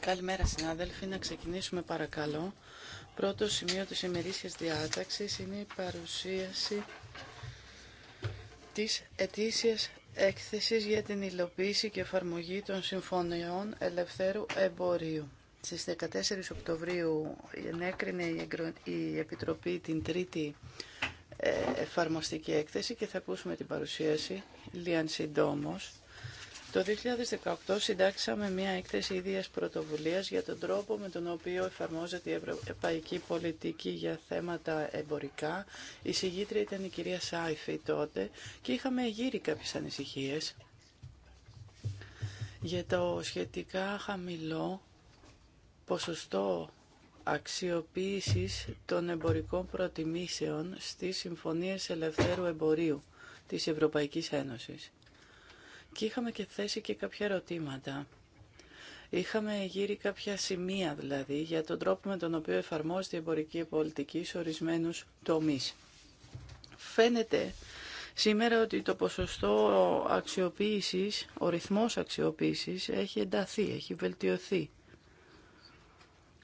Καλημέρα συνάδελφοι, να ξεκινήσουμε παρακαλώ. Πρώτο σημείο της ημερήσιας διάταξης είναι η παρουσίαση της ετήσιας έκθεσης για την υλοποίηση και εφαρμογή των συμφωνιών ελευθέρου εμπορίου. Στις 14 Οκτωβρίου ενέκρινε η Επιτροπή την τρίτη εφαρμοστική έκθεση και θα ακούσουμε την παρουσίαση Λίαν Συντόμος. Το 2018 συντάξαμε μια έκθεση ίδιας πρωτοβουλίας για τον τρόπο με τον οποίο εφαρμόζεται η ευρωπαϊκή πολιτική για θέματα εμπορικά. Η συγγήτρια ήταν η κυρία Σάιφη τότε και είχαμε γύρει κάποιες ανησυχίες για το σχετικά χαμηλό ποσοστό αξιοποίησης των εμπορικών προτιμήσεων στις συμφωνίες ελευθέρου εμπορίου της Ευρωπαϊκής Ένωσης. Και είχαμε και θέσει και κάποια ερωτήματα. Είχαμε γύρει κάποια σημεία δηλαδή για τον τρόπο με τον οποίο εφαρμόζεται η εμπορική πολιτική σε ορισμένους τομείς. Φαίνεται σήμερα ότι το ποσοστό αξιοποίησης, ο ρυθμός αξιοποίησης έχει ενταθεί, έχει βελτιωθεί.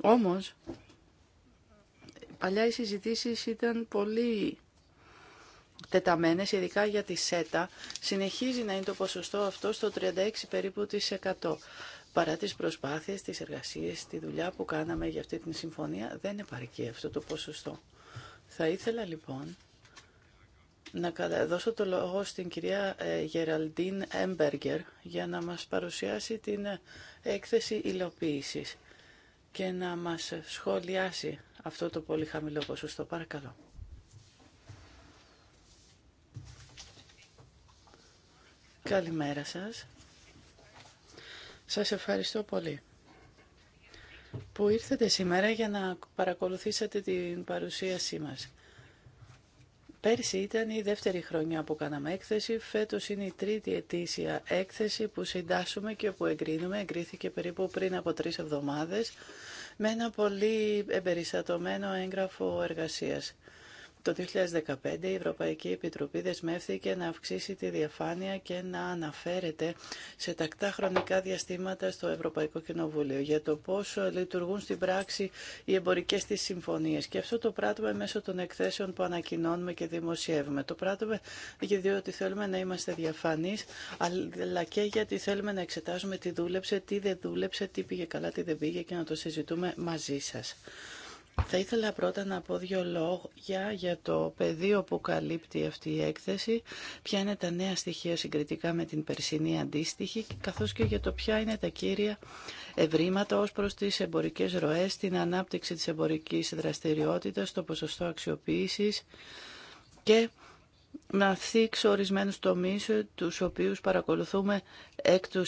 Όμως, παλιά οι συζητήσει ήταν πολύ τεταμένες, ειδικά για τη ΣΕΤΑ. Συνεχίζει να είναι το ποσοστό αυτό στο 36 περίπου της 100. Παρά τις προσπάθειες, τις εργασίες, τη δουλειά που κάναμε για αυτή τη συμφωνία, δεν επαρκεί αυτό το ποσοστό. Θα ήθελα λοιπόν να δώσω το λόγο στην κυρία ε, Γεραλντίν Έμπεργκερ για να μας παρουσιάσει την ε, έκθεση υλοποίησης και να μας σχολιάσει αυτό το πολύ χαμηλό ποσοστό. Παρακαλώ. Καλημέρα σας. Σας ευχαριστώ πολύ που ήρθετε σήμερα για να παρακολουθήσετε την παρουσίασή μας. Πέρσι ήταν η δεύτερη χρονιά που κάναμε έκθεση, φέτος είναι η τρίτη ετήσια έκθεση που συντάσσουμε και που εγκρίνουμε, εγκρίθηκε περίπου πριν από τρεις εβδομάδες, με ένα πολύ εμπεριστατωμένο έγγραφο εργασίας. Το 2015 η Ευρωπαϊκή Επιτροπή δεσμεύθηκε να αυξήσει τη διαφάνεια και να αναφέρεται σε τακτά χρονικά διαστήματα στο Ευρωπαϊκό Κοινοβούλιο για το πώ λειτουργούν στην πράξη οι εμπορικές τη συμφωνίες. Και αυτό το πράττουμε μέσω των εκθέσεων που ανακοινώνουμε και δημοσιεύουμε. Το πράττουμε διότι θέλουμε να είμαστε διαφανείς, αλλά και γιατί θέλουμε να εξετάζουμε τι δούλεψε, τι δεν δούλεψε, τι πήγε καλά, τι δεν πήγε και να το συζητούμε μαζί σας. Θα ήθελα πρώτα να πω δύο λόγια για το πεδίο που καλύπτει αυτή η έκθεση, ποια είναι τα νέα στοιχεία συγκριτικά με την περσινή αντίστοιχη, καθώς και για το ποια είναι τα κύρια ευρήματα ως προς τις εμπορικές ροές, την ανάπτυξη της εμπορικής δραστηριότητας, το ποσοστό αξιοποίησης και να θίξω ορισμένου τομεί τους οποίους παρακολουθούμε εκ του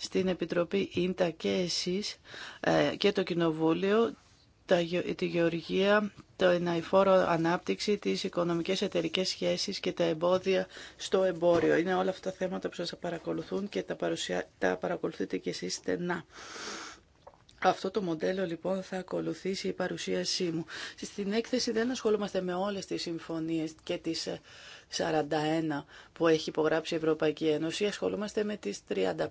στην Επιτροπή Ίντα και εσείς ε, και το Κοινοβούλιο τη γεωργία, το εναϊφόρο ανάπτυξη, τις οικονομικές εταιρικές σχέσεις και τα εμπόδια στο εμπόριο. Είναι όλα αυτά τα θέματα που σας παρακολουθούν και τα, τα παρακολουθείτε και εσείς στενά. Αυτό το μοντέλο λοιπόν θα ακολουθήσει η παρουσίασή μου. Στην έκθεση δεν ασχολούμαστε με όλες τις συμφωνίες και τις 41 ε, που έχει υπογράψει η Ευρωπαϊκή Ένωση. Ασχολούμαστε με τις 35.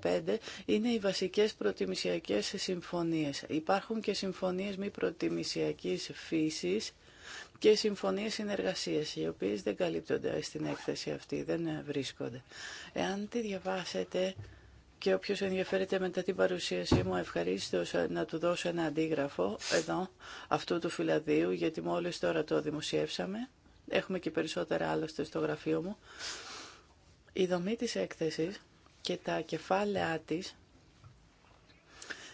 Είναι οι βασικές προτιμησιακές συμφωνίες. Υπάρχουν και συμφωνίες μη προτιμησιακής φύσης και συμφωνίες συνεργασίας οι οποίες δεν καλύπτονται στην έκθεση αυτή, δεν βρίσκονται. Εάν τη διαβάσετε, και όποιος ενδιαφέρεται μετά την παρουσίασή μου ευχαρίστω ε, να του δώσω ένα αντίγραφο εδώ αυτού του φυλαδίου γιατί μόλις τώρα το δημοσιεύσαμε. Έχουμε και περισσότερα άλλωστε στο γραφείο μου. Η δομή της έκθεσης και τα κεφάλαιά της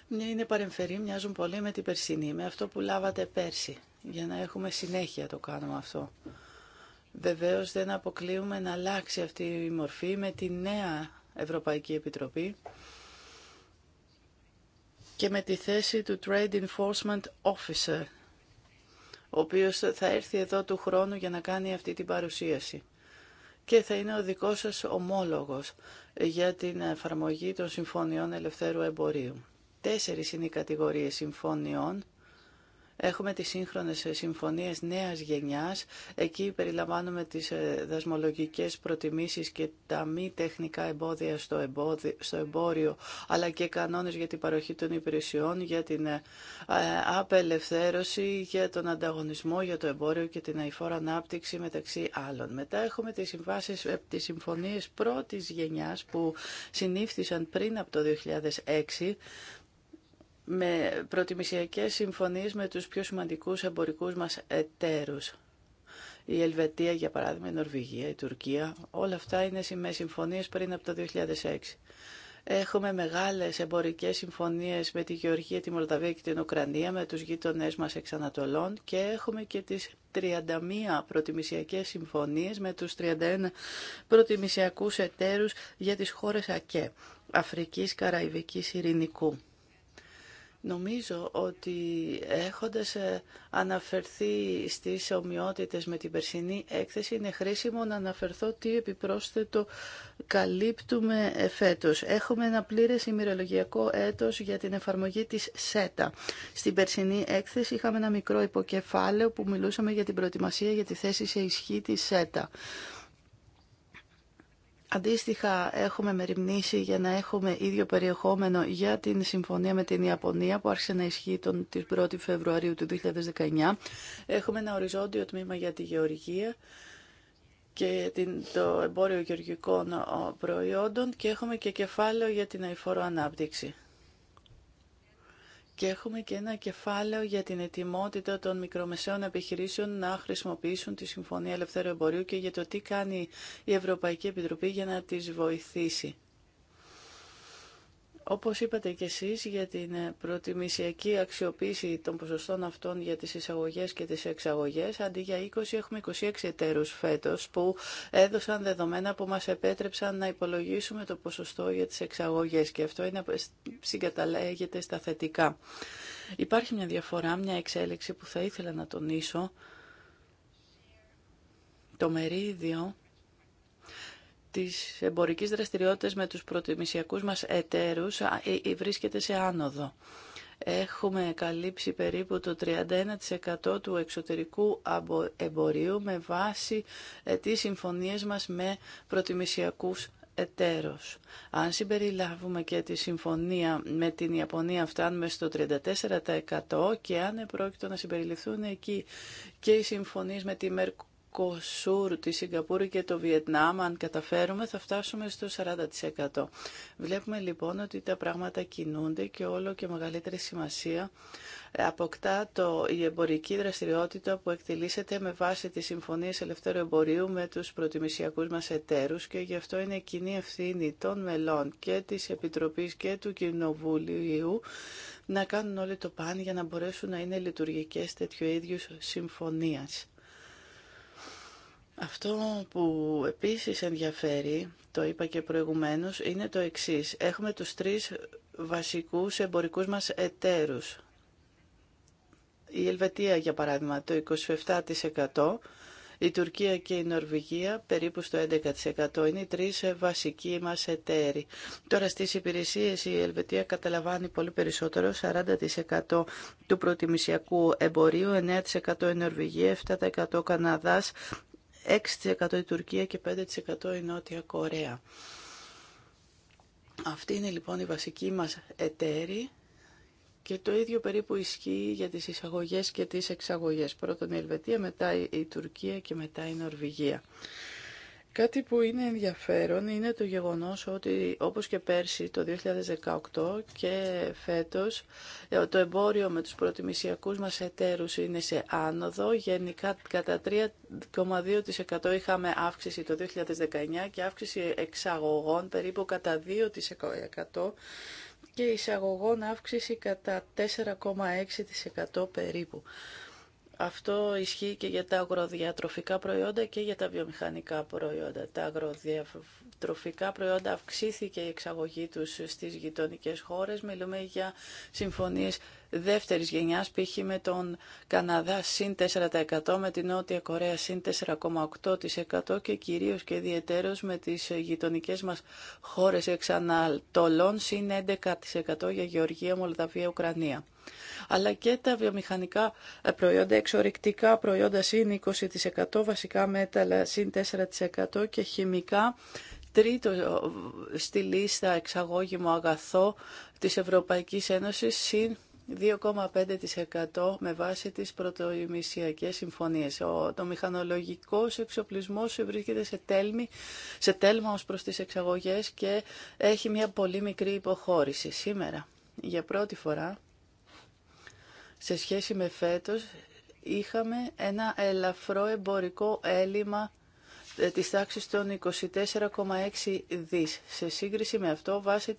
είναι παρεμφερή, μοιάζουν πολύ με την περσινή, με αυτό που λάβατε πέρσι, για να έχουμε συνέχεια το κάνουμε αυτό. Βεβαίως δεν αποκλείουμε να αλλάξει αυτή η μορφή με τη νέα Ευρωπαϊκή Επιτροπή και με τη θέση του Trade Enforcement Officer, ο οποίος θα έρθει εδώ του χρόνου για να κάνει αυτή την παρουσίαση και θα είναι ο δικός σας ομόλογος για την εφαρμογή των Συμφωνιών Ελευθέρου Εμπορίου. Τέσσερις είναι οι κατηγορίες συμφωνιών Έχουμε τις σύγχρονες συμφωνίες νέας γενιάς. Εκεί περιλαμβάνουμε τις ε, δασμολογικές προτιμήσεις και τα μη τεχνικά εμπόδια στο εμπόριο, αλλά και κανόνες για την παροχή των υπηρεσιών, για την ε, ε, απελευθέρωση, για τον ανταγωνισμό, για το εμπόριο και την αηφόρα ανάπτυξη μεταξύ άλλων. Μετά έχουμε τις, συμβάσεις, τις συμφωνίες πρώτης γενιάς που συνήφθησαν πριν από το 2006 με προτιμησιακές συμφωνίες με τους πιο σημαντικούς εμπορικούς μας εταίρους. Η Ελβετία, για παράδειγμα, η Νορβηγία, η Τουρκία, όλα αυτά είναι με συμφωνίες πριν από το 2006. Έχουμε μεγάλες εμπορικές συμφωνίες με τη Γεωργία, τη Μολδαβία και την Ουκρανία, με τους γείτονές μας εξ Ανατολών και έχουμε και τις 31 προτιμησιακές συμφωνίες με τους 31 προτιμησιακούς εταίρους για τις χώρες ΑΚΕ, Αφρικής, Καραϊβικής, Ειρηνικού. Νομίζω ότι έχοντας ε, αναφερθεί στις ομοιότητες με την περσινή έκθεση είναι χρήσιμο να αναφερθώ τι επιπρόσθετο καλύπτουμε ε, φέτος. Έχουμε ένα πλήρες ημερολογιακό έτος για την εφαρμογή της ΣΕΤΑ. Στην περσινή έκθεση είχαμε ένα μικρό υποκεφάλαιο που μιλούσαμε για την προετοιμασία για τη θέση σε ισχύ της ΣΕΤΑ. Αντίστοιχα έχουμε μεριμνήσει για να έχουμε ίδιο περιεχόμενο για την συμφωνία με την Ιαπωνία που άρχισε να ισχύει τον, 1η Φεβρουαρίου του 2019. Έχουμε ένα οριζόντιο τμήμα για τη γεωργία και την, το εμπόριο γεωργικών προϊόντων και έχουμε και κεφάλαιο για την αηφόρο ανάπτυξη. Και έχουμε και ένα κεφάλαιο για την ετοιμότητα των μικρομεσαίων επιχειρήσεων να χρησιμοποιήσουν τη Συμφωνία Ελευθέρου Εμπορίου και για το τι κάνει η Ευρωπαϊκή Επιτροπή για να τις βοηθήσει. Όπως είπατε και εσείς για την ε, προτιμησιακή αξιοποίηση των ποσοστών αυτών για τις εισαγωγές και τις εξαγωγές, αντί για 20 έχουμε 26 εταίρους φέτος που έδωσαν δεδομένα που μας επέτρεψαν να υπολογίσουμε το ποσοστό για τις εξαγωγές και αυτό είναι, συγκαταλέγεται στα θετικά. Υπάρχει μια διαφορά, μια εξέλιξη που θα ήθελα να τονίσω. Το μερίδιο τις εμπορικές δραστηριότητες με τους προτιμησιακούς μας εταίρους ε, ε, βρίσκεται σε άνοδο. Έχουμε καλύψει περίπου το 31% του εξωτερικού εμπορίου με βάση ε, τις συμφωνίες μας με προτιμησιακούς εταίρους. Αν συμπεριλάβουμε και τη συμφωνία με την Ιαπωνία φτάνουμε στο 34% και αν επρόκειτο να συμπεριληφθούν εκεί και οι συμφωνίες με τη Μερκ Κοσούρ, τη Σιγκαπούρη και το Βιετνάμ, αν καταφέρουμε, θα φτάσουμε στο 40%. Βλέπουμε λοιπόν ότι τα πράγματα κινούνται και όλο και μεγαλύτερη σημασία αποκτά το, η εμπορική δραστηριότητα που εκτελήσεται με βάση τις συμφωνίες ελευθέρου εμπορίου με τους προτιμησιακούς μας εταίρους και γι' αυτό είναι κοινή ευθύνη των μελών και της Επιτροπής και του Κοινοβουλίου να κάνουν όλοι το παν για να μπορέσουν να είναι λειτουργικές τέτοιου ίδιου συμφωνίας. Αυτό που επίσης ενδιαφέρει, το είπα και προηγουμένως, είναι το εξής. Έχουμε τους τρεις βασικούς εμπορικούς μας εταίρους. Η Ελβετία, για παράδειγμα, το 27%. Η Τουρκία και η Νορβηγία περίπου στο 11% είναι οι τρεις βασικοί μας εταίροι. Τώρα στις υπηρεσίες η Ελβετία καταλαμβάνει πολύ περισσότερο, 40% του προτιμησιακού εμπορίου, 9% η Νορβηγία, 7% ο Καναδάς, 6% η Τουρκία και 5% η Νότια Κορέα. Αυτή είναι λοιπόν η βασική μας εταίρη και το ίδιο περίπου ισχύει για τις εισαγωγές και τις εξαγωγές. Πρώτον η Ελβετία, μετά η Τουρκία και μετά η Νορβηγία. Κάτι που είναι ενδιαφέρον είναι το γεγονός ότι όπως και πέρσι το 2018 και φέτος ε, το εμπόριο με τους προτιμησιακούς μας εταίρους είναι σε άνοδο. Γενικά κατά 3,2% είχαμε αύξηση το 2019 και αύξηση εξαγωγών περίπου κατά 2% και εισαγωγών αύξηση κατά 4,6% περίπου. Αυτό ισχύει και για τα αγροδιατροφικά προϊόντα και για τα βιομηχανικά προϊόντα. Τα αγροδιατροφικά προϊόντα αυξήθηκε η εξαγωγή τους στις γειτονικές χώρες. Μιλούμε για συμφωνίες δεύτερης γενιάς, π.χ. με τον Καναδά συν 4%, με την Νότια Κορέα συν 4,8% και κυρίως και ιδιαιτέρως με τις γειτονικές μας χώρες εξαναλτολών συν 11% για Γεωργία, Μολδαβία, Ουκρανία αλλά και τα βιομηχανικά ε, προϊόντα, εξορρυκτικά προϊόντα συν 20%, βασικά μέταλλα συν 4% και χημικά τρίτο στη λίστα εξαγώγημο αγαθό της Ευρωπαϊκής Ένωσης συν 2,5% με βάση τις πρωτοημισιακές συμφωνίες. Ο, το μηχανολογικός εξοπλισμός βρίσκεται σε, τέλμη, σε τέλμα ως προς τις εξαγωγές και έχει μια πολύ μικρή υποχώρηση. Σήμερα, για πρώτη φορά, σε σχέση με φέτος είχαμε ένα ελαφρό εμπορικό έλλειμμα ε, της τάξης των 24,6 δις. Σε σύγκριση με αυτό, βάσει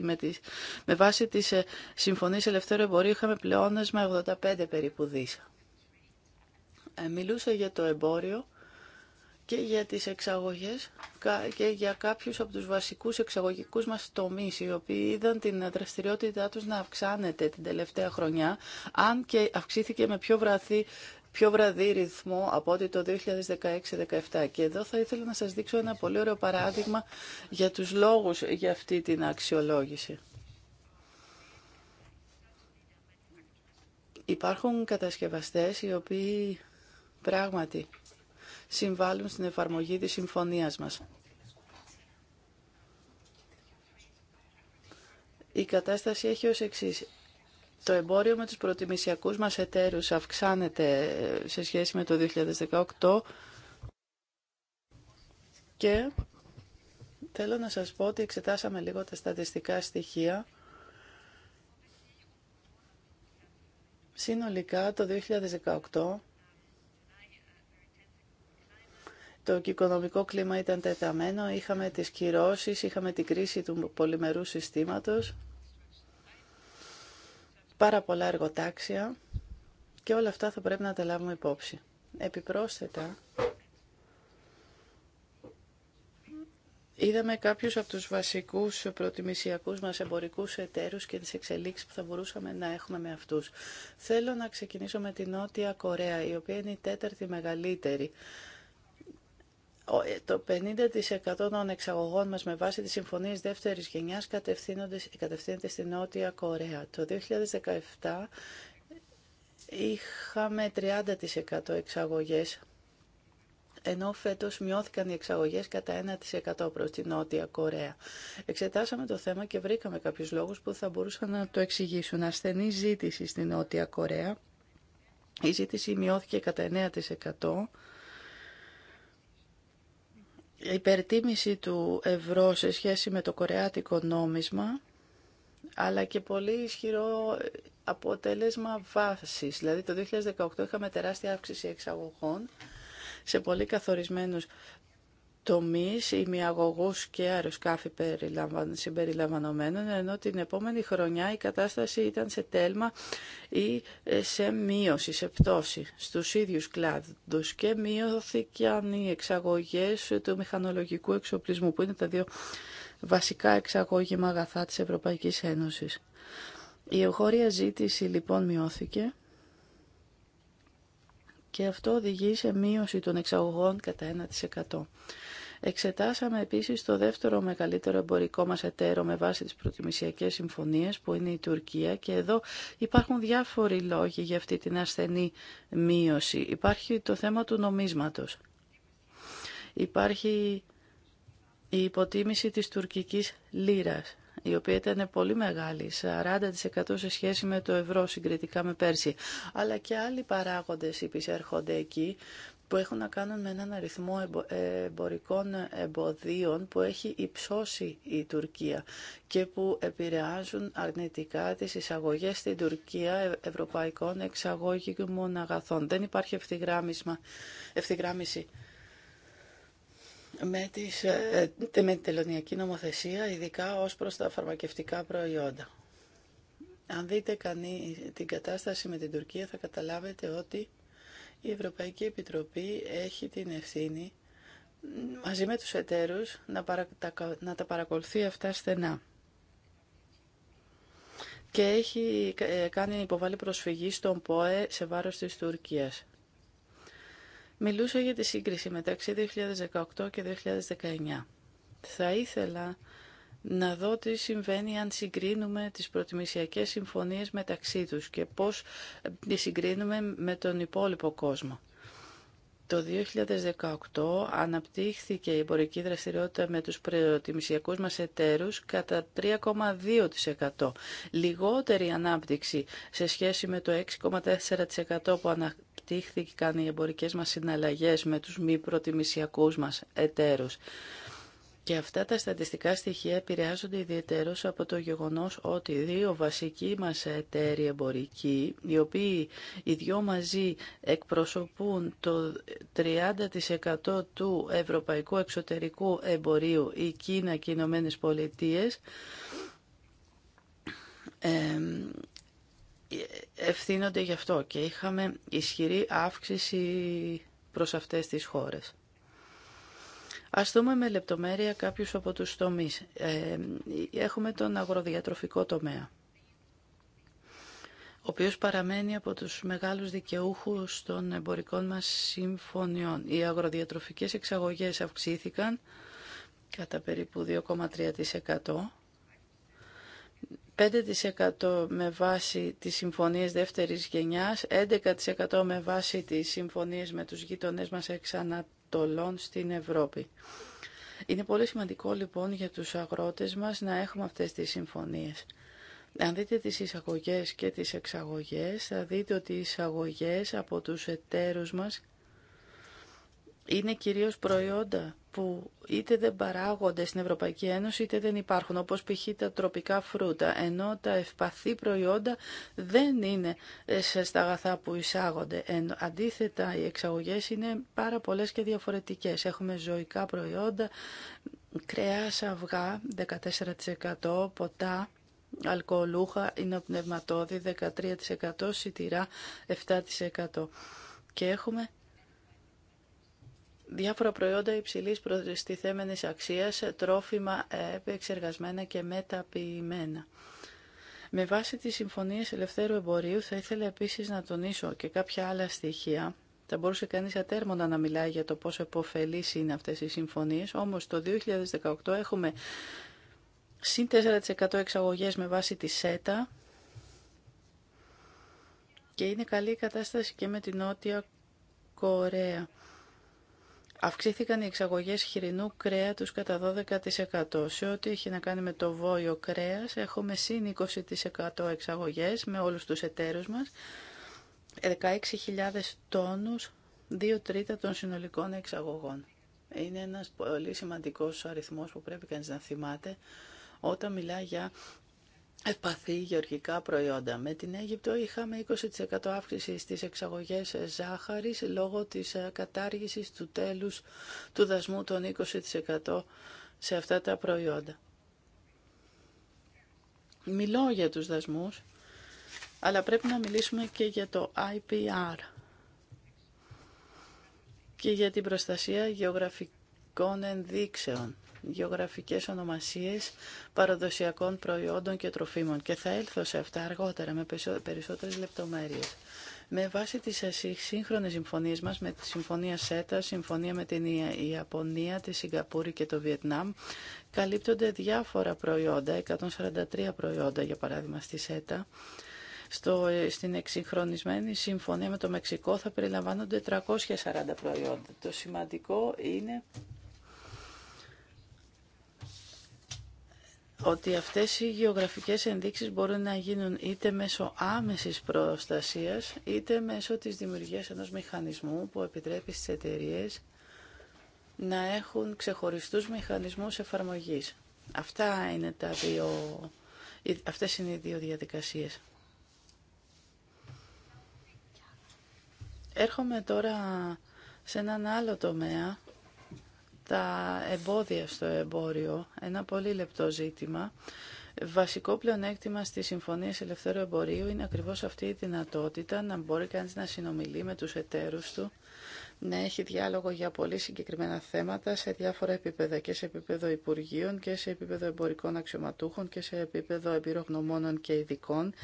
με, τις, με βάση τη ε, συμφωνία ελευθέρου εμπορίου είχαμε πλεόνασμα 85 περίπου δις. Ε, μιλούσα για το εμπόριο και για τις εξαγωγές και για κάποιους από τους βασικούς εξαγωγικούς μας τομείς οι οποίοι είδαν την δραστηριότητά τους να αυξάνεται την τελευταία χρονιά αν και αυξήθηκε με πιο βραδύ πιο βραδύ ρυθμό από ότι το 2016-2017. Και εδώ θα ήθελα να σας δείξω ένα πολύ ωραίο παράδειγμα για τους λόγους για αυτή την αξιολόγηση. Υπάρχουν κατασκευαστές οι οποίοι πράγματι συμβάλλουν στην εφαρμογή της συμφωνίας μας. Η κατάσταση έχει ως εξής. Το εμπόριο με τους προτιμησιακούς μας εταίρους αυξάνεται σε σχέση με το 2018 και θέλω να σας πω ότι εξετάσαμε λίγο τα στατιστικά στοιχεία. Συνολικά το 2018 Το οικονομικό κλίμα ήταν τεταμένο, είχαμε τις κυρώσεις, είχαμε την κρίση του πολυμερού συστήματος, πάρα πολλά εργοτάξια και όλα αυτά θα πρέπει να τα λάβουμε υπόψη. Επιπρόσθετα, είδαμε κάποιους από τους βασικούς προτιμησιακούς μας εμπορικούς εταίρους και τις εξελίξεις που θα μπορούσαμε να έχουμε με αυτούς. Θέλω να ξεκινήσω με την Νότια Κορέα, η οποία είναι η τέταρτη μεγαλύτερη ε, το 50% των εξαγωγών μας με βάση τις συμφωνίες δεύτερης γενιάς κατευθύνεται στην Νότια Κορέα. Το 2017 είχαμε 30% εξαγωγές, ενώ φέτος μειώθηκαν οι εξαγωγές κατά 1% προς την Νότια Κορέα. Εξετάσαμε το θέμα και βρήκαμε κάποιους λόγους που θα μπορούσαν να το εξηγήσουν. Ασθενή ζήτηση στην Νότια Κορέα. Η ζήτηση μειώθηκε κατά 9% υπερτίμηση του ευρώ σε σχέση με το κορεάτικο νόμισμα, αλλά και πολύ ισχυρό αποτέλεσμα βάσης. Δηλαδή το 2018 είχαμε τεράστια αύξηση εξαγωγών σε πολύ καθορισμένους τομείς ημιαγωγούς και αεροσκάφη συμπεριλαμβανομένων, ενώ την επόμενη χρονιά η κατάσταση ήταν σε τέλμα ή ε, σε μείωση, σε πτώση στους ίδιους κλάδους και μειώθηκαν οι εξαγωγές του μηχανολογικού εξοπλισμού, που είναι τα δύο βασικά εξαγώγημα αγαθά της Ευρωπαϊκής Ένωσης. Η εγχώρια ζήτηση λοιπόν μειώθηκε και αυτό οδηγεί σε μείωση των εξαγωγών κατά 1%. Εξετάσαμε επίσης το δεύτερο μεγαλύτερο εμπορικό μας εταίρο με βάση τις προτιμησιακές συμφωνίες που είναι η Τουρκία και εδώ υπάρχουν διάφοροι λόγοι για αυτή την ασθενή μείωση. Υπάρχει το θέμα του νομίσματος. Υπάρχει η υποτίμηση της τουρκικής λίρας η οποία ήταν πολύ μεγάλη, 40% σε σχέση με το ευρώ συγκριτικά με πέρσι. Αλλά και άλλοι παράγοντες υπησέρχονται εκεί που έχουν να κάνουν με έναν αριθμό εμπορικών εμποδίων που έχει υψώσει η Τουρκία και που επηρεάζουν αρνητικά τις εισαγωγές στην Τουρκία ευρωπαϊκών εξαγωγικών αγαθών. Δεν υπάρχει ευθυγράμμιση με, τις, ε, με την τελωνιακή νομοθεσία, ειδικά ως προς τα φαρμακευτικά προϊόντα. Αν δείτε κανεί την κατάσταση με την Τουρκία θα καταλάβετε ότι η Ευρωπαϊκή Επιτροπή έχει την ευθύνη μαζί με τους εταίρους να, τα, να παρακολουθεί αυτά στενά. Και έχει ε, κάνει υποβάλει προσφυγή στον ΠΟΕ σε βάρος της Τουρκίας. Μιλούσα για τη σύγκριση μεταξύ 2018 και 2019. Θα ήθελα να δω τι συμβαίνει αν συγκρίνουμε τις προτιμησιακές συμφωνίες μεταξύ τους και πώς τις συγκρίνουμε με τον υπόλοιπο κόσμο. Το 2018 αναπτύχθηκε η εμπορική δραστηριότητα με τους προτιμησιακούς μας εταίρους κατά 3,2%. Λιγότερη ανάπτυξη σε σχέση με το 6,4% που αναπτύχθηκαν οι εμπορικές μας συναλλαγές με τους μη προτιμησιακούς μας εταίρους. Και αυτά τα στατιστικά στοιχεία επηρεάζονται ιδιαίτερως από το γεγονός ότι δύο βασικοί μας εταίροι εμπορικοί, οι οποίοι οι δυο μαζί εκπροσωπούν το 30% του ευρωπαϊκού εξωτερικού εμπορίου, η Κίνα και οι Ηνωμένε Πολιτείες, ευθύνονται γι' αυτό και είχαμε ισχυρή αύξηση προς αυτές τις χώρες. Ας δούμε με λεπτομέρεια κάποιους από τους τομείς. Ε, έχουμε τον αγροδιατροφικό τομέα, ο οποίος παραμένει από τους μεγάλους δικαιούχους των εμπορικών μας συμφωνιών. Οι αγροδιατροφικές εξαγωγές αυξήθηκαν κατά περίπου 2,3% 5% με βάση τις συμφωνίες δεύτερης γενιάς, 11% με βάση τις συμφωνίες με τους γείτονές μας εξ Ανατολών στην Ευρώπη. Είναι πολύ σημαντικό λοιπόν για τους αγρότες μας να έχουμε αυτές τις συμφωνίες. Αν δείτε τις εισαγωγές και τις εξαγωγές, θα δείτε ότι οι εισαγωγές από τους εταίρους μας είναι κυρίως προϊόντα που είτε δεν παράγονται στην Ευρωπαϊκή Ένωση είτε δεν υπάρχουν, όπως π.χ. τα τροπικά φρούτα, ενώ τα ευπαθή προϊόντα δεν είναι ε, σε αγαθά που εισάγονται. αντίθετα, οι εξαγωγές είναι πάρα πολλές και διαφορετικές. Έχουμε ζωικά προϊόντα, κρέας, αυγά, 14%, ποτά, αλκοολούχα, πνευματόδη 13%, σιτηρά, 7%. Και έχουμε διάφορα προϊόντα υψηλής προστιθέμενης αξίας, τρόφιμα ε, επεξεργασμένα και μεταποιημένα. Με βάση τις συμφωνίες ελευθέρου εμπορίου θα ήθελα επίσης να τονίσω και κάποια άλλα στοιχεία. Θα μπορούσε κανείς ατέρμονα να μιλάει για το πόσο επωφελείς είναι αυτές οι συμφωνίες, όμως το 2018 έχουμε συν 4% εξαγωγές με βάση τη ΣΕΤΑ και είναι καλή η κατάσταση και με την Νότια Κορέα. Αυξήθηκαν οι εξαγωγές χοιρινού κρέατος κατά 12%. Σε ό,τι έχει να κάνει με το βόλιο κρέας έχουμε σύν 20% εξαγωγές με όλους τους εταίρους μας. 16.000 τόνους, 2 τρίτα των συνολικών εξαγωγών. Είναι ένας πολύ σημαντικός αριθμός που πρέπει κανείς να θυμάται όταν μιλά για ευπαθή γεωργικά προϊόντα. Με την Αίγυπτο είχαμε 20% αύξηση στις εξαγωγές ζάχαρης λόγω της ε, κατάργησης του τέλους του δασμού των 20% σε αυτά τα προϊόντα. Μιλώ για τους δασμούς, αλλά πρέπει να μιλήσουμε και για το IPR και για την προστασία γεωγραφικών ενδείξεων γεωγραφικές ονομασίες παραδοσιακών προϊόντων και τροφίμων και θα έλθω σε αυτά αργότερα με περισσότερες λεπτομέρειες. Με βάση τις σύγχρονες συμφωνίες μας με τη Συμφωνία ΣΕΤΑ, Συμφωνία με την Ιαπωνία, τη Σιγκαπούρη και το Βιετνάμ, καλύπτονται διάφορα προϊόντα, 143 προϊόντα για παράδειγμα στη ΣΕΤΑ, στο, ε, στην εξυγχρονισμένη συμφωνία με το Μεξικό θα περιλαμβάνονται 340 προϊόντα. Το σημαντικό είναι ότι αυτές οι γεωγραφικές ενδείξεις μπορούν να γίνουν είτε μέσω άμεσης προστασίας, είτε μέσω της δημιουργίας ενός μηχανισμού που επιτρέπει στις εταιρείε να έχουν ξεχωριστούς μηχανισμούς εφαρμογής. Αυτά είναι τα δύο, αυτές είναι οι δύο διαδικασίες. Έρχομαι τώρα σε έναν άλλο τομέα τα εμπόδια στο εμπόριο, ένα πολύ λεπτό ζήτημα. Βασικό πλεονέκτημα στις συμφωνίες ελευθέρου εμπορίου είναι ακριβώς αυτή η δυνατότητα να μπορεί κανείς να συνομιλεί με τους εταίρους του, να έχει διάλογο για πολύ συγκεκριμένα θέματα σε διάφορα επίπεδα και σε επίπεδο Υπουργείων και σε επίπεδο εμπορικών αξιωματούχων και σε επίπεδο εμπειρογνωμόνων και ειδικών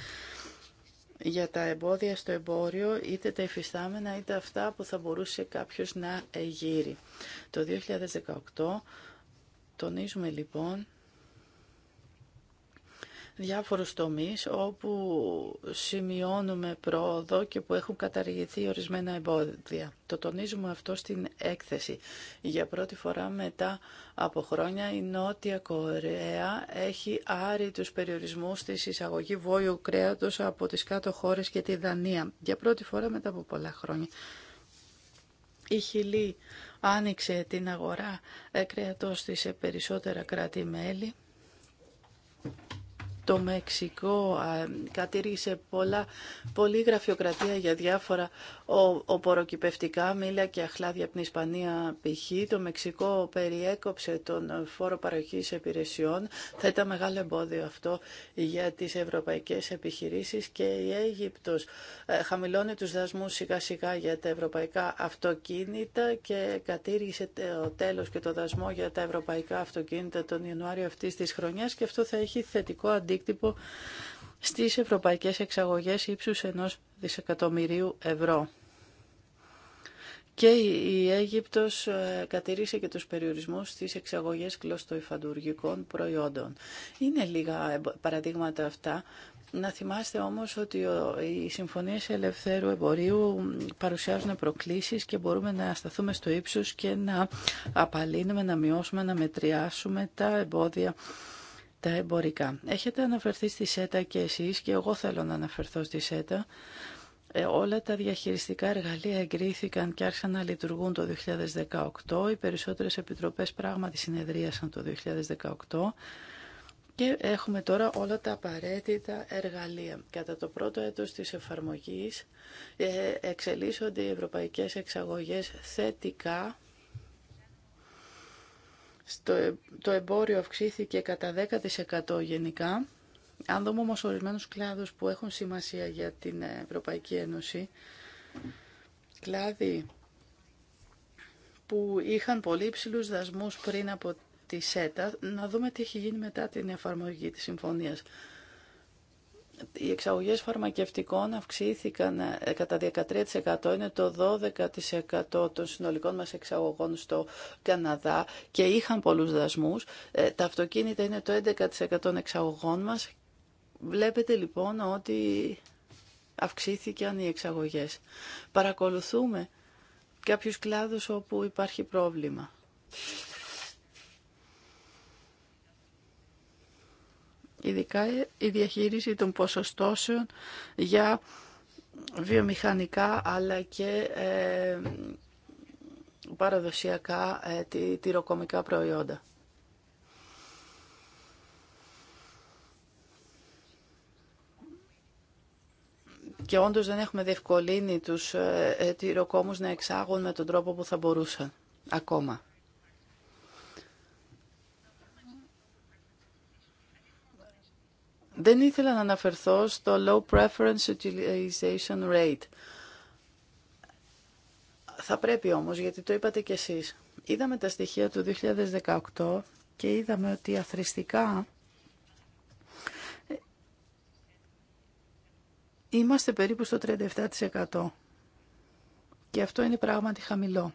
για τα εμπόδια στο εμπόριο, είτε τα υφιστάμενα είτε αυτά που θα μπορούσε κάποιος να εγείρει. Το 2018 τονίζουμε λοιπόν διάφορους τομείς όπου σημειώνουμε πρόοδο και που έχουν καταργηθεί ορισμένα εμπόδια. Το τονίζουμε αυτό στην έκθεση. Για πρώτη φορά μετά από χρόνια η Νότια Κορέα έχει άρει τους περιορισμούς της εισαγωγή βόλου κρέατος από τις κάτω χώρες και τη Δανία. Για πρώτη φορά μετά από πολλά χρόνια. Η Χιλή άνοιξε την αγορά ε, κρέατος της σε περισσότερα κράτη-μέλη το Μεξικό κατήργησε πολλά, πολλή γραφειοκρατία για διάφορα οποροκυπευτικά μήλα και αχλάδια από την Ισπανία π.χ. Το Μεξικό περιέκοψε τον φόρο παροχής υπηρεσιών. Θα ήταν μεγάλο εμπόδιο αυτό για τις ευρωπαϊκές επιχειρήσεις και η Αίγυπτος ε, χαμηλώνει τους δασμούς σιγά σιγά για τα ευρωπαϊκά αυτοκίνητα και κατήργησε το τέλος και το δασμό για τα ευρωπαϊκά αυτοκίνητα τον Ιανουάριο αυτής της χρονιάς και αυτό θα έχει θετικό αντίκτυπο αντίκτυπο στις ευρωπαϊκές εξαγωγές ύψους ενός δισεκατομμυρίου ευρώ. Και η Αίγυπτος ε, κατηρήσε και τους περιορισμούς στις εξαγωγές κλωστοϊφαντουργικών προϊόντων. Είναι λίγα παραδείγματα αυτά. Να θυμάστε όμως ότι οι συμφωνίες ελευθέρου εμπορίου παρουσιάζουν προκλήσεις και μπορούμε να σταθούμε στο ύψος και να απαλύνουμε, να μειώσουμε, να μετριάσουμε τα εμπόδια τα εμπορικά. Έχετε αναφερθεί στη ΣΕΤΑ και εσείς και εγώ θέλω να αναφερθώ στη ΣΕΤΑ. Ε, όλα τα διαχειριστικά εργαλεία εγκρίθηκαν και άρχισαν να λειτουργούν το 2018. Οι περισσότερες επιτροπές πράγματι συνεδρίασαν το 2018. Και έχουμε τώρα όλα τα απαραίτητα εργαλεία. Κατά το πρώτο έτος της εφαρμογής ε, εξελίσσονται οι ευρωπαϊκές εξαγωγές θετικά στο, ε, το εμπόριο αυξήθηκε κατά 10% γενικά. Αν δούμε όμως ορισμένους κλάδους που έχουν σημασία για την Ευρωπαϊκή Ένωση, κλάδοι που είχαν πολύ υψηλούς δασμούς πριν από τη ΣΕΤΑ, να δούμε τι έχει γίνει μετά την εφαρμογή της συμφωνίας οι εξαγωγές φαρμακευτικών αυξήθηκαν ε, κατά 13%, είναι το 12% των συνολικών μας εξαγωγών στο Καναδά και είχαν πολλούς δασμούς. Ε, τα αυτοκίνητα είναι το 11% των εξαγωγών μας. Βλέπετε λοιπόν ότι αυξήθηκαν οι εξαγωγές. Παρακολουθούμε κάποιους κλάδους όπου υπάρχει πρόβλημα. Ειδικά η διαχείριση των ποσοστώσεων για βιομηχανικά αλλά και ε, παραδοσιακά ε, τυροκομικά προϊόντα. Και όντως δεν έχουμε διευκολύνει τους ε, ε, τυροκόμους να εξάγουν με τον τρόπο που θα μπορούσαν ακόμα. Δεν ήθελα να αναφερθώ στο low preference utilization rate. Θα πρέπει όμως, γιατί το είπατε κι εσείς. Είδαμε τα στοιχεία του 2018 και είδαμε ότι αθρηστικά είμαστε περίπου στο 37%. Και αυτό είναι πράγματι χαμηλό.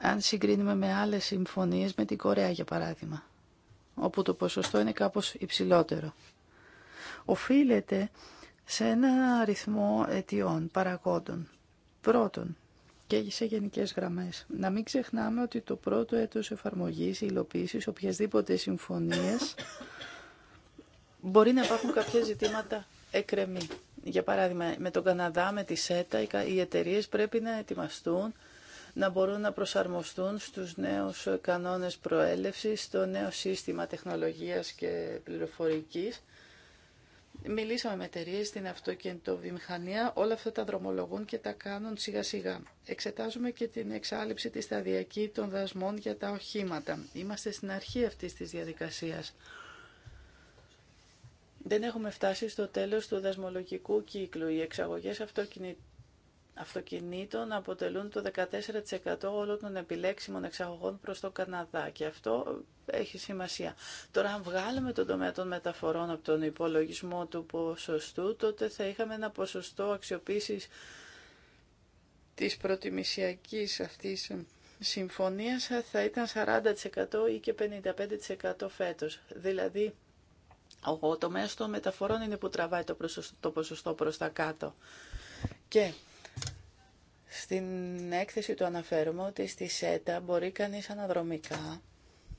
Αν συγκρίνουμε με άλλες συμφωνίες, με την Κορέα για παράδειγμα όπου το ποσοστό είναι κάπως υψηλότερο. Οφείλεται σε ένα αριθμό αιτιών, παραγόντων. Πρώτον, και σε γενικέ γραμμές. Να μην ξεχνάμε ότι το πρώτο έτος εφαρμογής, υλοποίηση οποιασδήποτε συμφωνίες, μπορεί να υπάρχουν κάποια ζητήματα εκρεμή. Για παράδειγμα, με τον Καναδά, με τη ΣΕΤΑ, οι εταιρείε πρέπει να ετοιμαστούν να μπορούν να προσαρμοστούν στους νέους κανόνες προέλευσης, στο νέο σύστημα τεχνολογίας και πληροφορικής. Μιλήσαμε με εταιρείε στην αυτοκινητοβιομηχανία, όλα αυτά τα δρομολογούν και τα κάνουν σιγά σιγά. Εξετάζουμε και την εξάλληψη της σταδιακή των δασμών για τα οχήματα. Είμαστε στην αρχή αυτής της διαδικασίας. Δεν έχουμε φτάσει στο τέλος του δασμολογικού κύκλου. Οι εξαγωγές αυτοκινητών αυτοκινήτων αποτελούν το 14% όλων των επιλέξιμων εξαγωγών προς το Καναδά και αυτό έχει σημασία. Τώρα αν βγάλουμε τον τομέα των μεταφορών από τον υπολογισμό του ποσοστού τότε θα είχαμε ένα ποσοστό αξιοποίησης της προτιμησιακής αυτής συμφωνίας θα ήταν 40% ή και 55% φέτος. Δηλαδή ο τομέας των μεταφορών είναι που τραβάει το ποσοστό προς τα κάτω. Και στην έκθεση του αναφέρουμε ότι στη ΣΕΤΑ μπορεί κανείς αναδρομικά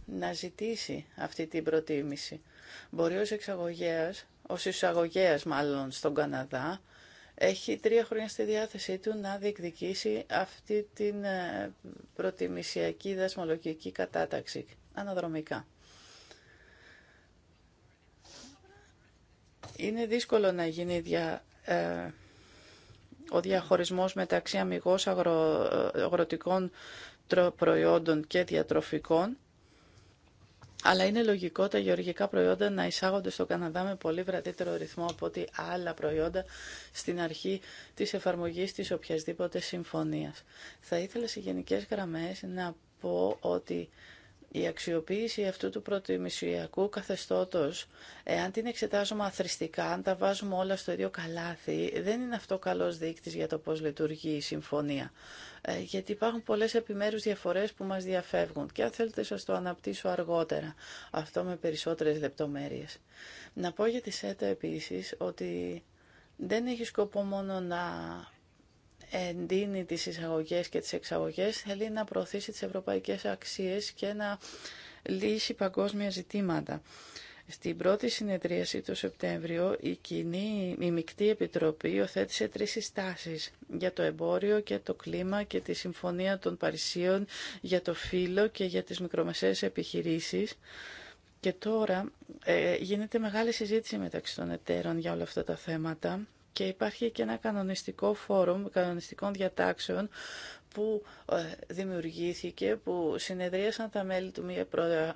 να ζητήσει αυτή την προτίμηση. Μπορεί ως εξαγωγέας, ως εισαγωγέας μάλλον στον Καναδά, έχει τρία χρόνια στη διάθεσή του να διεκδικήσει αυτή την ε, προτιμησιακή δασμολογική κατάταξη αναδρομικά. Είναι δύσκολο να γίνει δια, ε, ο διαχωρισμός μεταξύ αμυγός αγρο... αγροτικών προϊόντων και διατροφικών. Αλλά είναι λογικό τα γεωργικά προϊόντα να εισάγονται στο Καναδά με πολύ βραδύτερο ρυθμό από ότι άλλα προϊόντα στην αρχή της εφαρμογής της οποιασδήποτε συμφωνίας. Θα ήθελα σε γενικές γραμμές να πω ότι η αξιοποίηση αυτού του πρωτοημισουιακού καθεστώτος, αν την εξετάζουμε αθρηστικά, αν τα βάζουμε όλα στο ίδιο καλάθι, δεν είναι αυτό καλός δείκτης για το πώς λειτουργεί η συμφωνία. Ε, γιατί υπάρχουν πολλές επιμέρους διαφορές που μας διαφεύγουν και αν θέλετε σας το αναπτύσσω αργότερα, αυτό με περισσότερες λεπτομέρειες. Να πω για τη ΣΕΤΑ επίσης ότι δεν έχει σκοπό μόνο να εντείνει τις εισαγωγές και τις εξαγωγές, θέλει να προωθήσει τις ευρωπαϊκές αξίες και να λύσει παγκόσμια ζητήματα. Στην πρώτη συνεδρίαση του Σεπτέμβριο η, κοινή, Μικτή Επιτροπή οθέτησε τρεις συστάσεις για το εμπόριο και το κλίμα και τη Συμφωνία των Παρισίων για το φύλλο και για τις μικρομεσαίες επιχειρήσεις. Και τώρα ε, γίνεται μεγάλη συζήτηση μεταξύ των εταίρων για όλα αυτά τα θέματα και υπάρχει και ένα κανονιστικό φόρουμ κανονιστικών διατάξεων που ε, δημιουργήθηκε, που συνεδρίασαν τα μέλη του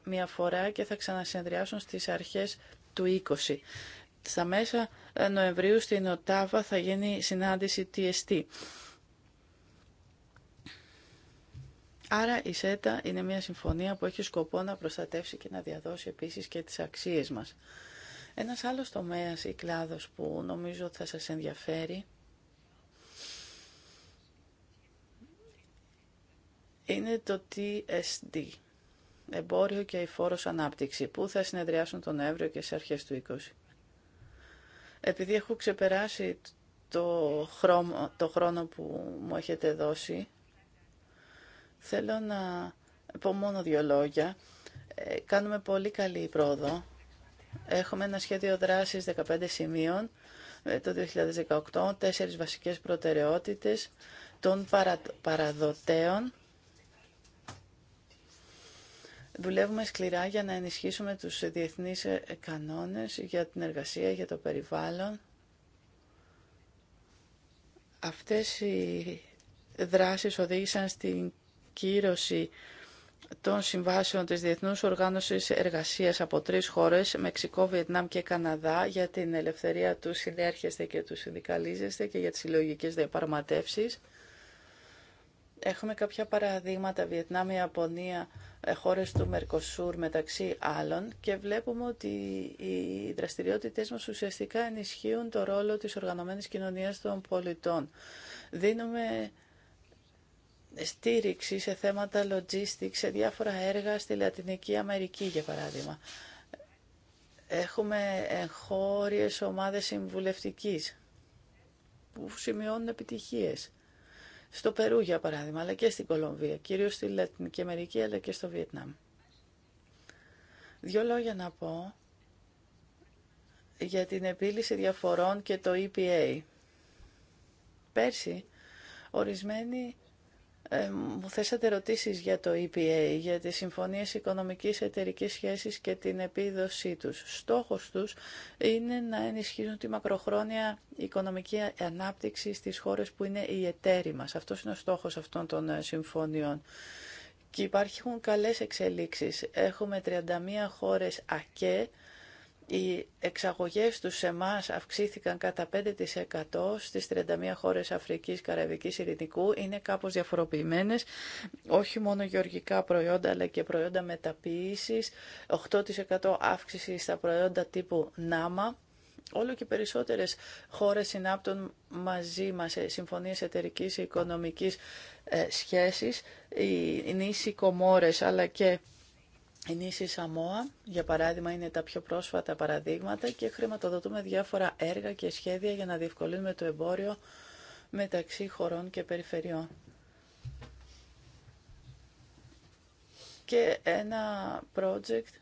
μία φορά και θα ξανασυνεδριάσουν στις αρχές του 20. Στα μέσα ε, Νοεμβρίου στην Οτάβα θα γίνει συνάντηση TST. Άρα η ΣΕΤΑ είναι μια συμφωνία που έχει σκοπό να προστατεύσει και να διαδώσει επίσης και τις αξίες μας. Ένας άλλος τομέας ή κλάδος που νομίζω θα σας ενδιαφέρει είναι το TSD, Εμπόριο και Φόρος Ανάπτυξη, που θα συνεδριάσουν τον Νοέμβριο και σε αρχές του 20. Επειδή έχω ξεπεράσει το χρόνο, το χρόνο που μου έχετε δώσει, θέλω να πω μόνο δύο λόγια. Ε, κάνουμε πολύ καλή πρόοδο Έχουμε ένα σχέδιο δράσης 15 σημείων ε, το 2018, τέσσερις βασικές προτεραιότητες των παραδοτέων. Δουλεύουμε σκληρά για να ενισχύσουμε τους διεθνείς ε, κανόνες για την εργασία, για το περιβάλλον. Αυτές οι δράσεις οδήγησαν στην κύρωση των συμβάσεων της Διεθνούς Οργάνωσης Εργασίας από τρεις χώρες, Μεξικό, Βιετνάμ και Καναδά, για την ελευθερία του συνέρχεστε και του συνδικαλίζεστε και για τις συλλογικέ διαπραγματεύσει. Έχουμε κάποια παραδείγματα, Βιετνάμ, Ιαπωνία, ε, χώρες του Μερκοσούρ μεταξύ άλλων και βλέπουμε ότι οι δραστηριότητες μας ουσιαστικά ενισχύουν το ρόλο της οργανωμένης κοινωνίας των πολιτών. Δίνουμε στήριξη σε θέματα logistics, σε διάφορα έργα στη Λατινική Αμερική, για παράδειγμα. Έχουμε εγχώριες ομάδες συμβουλευτικής που σημειώνουν επιτυχίες. Στο Περού, για παράδειγμα, αλλά και στην Κολομβία, κυρίως στη Λατινική Αμερική, αλλά και στο Βιετνάμ. Δύο λόγια να πω για την επίλυση διαφορών και το EPA. Πέρσι, ορισμένοι ε, μου θέσατε ερωτήσεις για το EPA, για τις συμφωνίες οικονομικής εταιρικής σχέσης και την επίδοσή τους. Στόχος τους είναι να ενισχύσουν τη μακροχρόνια οικονομική ανάπτυξη στις χώρες που είναι οι εταίροι μας. Αυτός είναι ο στόχος αυτών των ε, συμφωνιών. Και υπάρχουν καλές εξελίξεις. Έχουμε 31 χώρες ΑΚΕ οι εξαγωγές τους σε εμά αυξήθηκαν κατά 5% στις 31 χώρες Αφρικής, Καραβικής, Ειρηνικού. Είναι κάπως διαφοροποιημένες, όχι μόνο γεωργικά προϊόντα αλλά και προϊόντα μεταποίησης. 8% αύξηση στα προϊόντα τύπου ΝΑΜΑ. Όλο και περισσότερες χώρες συνάπτουν μαζί μας σε συμφωνίες εταιρικής και οικονομικής ε, σχέσης. Οι νήσοι αλλά και η νήσι Σαμόα, για παράδειγμα, είναι τα πιο πρόσφατα παραδείγματα και χρηματοδοτούμε διάφορα έργα και σχέδια για να διευκολύνουμε το εμπόριο μεταξύ χωρών και περιφερειών. Και ένα project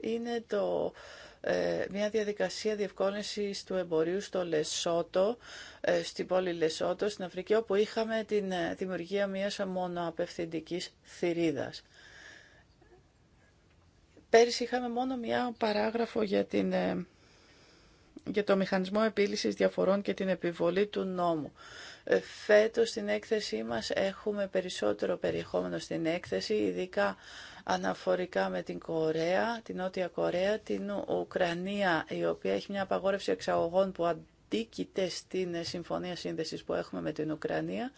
είναι το, ε, μια διαδικασία διευκόλυνσης του εμπορίου στο Λεσότο, ε, στην πόλη Λεσότο, στην Αφρική, όπου είχαμε την ε, δημιουργία μιας απευθυντικής θηρίδας. Πέρυσι είχαμε μόνο μία παράγραφο για, την, ε, για το μηχανισμό επίλυσης διαφορών και την επιβολή του νόμου. Ε, φέτος στην έκθεσή μας έχουμε περισσότερο περιεχόμενο στην έκθεση, ειδικά αναφορικά με την Κορέα, την Νότια Κορέα, την Ουκρανία, η οποία έχει μια απαγόρευση εξαγωγών που αντίκειται στην ε, Συμφωνία Σύνδεσης που έχουμε με την Ουκρανία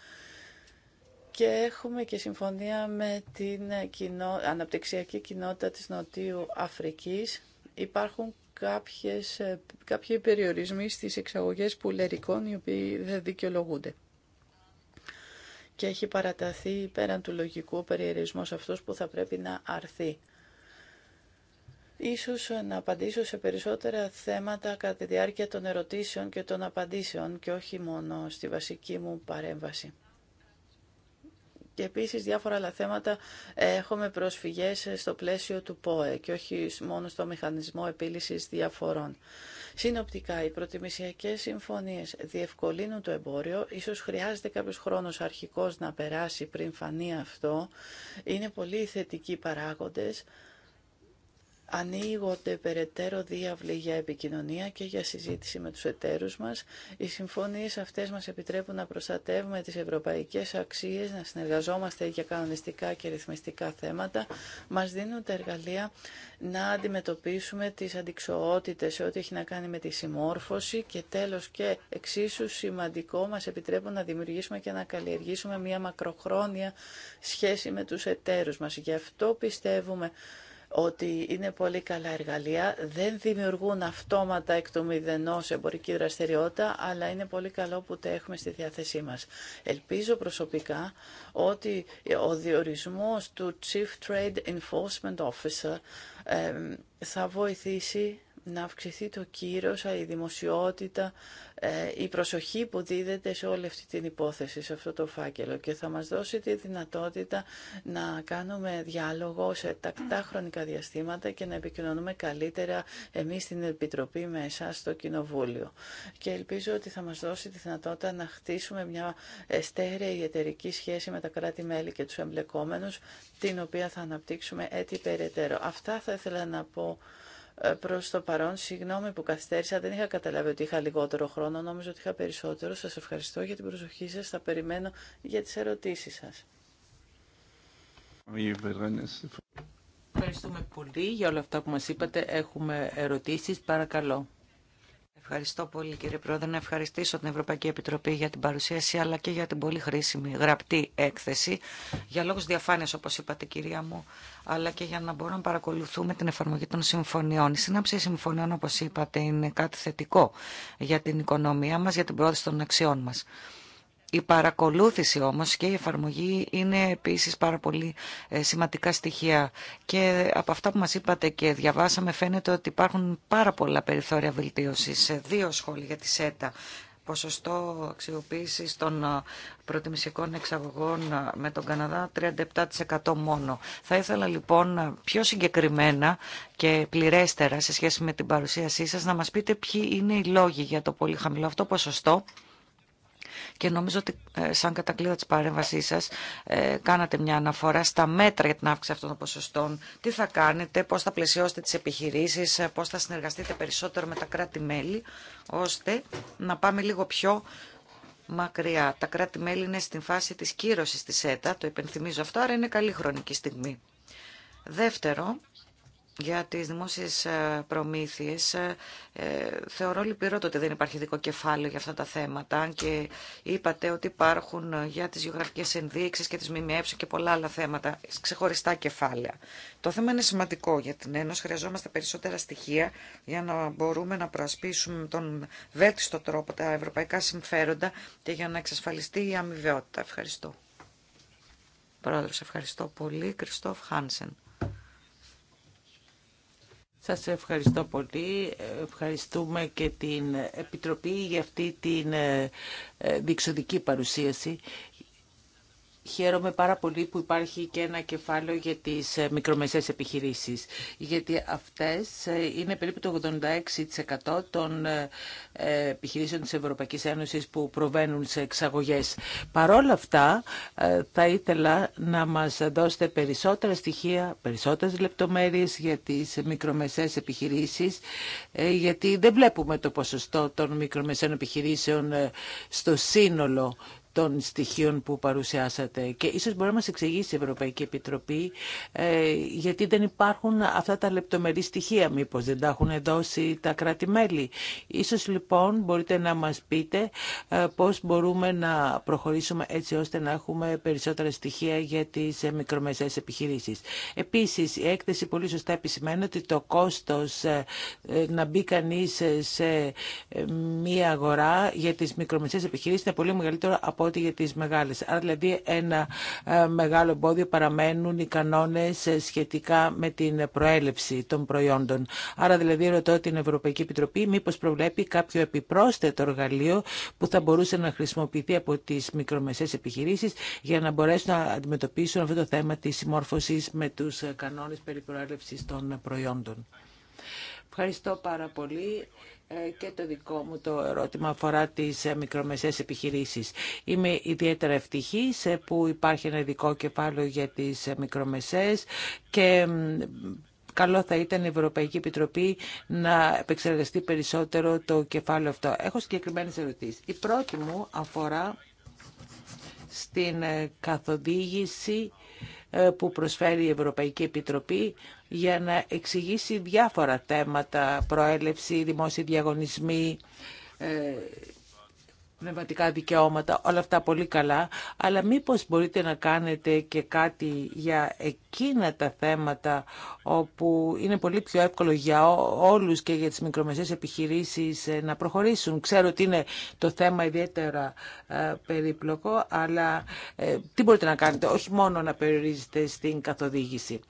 και έχουμε και συμφωνία με την κοινό, αναπτυξιακή κοινότητα της Νοτιού Αφρικής. Υπάρχουν κάποιες, ε, κάποιοι περιορισμοί στις εξαγωγές πουλερικών οι οποίοι δεν δικαιολογούνται. Και έχει παραταθεί πέραν του λογικού ο περιορισμός αυτός που θα πρέπει να αρθεί. Ίσως να απαντήσω σε περισσότερα θέματα κατά τη διάρκεια των ερωτήσεων και των απαντήσεων και όχι μόνο στη βασική μου παρέμβαση και επίσης διάφορα άλλα θέματα έχουμε προσφυγές στο πλαίσιο του ΠΟΕ και όχι μόνο στο μηχανισμό επίλυσης διαφορών. Συνοπτικά, οι προτιμησιακές συμφωνίες διευκολύνουν το εμπόριο. Ίσως χρειάζεται κάποιος χρόνος αρχικός να περάσει πριν φανεί αυτό. Είναι πολύ θετικοί παράγοντες ανοίγονται περαιτέρω διάβλη για επικοινωνία και για συζήτηση με τους εταίρους μας. Οι συμφωνίες αυτές μας επιτρέπουν να προστατεύουμε τις ευρωπαϊκές αξίες, να συνεργαζόμαστε για κανονιστικά και ρυθμιστικά θέματα. Μας δίνουν τα εργαλεία να αντιμετωπίσουμε τις αντικσοότητες σε ό,τι έχει να κάνει με τη συμμόρφωση και τέλος και εξίσου σημαντικό μας επιτρέπουν να δημιουργήσουμε και να καλλιεργήσουμε μια μακροχρόνια σχέση με τους εταίρους μας. Γι' αυτό πιστεύουμε ότι είναι πολύ καλά εργαλεία, δεν δημιουργούν αυτόματα εκ του μηδενό εμπορική δραστηριότητα, αλλά είναι πολύ καλό που τα έχουμε στη διάθεσή μας. Ελπίζω προσωπικά ότι ο διορισμός του Chief Trade Enforcement Officer θα βοηθήσει να αυξηθεί το κύρος, η δημοσιότητα, ε, η προσοχή που δίδεται σε όλη αυτή την υπόθεση, σε αυτό το φάκελο και θα μας δώσει τη δυνατότητα να κάνουμε διάλογο σε τακτά χρονικά διαστήματα και να επικοινωνούμε καλύτερα εμείς στην Επιτροπή με εσά στο Κοινοβούλιο. Και ελπίζω ότι θα μας δώσει τη δυνατότητα να χτίσουμε μια ε, στέρεη εταιρική σχέση με τα κράτη-μέλη και τους εμπλεκόμενους, την οποία θα αναπτύξουμε έτσι περαιτέρω. Αυτά θα ήθελα να πω ε, προς το παρόν. Συγγνώμη που καθυστέρησα, δεν είχα καταλάβει ότι είχα λιγότερο χρόνο, νόμιζα ότι είχα περισσότερο. Σας ευχαριστώ για την προσοχή σας, θα περιμένω για τις ερωτήσεις σας. Ευχαριστούμε πολύ για όλα αυτά που μας είπατε. Έχουμε ερωτήσεις, παρακαλώ. Ευχαριστώ πολύ κύριε Πρόεδρε. Να ευχαριστήσω την Ευρωπαϊκή Επιτροπή για την παρουσίαση αλλά και για την πολύ χρήσιμη γραπτή έκθεση για λόγους διαφάνειας όπως είπατε κυρία μου αλλά και για να μπορούμε να παρακολουθούμε την εφαρμογή των συμφωνιών. Η σύναψη συμφωνιών όπως είπατε είναι κάτι θετικό για την οικονομία μας, για την πρόοδο των αξιών μας. Η παρακολούθηση όμως και η εφαρμογή είναι επίσης πάρα πολύ ε, σημαντικά στοιχεία και από αυτά που μας είπατε και διαβάσαμε φαίνεται ότι υπάρχουν πάρα πολλά περιθώρια βελτίωσης. Δύο σχόλια για τη ΣΕΤΑ. Ποσοστό αξιοποίηση των ε, προτιμησιακών εξαγωγών ε, με τον Καναδά 37% μόνο. Θα ήθελα λοιπόν πιο συγκεκριμένα και πληρέστερα σε σχέση με την παρουσίασή σας να μας πείτε ποιοι είναι οι λόγοι για το πολύ χαμηλό αυτό ποσοστό και νομίζω ότι ε, σαν κατακλείδα της παρέμβασής σας ε, κάνατε μια αναφορά στα μέτρα για την αύξηση αυτών των ποσοστών. Τι θα κάνετε, πώς θα πλαισιώσετε τις επιχειρήσεις, ε, πώς θα συνεργαστείτε περισσότερο με τα κράτη-μέλη, ώστε να πάμε λίγο πιο μακριά. Τα κράτη-μέλη είναι στην φάση της κύρωσης της ΕΤΑ, το υπενθυμίζω αυτό, άρα είναι καλή χρονική στιγμή. Δεύτερο, για τις δημόσιες ε, προμήθειες. Ε, ε, θεωρώ λυπηρό ότι δεν υπάρχει ειδικό κεφάλαιο για αυτά τα θέματα, και είπατε ότι υπάρχουν για τις γεωγραφικές ενδείξεις και τις ΜΜΕ και πολλά άλλα θέματα, ξεχωριστά κεφάλαια. Το θέμα είναι σημαντικό για την Ένωση. Χρειαζόμαστε περισσότερα στοιχεία για να μπορούμε να προασπίσουμε τον βέλτιστο τρόπο τα ευρωπαϊκά συμφέροντα και για να εξασφαλιστεί η αμοιβαιότητα. Ευχαριστώ. Πρόεδρος, ευχαριστώ πολύ. Κριστόφ Χάνσεν. Σας ευχαριστώ πολύ. Ευχαριστούμε και την Επιτροπή για αυτή την ε, ε, διεξοδική παρουσίαση. Χαίρομαι πάρα πολύ που υπάρχει και ένα κεφάλαιο για τις ε, μικρομεσαίες επιχειρήσεις, γιατί αυτές ε, είναι περίπου το 86% των ε, επιχειρήσεων της Ευρωπαϊκής Ένωσης που προβαίνουν σε εξαγωγές. Παρόλα αυτά, θα ήθελα να μας δώσετε περισσότερα στοιχεία, περισσότερες λεπτομέρειες για τις μικρομεσαίες επιχειρήσεις, γιατί δεν βλέπουμε το ποσοστό των μικρομεσαίων επιχειρήσεων στο σύνολο των στοιχείων που παρουσιάσατε και ίσως μπορεί να μας εξηγήσει η Ευρωπαϊκή Επιτροπή ε, γιατί δεν υπάρχουν αυτά τα λεπτομερή στοιχεία μήπως δεν τα έχουν δώσει τα κράτη-μέλη. Ίσως λοιπόν μπορείτε να μας πείτε ε, πώς μπορούμε να προχωρήσουμε έτσι ώστε να έχουμε περισσότερα στοιχεία για τις ε, μικρομεσαίες επιχειρήσεις. Επίσης η έκθεση πολύ σωστά επισημαίνει ότι το κόστος ε, ε, να μπει κανεί σε μία αγορά για τις μικρομεσαίες επιχειρήσεις είναι πολύ μεγαλύτερο από από ό,τι για τις μεγάλες. Άρα δηλαδή ένα ε, μεγάλο εμπόδιο παραμένουν οι κανόνες ε, σχετικά με την προέλευση των προϊόντων. Άρα δηλαδή ρωτώ την Ευρωπαϊκή Επιτροπή μήπως προβλέπει κάποιο επιπρόσθετο εργαλείο που θα μπορούσε να χρησιμοποιηθεί από τις μικρομεσαίες επιχειρήσεις για να μπορέσουν να αντιμετωπίσουν αυτό το θέμα της συμμόρφωσης με τους κανόνες περί προέλευσης των προϊόντων. Ευχαριστώ πάρα πολύ. Ε, και το δικό μου το ερώτημα αφορά τις ε, μικρομεσαίες επιχειρήσεις. Είμαι ιδιαίτερα ευτυχής ε, που υπάρχει ένα ειδικό κεφάλαιο για τις μικρομεσαίες και καλό θα ήταν η Ευρωπαϊκή Επιτροπή να επεξεργαστεί περισσότερο το κεφάλαιο αυτό. Έχω συγκεκριμένες ερωτήσεις. Η πρώτη μου αφορά στην καθοδήγηση ε, που προσφέρει η Ευρωπαϊκή Επιτροπή για να εξηγήσει διάφορα θέματα, προέλευση, δημόσιοι διαγωνισμοί, ε, πνευματικά δικαιώματα, όλα αυτά πολύ καλά, αλλά μήπως μπορείτε να κάνετε και κάτι για εκείνα τα θέματα όπου είναι πολύ πιο εύκολο για όλους και για τις μικρομεσαίες επιχειρήσεις ε, να προχωρήσουν. Ξέρω ότι είναι το θέμα ιδιαίτερα ε, περίπλοκο, αλλά ε, τι μπορείτε να κάνετε, όχι μόνο να περιορίζετε στην καθοδήγηση.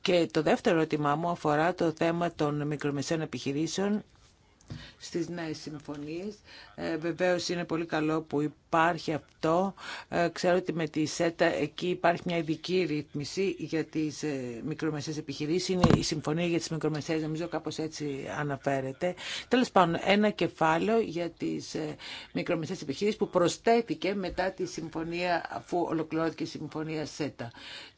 Και το δεύτερο ερώτημά μου αφορά το θέμα των μικρομεσαίων επιχειρήσεων στις νέες συμφωνίες. Ε, βεβαίως είναι πολύ καλό που υπάρχει αυτό. Ε, ξέρω ότι με τη ΣΕΤΑ εκεί υπάρχει μια ειδική ρύθμιση για τις ε, μικρομεσαίες επιχειρήσεις. Είναι η συμφωνία για τις μικρομεσαίες, νομίζω κάπως έτσι αναφέρεται. Τέλος πάνω ένα κεφάλαιο για τις ε, μικρομεσαίες επιχειρήσεις που προσθέθηκε μετά τη συμφωνία, αφού ολοκληρώθηκε η συμφωνία ΣΕΤΑ.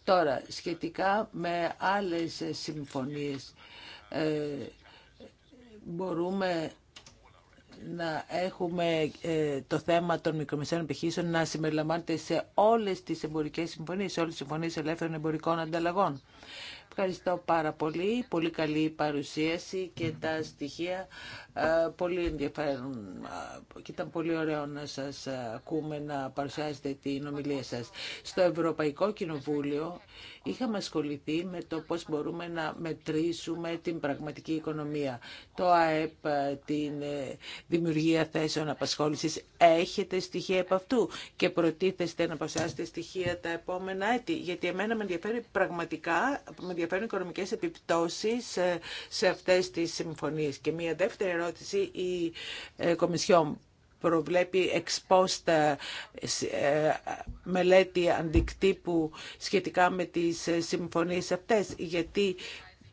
Τώρα, σχετικά με άλλες ε, συμφωνίες, ε, μπορούμε να έχουμε ε, το θέμα των μικρομεσαίων επιχείρησεων να συμπεριλαμβάνεται σε όλες τις εμπορικές συμφωνίες, σε όλες τις συμφωνίες ελεύθερων εμπορικών ανταλλαγών. Ευχαριστώ πάρα πολύ. Πολύ καλή παρουσίαση και τα στοιχεία ε, πολύ ενδιαφέρον. Ε, και ήταν πολύ ωραίο να σας ακούμε να παρουσιάσετε την ομιλία σας. Στο Ευρωπαϊκό Κοινοβούλιο είχαμε ασχοληθεί με το πώς μπορούμε να μετρήσουμε την πραγματική οικονομία. Το ΑΕΠ, ε, την ε, δημιουργία θέσεων απασχόλησης. Έχετε στοιχεία από αυτού και προτίθεστε να παρουσιάσετε στοιχεία τα επόμενα έτη. Γιατί εμένα με ενδιαφέρει πραγματικά, με ενδιαφέρουν οικονομικές επιπτώσεις ε, σε αυτές τις συμφωνίες. Και μια δεύτερη ερώτηση, η Κομισιόν προβλέπει εξπόστα ε, μελέτη αντικτύπου σχετικά με τις ε, συμφωνίες αυτές, γιατί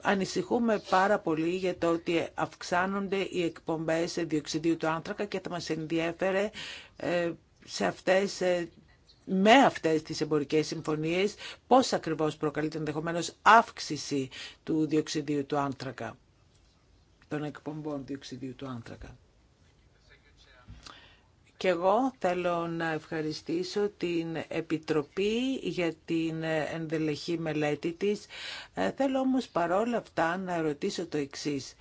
Ανησυχούμε πάρα πολύ για το ότι αυξάνονται οι εκπομπές διοξιδίου του άνθρακα και θα μας ενδιέφερε ε, σε αυτές με αυτές τις εμπορικές συμφωνίες πώς ακριβώς προκαλείται ενδεχομένω αύξηση του διοξιδίου του άνθρακα, των εκπομπών διοξιδίου του άνθρακα. Και εγώ θέλω να ευχαριστήσω την Επιτροπή για την ενδελεχή μελέτη της. Ε, θέλω όμως παρόλα αυτά να ρωτήσω το εξής.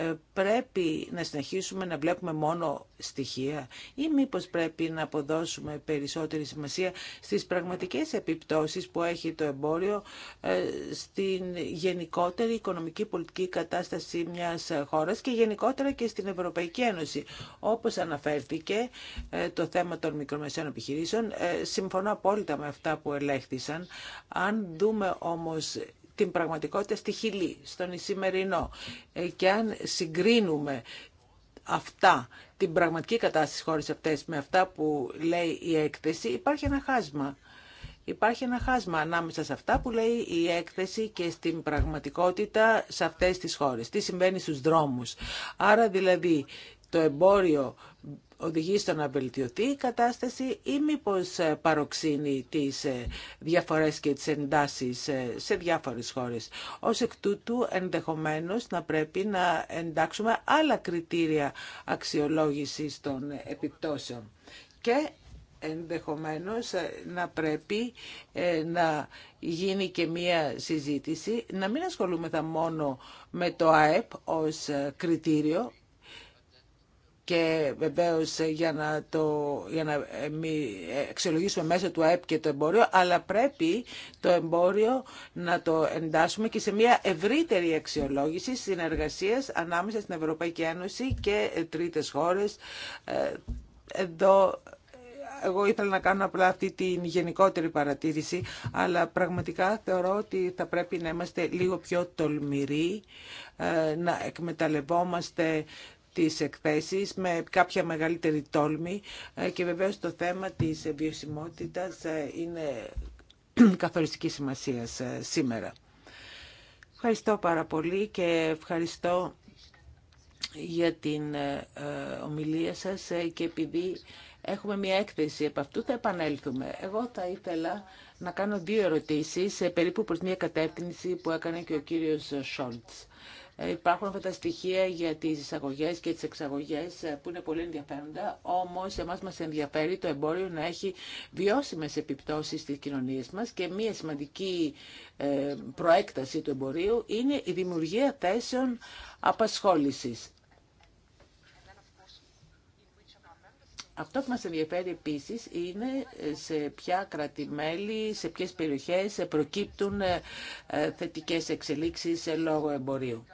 Ε, πρέπει να συνεχίσουμε να βλέπουμε μόνο στοιχεία ή μήπως πρέπει να αποδώσουμε περισσότερη σημασία στις πραγματικές επιπτώσεις που έχει το εμπόριο ε, στην γενικότερη οικονομική πολιτική κατάσταση μιας χώρας και γενικότερα και στην Ευρωπαϊκή Ένωση. Όπως αναφέρθηκε ε, το θέμα των μικρομεσαίων επιχειρήσεων, συμφωνώ απόλυτα με αυτά που ελέγχθησαν. Αν δούμε όμως την πραγματικότητα στη Χιλή, στον Ισημερινό. Ε, και αν συγκρίνουμε αυτά, την πραγματική κατάσταση στις χώρες αυτές με αυτά που λέει η έκθεση, υπάρχει ένα χάσμα. Υπάρχει ένα χάσμα ανάμεσα σε αυτά που λέει η έκθεση και στην πραγματικότητα σε αυτές τις χώρες. Τι συμβαίνει στους δρόμους. Άρα δηλαδή το εμπόριο οδηγεί στο να βελτιωθεί η κατάσταση ή μήπω ε, παροξύνει τι ε, διαφορέ και τι εντάσει ε, σε διάφορες χώρες. Ω εκ τούτου ενδεχομένως να πρέπει να εντάξουμε άλλα κριτήρια αξιολόγηση των επιπτώσεων. Και ενδεχομένως να πρέπει να γίνει και μία συζήτηση, να μην ασχολούμεθα μόνο με το ΑΕΠ ως κριτήριο, και βεβαίω ε, για, να το, για να ε, ε, αξιολογήσουμε μέσω του ΑΕΠ και το εμπόριο, αλλά πρέπει το εμπόριο να το εντάσσουμε και σε μια ευρύτερη αξιολόγηση συνεργασία ανάμεσα στην Ευρωπαϊκή Ένωση και τρίτες χώρες. Εδώ εγώ ήθελα να κάνω απλά αυτή την γενικότερη παρατήρηση, αλλά πραγματικά θεωρώ ότι θα πρέπει να είμαστε λίγο πιο τολμηροί, να εκμεταλλευόμαστε τις εκθέσεις με κάποια μεγαλύτερη τόλμη ε, και βεβαίως το θέμα της βιωσιμότητας ε, είναι καθοριστική σημασία ε, σήμερα. Ευχαριστώ πάρα πολύ και ευχαριστώ για την ομιλία σας και επειδή έχουμε μια έκθεση από αυτού θα επανέλθουμε. Εγώ θα ήθελα να κάνω δύο ερωτήσεις περίπου προς μια κατεύθυνση που έκανε και ο κύριος Σόλτς. Ε, υπάρχουν αυτά τα στοιχεία για τις εισαγωγέ και τις εξαγωγέ, ε, που είναι πολύ ενδιαφέροντα, όμως εμά μας ενδιαφέρει το εμπόριο να έχει βιώσιμε επιπτώσει στις κοινωνίες μας και μία σημαντική ε, προέκταση του εμπορίου είναι η δημιουργία θέσεων απασχόλησης. Αυτό που μας ενδιαφέρει επίσης είναι σε ποια κρατημέλη, σε ποιες περιοχές προκύπτουν ε, ε, θετικές εξελίξεις λόγω εμπορίου.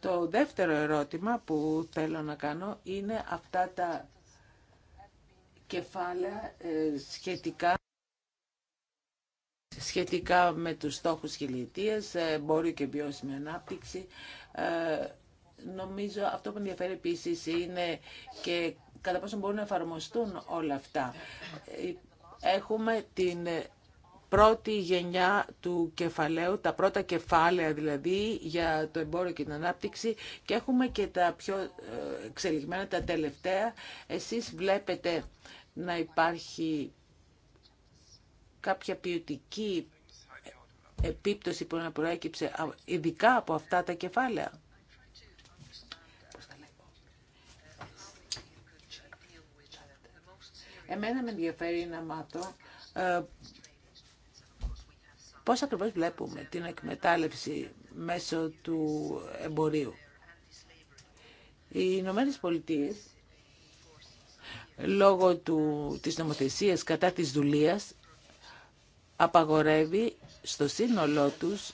Το δεύτερο ερώτημα που θέλω να κάνω είναι αυτά τα κεφάλαια ε, σχετικά σχετικά με τους στόχους χιλιετίας, εμπόριο και βιώσιμη ανάπτυξη. Νομίζω αυτό που ενδιαφέρει επίσης είναι και κατά πόσο μπορούν να εφαρμοστούν όλα αυτά. Έχουμε την πρώτη γενιά του κεφαλαίου, τα πρώτα κεφάλαια δηλαδή για το εμπόριο και την ανάπτυξη και έχουμε και τα πιο ε, εξελιγμένα, τα τελευταία. Εσείς βλέπετε να υπάρχει κάποια ποιοτική επίπτωση που να προέκυψε ειδικά από αυτά τα κεφάλαια. Εμένα με ενδιαφέρει να μάθω ε, πώς ακριβώς βλέπουμε την εκμετάλλευση μέσω του εμπορίου. Οι Ηνωμένε Πολιτείε λόγω του, της νομοθεσίας κατά της δουλείας απαγορεύει στο σύνολό τους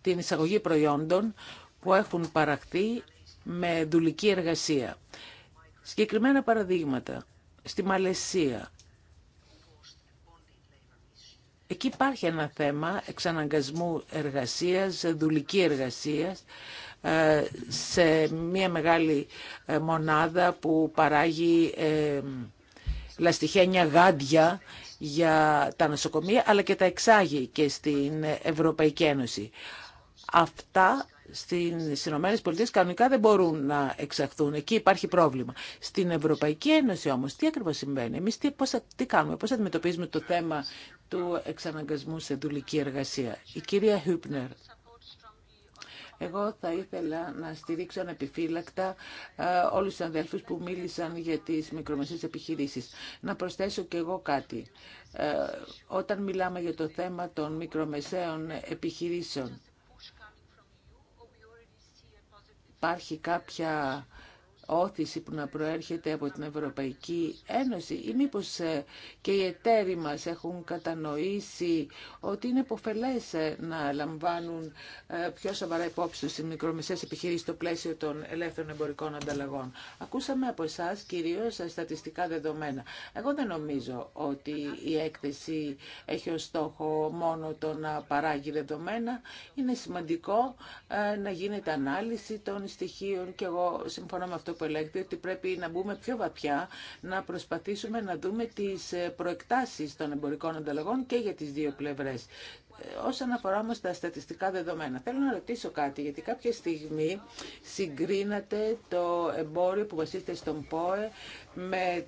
την εισαγωγή προϊόντων που έχουν παραχθεί με δουλική εργασία. Συγκεκριμένα παραδείγματα στη Μαλαισία. Εκεί υπάρχει ένα θέμα εξαναγκασμού εργασίας, δουλική εργασίας, ε, σε μια μεγάλη ε, μονάδα που παράγει ε, λαστιχένια γάντια για τα νοσοκομεία, αλλά και τα εξάγει και στην Ευρωπαϊκή Ένωση. Αυτά στις Ηνωμένε Πολιτείε κανονικά δεν μπορούν να εξαχθούν. Εκεί υπάρχει πρόβλημα. Στην Ευρωπαϊκή Ένωση όμως τι ακριβώς συμβαίνει. Εμείς τι, τι κάνουμε, πώς αντιμετωπίζουμε το θέμα του εξαναγκασμού σε δουλική εργασία. Η κυρία Χούπνερ. Εγώ θα ήθελα να στηρίξω ανεπιφύλακτα ε, όλους τους αδέλφους που μίλησαν για τις μικρομεσαίες επιχειρήσεις. Να προσθέσω και εγώ κάτι. Ε, όταν μιλάμε για το θέμα των μικρομεσαίων επιχειρήσεων, υπάρχει κάποια όθηση που να προέρχεται από την Ευρωπαϊκή Ένωση ή μήπως ε, και οι εταίροι μας έχουν κατανοήσει ότι είναι υποφελές ε, να λαμβάνουν ε, πιο σοβαρά υπόψη τους στις μικρομεσαίες επιχειρήσεις στο πλαίσιο των ελεύθερων εμπορικών ανταλλαγών. Ακούσαμε από εσά κυρίως στατιστικά δεδομένα. Εγώ δεν νομίζω ότι η έκθεση έχει ως στόχο μόνο το να παράγει δεδομένα. Είναι σημαντικό να γίνεται ανάλυση των στοιχείων και εγώ συμφωνώ με αυτό που που λέγεται ότι πρέπει να μπούμε πιο βαθιά, να προσπαθήσουμε να δούμε τις ε, προεκτάσεις των εμπορικών ανταλλαγών και για τις δύο πλευρές. Ε, όσον αφορά όμω τα στατιστικά δεδομένα, θέλω να ρωτήσω κάτι, γιατί κάποια στιγμή συγκρίνατε το εμπόριο που βασίζεται στον ΠΟΕ με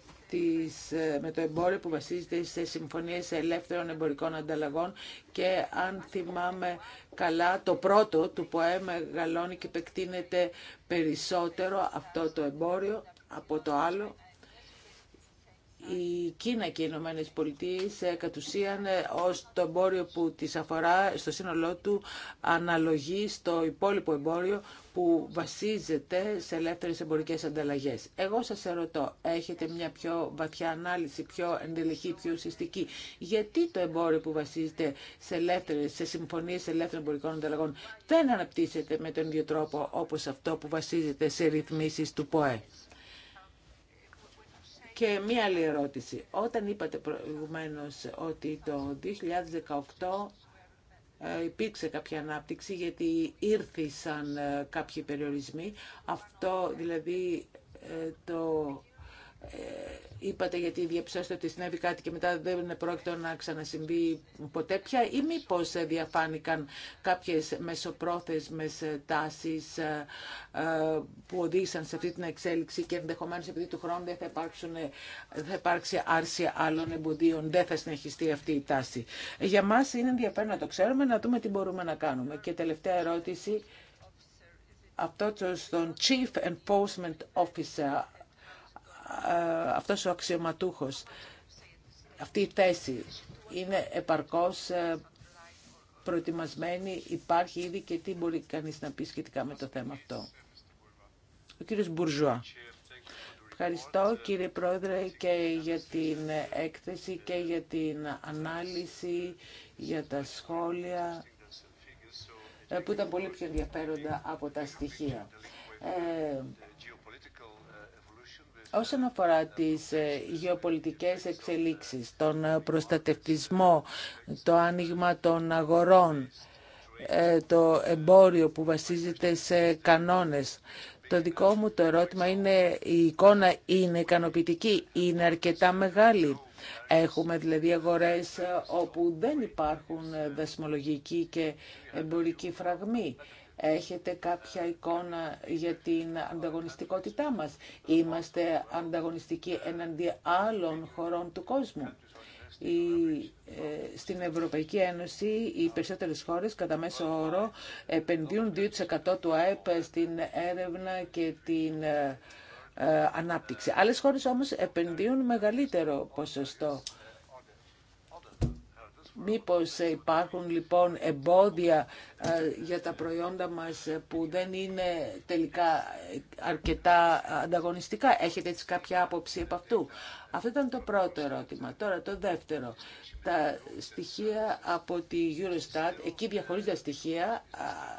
ε, με το εμπόριο που βασίζεται σε συμφωνίες ελεύθερων εμπορικών ανταλλαγών και αν θυμάμαι καλά το πρώτο του ΠΟΕ μεγαλώνει και επεκτείνεται περισσότερο αυτό το εμπόριο από το άλλο. Η Κίνα και οι Ηνωμένε Πολιτείε ε, κατ' ουσίαν ε, ω το εμπόριο που τις αφορά στο σύνολό του αναλογεί στο υπόλοιπο εμπόριο που βασίζεται σε ελεύθερες εμπορικές ανταλλαγές. Εγώ σας ερωτώ, έχετε μια πιο βαθιά ανάλυση, πιο εντελεχή, πιο ουσιαστική. Γιατί το εμπόριο που βασίζεται σε, ελεύθερες, σε συμφωνίες ελεύθερων εμπορικών ανταλλαγών δεν αναπτύσσεται με τον ίδιο τρόπο όπως αυτό που βασίζεται σε ρυθμίσεις του ΠΟΕ. Και μία άλλη ερώτηση. Όταν είπατε προηγουμένως ότι το 2018 ε, υπήρξε κάποια ανάπτυξη γιατί ήρθησαν ε, κάποιοι περιορισμοί. Αυτό δηλαδή ε, το ε, είπατε γιατί διαψεύσετε ότι συνέβη κάτι και μετά δεν πρόκειται να ξανασυμβεί ποτέ πια ή μήπω διαφάνηκαν κάποιες μεσοπρόθεσμες τάσεις ε, ε, που οδήγησαν σε αυτή την εξέλιξη και ενδεχομένως επειδή του χρόνου δεν θα, υπάρξουν, θα υπάρξει άρση άλλων εμποδίων, δεν θα συνεχιστεί αυτή η τάση. Για μας είναι ενδιαφέρον να το ξέρουμε, να δούμε τι μπορούμε να κάνουμε. Και τελευταία ερώτηση, αυτό στον Chief Enforcement Officer ε, αυτός ο αξιωματούχος, αυτή η θέση είναι επαρκώς ε, προετοιμασμένη, υπάρχει ήδη και τι μπορεί κανείς να πει σχετικά με το θέμα αυτό. Ο κύριος Μπουρζουά. Ευχαριστώ κύριε Πρόεδρε και για την έκθεση και για την ανάλυση, για τα σχόλια ε, που ήταν πολύ πιο ενδιαφέροντα από τα στοιχεία. Ε, Όσον αφορά τις ε, γεωπολιτικές εξελίξεις, τον ε, προστατευτισμό, το άνοιγμα των αγορών, ε, το εμπόριο που βασίζεται σε κανόνες, το δικό μου το ερώτημα είναι, η εικόνα είναι ικανοποιητική, είναι αρκετά μεγάλη. Έχουμε δηλαδή αγορές όπου δεν υπάρχουν δασμολογικοί και εμπορικοί φραγμοί. Έχετε κάποια εικόνα για την ανταγωνιστικότητά μας. Είμαστε ανταγωνιστικοί εναντί άλλων χωρών του κόσμου. Η, ε, στην Ευρωπαϊκή Ένωση οι περισσότερες χώρες κατά μέσο όρο επενδύουν 2% του ΑΕΠ στην έρευνα και την ε, ε, ανάπτυξη. Άλλες χώρες όμως επενδύουν μεγαλύτερο ποσοστό. Μήπως υπάρχουν λοιπόν εμπόδια ε, για τα προϊόντα μας που δεν είναι τελικά αρκετά ανταγωνιστικά. Έχετε έτσι κάποια άποψη από αυτού. Αυτό ήταν το πρώτο ερώτημα. Τώρα το δεύτερο. Τα στοιχεία από τη Eurostat, εκεί τα στοιχεία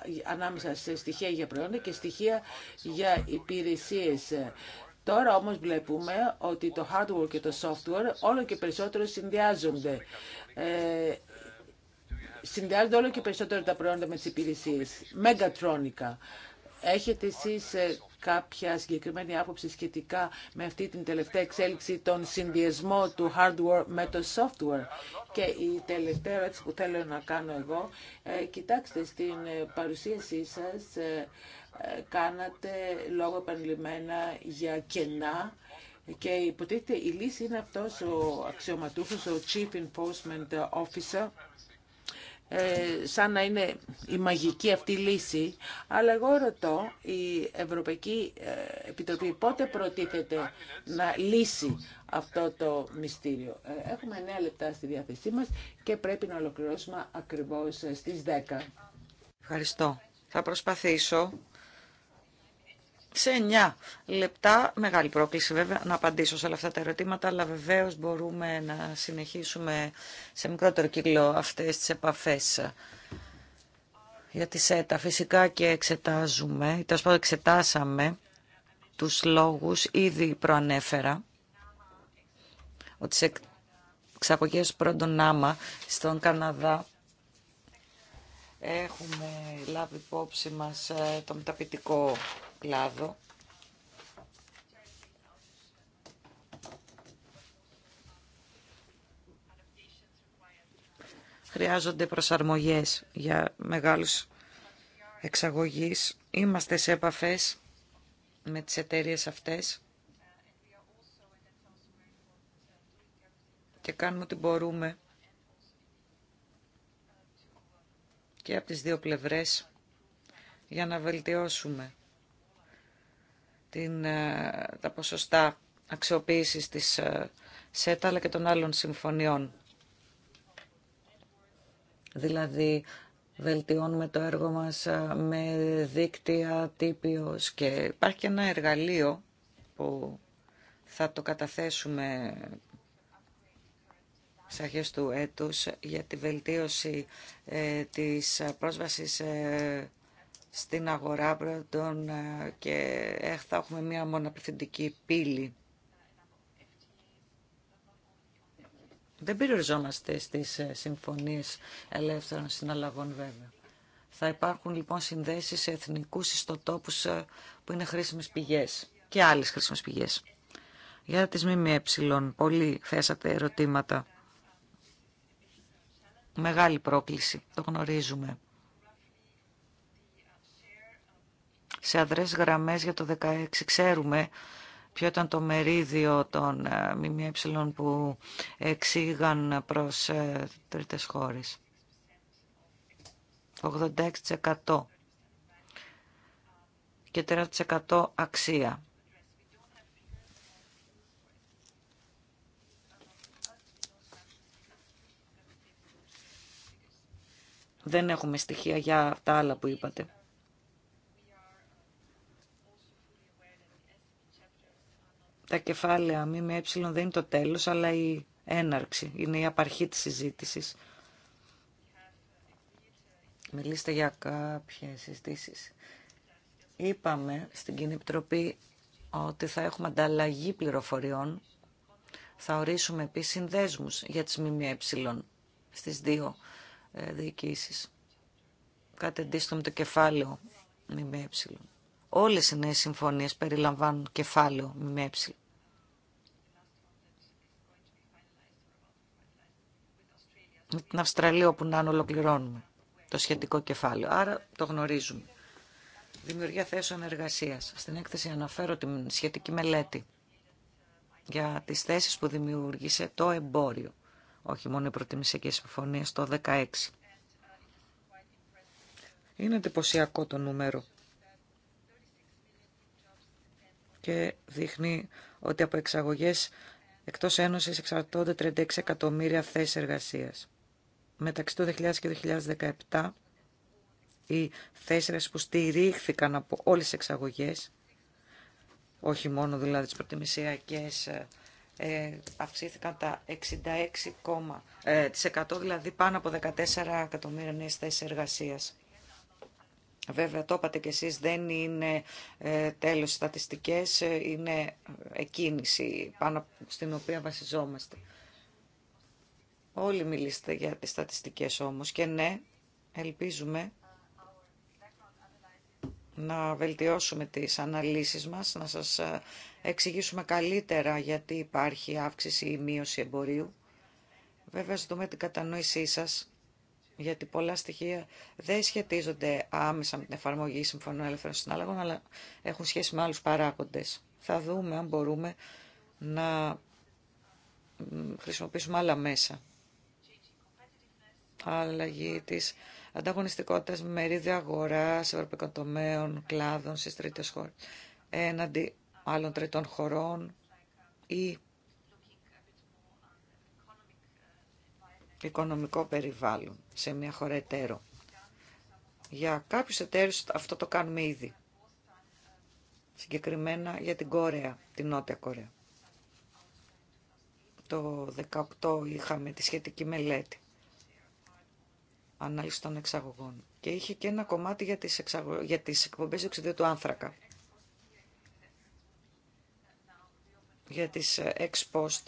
ε, ανάμεσα σε στοιχεία για προϊόντα και στοιχεία για υπηρεσίες. Τώρα όμως βλέπουμε ότι το hardware και το software όλο και περισσότερο συνδυάζονται ε, συνδυάζονται όλο και περισσότερο τα προϊόντα με τις υπηρεσίες. Μεγατρόνικα. Έχετε εσείς ε, κάποια συγκεκριμένη άποψη σχετικά με αυτή την τελευταία εξέλιξη, τον συνδυασμό του hardware με το software. Και η τελευταία ερώτηση που θέλω να κάνω εγώ, ε, κοιτάξτε, στην ε, παρουσίασή σας ε, κάνατε λόγο επανειλημμένα για κενά και υποτίθεται η λύση είναι αυτός ο αξιωματούχος, ο Chief Enforcement Officer, ε, σαν να είναι η μαγική αυτή λύση, αλλά εγώ ρωτώ η Ευρωπαϊκή ε, Επιτροπή πότε προτίθεται να λύσει αυτό το μυστήριο. Ε, έχουμε 9 λεπτά στη διάθεσή μας και πρέπει να ολοκληρώσουμε ακριβώς ε, στις 10. Ευχαριστώ. Θα προσπαθήσω σε 9 λεπτά. Μεγάλη πρόκληση βέβαια να απαντήσω σε όλα αυτά τα ερωτήματα, αλλά βεβαίω μπορούμε να συνεχίσουμε σε μικρότερο κύκλο αυτέ τι επαφέ. Για τη ΣΕΤΑ φυσικά και εξετάζουμε, τέλο πάντων εξετάσαμε τους λόγους, ήδη προανέφερα, ότι σε εξαγωγέ πρώτον άμα στον Καναδά έχουμε λάβει υπόψη μας ε, το μεταπητικό Χρειάζονται προσαρμογές για μεγάλους εξαγωγείς. Είμαστε σε επαφές με τις εταιρείες αυτές και κάνουμε ό,τι μπορούμε και από τις δύο πλευρές για να βελτιώσουμε την, ε, τα ποσοστά αξιοποίησης της ε, ΣΕΤΑ αλλά και των άλλων συμφωνιών. Δηλαδή, βελτιώνουμε το έργο μας ε, με δίκτυα τύπιος και υπάρχει και ένα εργαλείο που θα το καταθέσουμε σε αρχές του έτους για τη βελτίωση της πρόσβασης στην αγορά πρώτον ε, και θα έχουμε μία μοναπληθυντική πύλη. Δεν περιοριζόμαστε στις ε, συμφωνίες ελεύθερων συναλλαγών βέβαια. Θα υπάρχουν λοιπόν συνδέσεις σε εθνικούς ιστοτόπους ε, που είναι χρήσιμες πηγές και άλλες χρήσιμες πηγές. Για τις ΜΜΕ, πολλοί θέσατε ερωτήματα. Μεγάλη πρόκληση, το γνωρίζουμε. σε αδρές γραμμές για το 16 Ξέρουμε ποιο ήταν το μερίδιο των ε, ΜΜΕ που εξήγαν προς ε, τρίτες χώρες. 86% και 4% αξία. Δεν έχουμε στοιχεία για τα άλλα που είπατε. τα κεφάλαια ΜΜΕ δεν είναι το τέλος, αλλά η έναρξη, είναι η απαρχή της συζήτησης. Μιλήστε για κάποιες συζητήσεις. Είπαμε στην Κοινή Επιτροπή ότι θα έχουμε ανταλλαγή πληροφοριών. Θα ορίσουμε επίσης συνδέσμους για τις ΜΜΕ στις δύο ε, διοικήσεις. Κάτι αντίστοιχο με το κεφάλαιο ΜΜΕ. Όλες οι νέες συμφωνίες περιλαμβάνουν κεφάλαιο ΜΜΕ. Ε. Με την Αυστραλία όπου να ολοκληρώνουμε το σχετικό κεφάλαιο. Άρα το γνωρίζουμε. Δημιουργία θέσεων εργασίας. Στην έκθεση αναφέρω τη σχετική μελέτη για τις θέσεις που δημιούργησε το εμπόριο. Όχι μόνο οι προτιμησιακέ συμφωνία το 16. Είναι εντυπωσιακό το νούμερο. και δείχνει ότι από εξαγωγές εκτός Ένωσης εξαρτώνται 36 εκατομμύρια θέσεις εργασίας. Μεταξύ του 2000 και του 2017 οι θέσεις που στηρίχθηκαν από όλες τις εξαγωγές, όχι μόνο δηλαδή τις προτιμησιακές, ε, ε αυξήθηκαν τα 66,1% ε, δηλαδή πάνω από 14 εκατομμύρια νέες θέσεις εργασίας. Βέβαια, το είπατε κι εσείς, δεν είναι ε, τέλος στατιστικές, ε, είναι εκκίνηση πάνω στην οποία βασιζόμαστε. Όλοι μιλήσετε για τις στατιστικές όμως και ναι, ελπίζουμε να βελτιώσουμε τις αναλύσεις μας, να σας ε, εξηγήσουμε καλύτερα γιατί υπάρχει αύξηση ή μείωση εμπορίου. Βέβαια, ζητούμε την κατανόησή σας γιατί πολλά στοιχεία δεν σχετίζονται άμεσα με την εφαρμογή συμφωνών ελεύθερων συνάλλαγων, αλλά έχουν σχέση με άλλους παράγοντες. Θα δούμε αν μπορούμε να χρησιμοποιήσουμε άλλα μέσα. Αλλαγή της ανταγωνιστικότητας με μερίδια σε ευρωπαϊκών τομέων, κλάδων στις τρίτες χώρες, έναντι άλλων τριτών χωρών ή οικονομικό περιβάλλον σε μια χώρα εταίρο. Για κάποιους εταίρους αυτό το κάνουμε ήδη. Συγκεκριμένα για την Κόρεα, την Νότια Κορέα. Το 18 είχαμε τη σχετική μελέτη ανάλυση των εξαγωγών και είχε και ένα κομμάτι για τις, εξαγω... για τις εκπομπές οξυδιού του άνθρακα. Για τις ε, ex post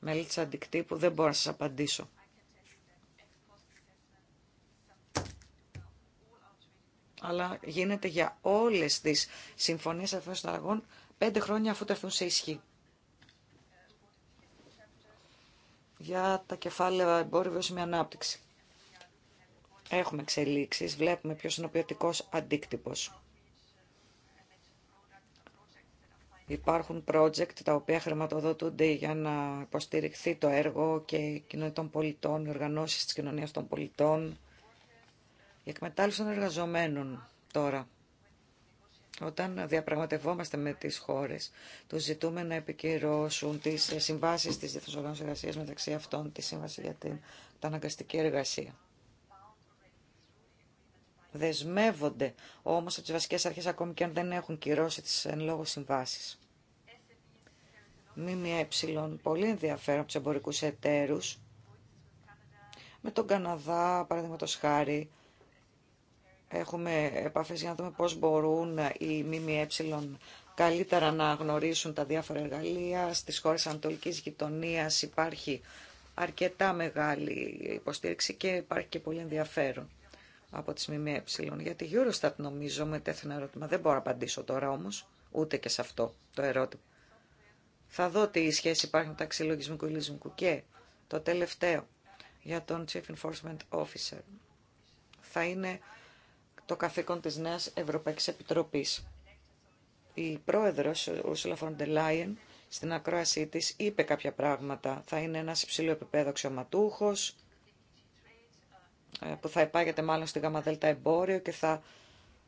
μελέτης αντικτύπου δεν μπορώ να σας απαντήσω. αλλά γίνεται για όλες τις συμφωνίες των αλλαγών πέντε χρόνια αφού τεθούν σε ισχύ. Για τα κεφάλαια εμπόριο βιώσιμη ανάπτυξη. Έχουμε εξελίξεις, βλέπουμε ποιος είναι ο ποιοτικός αντίκτυπος. Υπάρχουν project τα οποία χρηματοδοτούνται για να υποστηριχθεί το έργο και κοινωνία των πολιτών, οργανώσεις της κοινωνίας των πολιτών η εκμετάλλευση των εργαζομένων τώρα. Όταν διαπραγματευόμαστε με τις χώρες, τους ζητούμε να επικυρώσουν τις συμβάσεις της Διεθνούς Οργάνωσης Εργασίας μεταξύ αυτών, τη Σύμβαση για την Αναγκαστική Εργασία. Δεσμεύονται όμως από τις βασικές αρχές ακόμη και αν δεν έχουν κυρώσει τις εν λόγω συμβάσεις. ΜΜΕ, πολύ ενδιαφέρον από του εμπορικού εταίρους, με τον Καναδά, παραδείγματο χάρη, Έχουμε επαφές για να δούμε πώς μπορούν οι ΜΜΕ καλύτερα να γνωρίσουν τα διάφορα εργαλεία. Στις χώρες Ανατολικής Γειτονίας υπάρχει αρκετά μεγάλη υποστήριξη και υπάρχει και πολύ ενδιαφέρον από τις ΜΜΕ. Για τη Eurostat νομίζω με ένα ερώτημα. Δεν μπορώ να απαντήσω τώρα όμως, ούτε και σε αυτό το ερώτημα. Θα δω τι σχέση υπάρχει μεταξύ λογισμικού και λογισμικού. Και το τελευταίο για τον Chief Enforcement Officer θα είναι το καθήκον της Νέας Ευρωπαϊκής Επιτροπής. Η πρόεδρος, Ursula von der στην ακρόασή της είπε κάποια πράγματα. Θα είναι ένας υψηλό επίπεδο αξιωματούχος, ε, που θα υπάγεται μάλλον στη ΓΑΜΑΔΕΛΤΑ εμπόριο και θα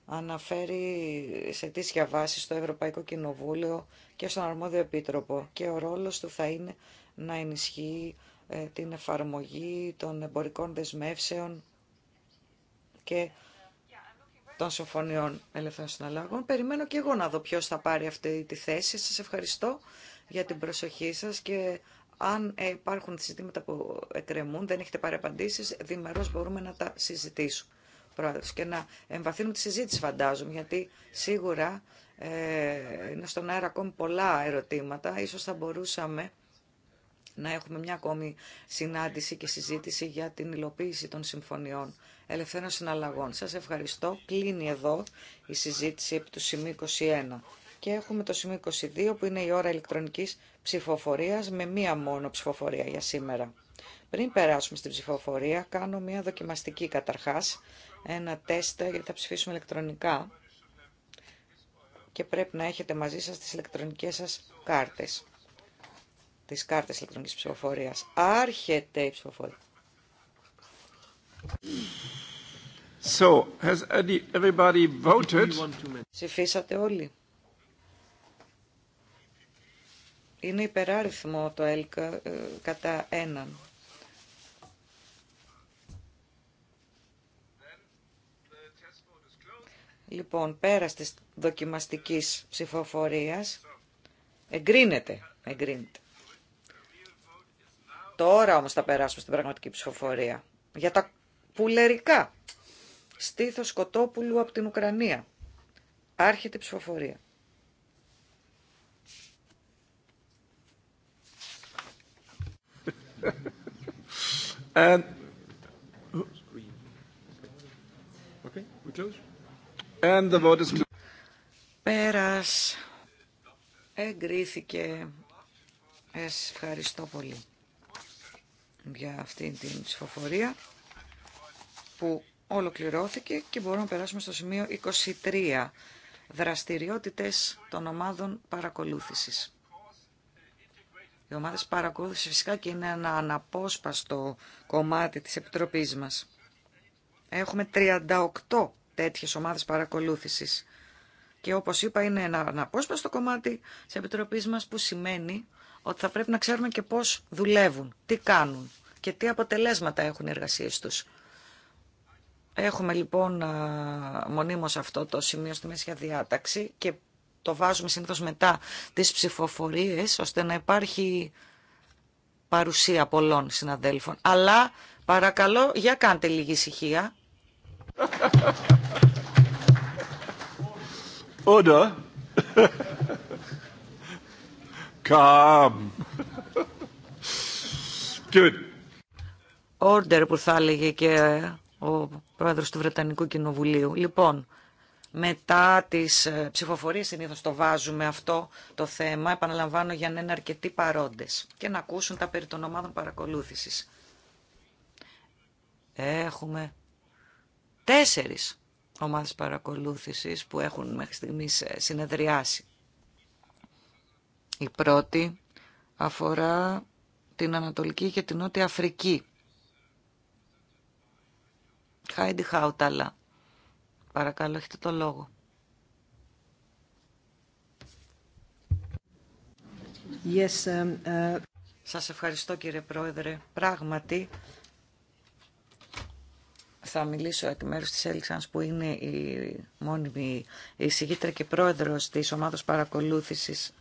αναφέρει σε τίσια βάση στο Ευρωπαϊκό Κοινοβούλιο και στον Αρμόδιο Επίτροπο. Και ο ρόλος του θα είναι να ενισχύει ε, την εφαρμογή των εμπορικών δεσμεύσεων και των Συμφωνιών Ελεύθερων Συναλλαγών. Περιμένω και εγώ να δω ποιος θα πάρει αυτή τη θέση. Σας ευχαριστώ για την προσοχή σας και αν ε, υπάρχουν συζητήματα που εκκρεμούν, δεν έχετε πάρει απαντήσεις, διμερώς μπορούμε να τα συζητήσουμε. Πρόεδρος, και να εμβαθύνουμε τη συζήτηση φαντάζομαι, γιατί σίγουρα ε, είναι στον αέρα ακόμη πολλά ερωτήματα. Ίσως θα μπορούσαμε να έχουμε μια ακόμη συνάντηση και συζήτηση για την υλοποίηση των συμφωνιών ελευθέρων συναλλαγών. Σας ευχαριστώ. Κλείνει εδώ η συζήτηση επί του σημείου 21. Και έχουμε το σημείο 22 που είναι η ώρα ηλεκτρονικής ψηφοφορίας με μία μόνο ψηφοφορία για σήμερα. Πριν περάσουμε στην ψηφοφορία, κάνω μία δοκιμαστική καταρχάς, ένα τεστ γιατί θα ψηφίσουμε ηλεκτρονικά και πρέπει να έχετε μαζί σας τις ηλεκτρονικές σας κάρτες, τις κάρτες ηλεκτρονικής ψηφοφορίας. Άρχεται η ψηφοφορία. So, has everybody voted? Ψηφίσατε όλοι. Είναι υπεράριθμο το ΕΛΚΑ ε, κατά έναν. Λοιπόν, πέρα τη δοκιμαστική ψηφοφορία. εγκρίνεται, εγκρίνεται. Τώρα όμως θα περάσουμε στην πραγματική ψηφοφορία. Για τα πουλερικά. Στήθος Σκοτόπουλου από την Ουκρανία. Άρχεται ψηφοφορία. Ε, and... Okay, Πέρας. Εγκρίθηκε. ευχαριστώ πολύ για αυτήν την ψηφοφορία που ολοκληρώθηκε και μπορούμε να περάσουμε στο σημείο 23. Δραστηριότητες των ομάδων παρακολούθησης. Οι ομάδες παρακολούθησης φυσικά και είναι ένα αναπόσπαστο κομμάτι της Επιτροπής μας. Έχουμε 38 τέτοιες ομάδες παρακολούθησης. Και όπως είπα είναι ένα αναπόσπαστο κομμάτι της Επιτροπής μας που σημαίνει ότι θα πρέπει να ξέρουμε και πώς δουλεύουν, τι κάνουν και τι αποτελέσματα έχουν οι εργασίες τους. Έχουμε λοιπόν μονίμως αυτό το σημείο στη μέση διάταξη και το βάζουμε συνήθως μετά τις ψηφοφορίες ώστε να υπάρχει παρουσία πολλών συναδέλφων. Αλλά παρακαλώ για κάντε λίγη ησυχία. Όντα. Order που θα έλεγε και ο πρόεδρος του Βρετανικού Κοινοβουλίου. Λοιπόν, μετά τις ε, ψηφοφορίες συνήθως το βάζουμε αυτό το θέμα, επαναλαμβάνω για να είναι αρκετοί παρόντες και να ακούσουν τα περί των ομάδων παρακολούθησης. Έχουμε τέσσερις ομάδες παρακολούθησης που έχουν μέχρι στιγμής ε, συνεδριάσει. Η πρώτη αφορά την Ανατολική και την Νότια Αφρική. Χάιντι Χάουταλα. Παρακαλώ, έχετε το λόγο. Yes, ε, ε, Σας ευχαριστώ κύριε Πρόεδρε. Πράγματι, θα μιλήσω εκ μέρους της Έλξανς που είναι η μόνιμη εισηγήτρια και πρόεδρος της ομάδος παρακολούθησης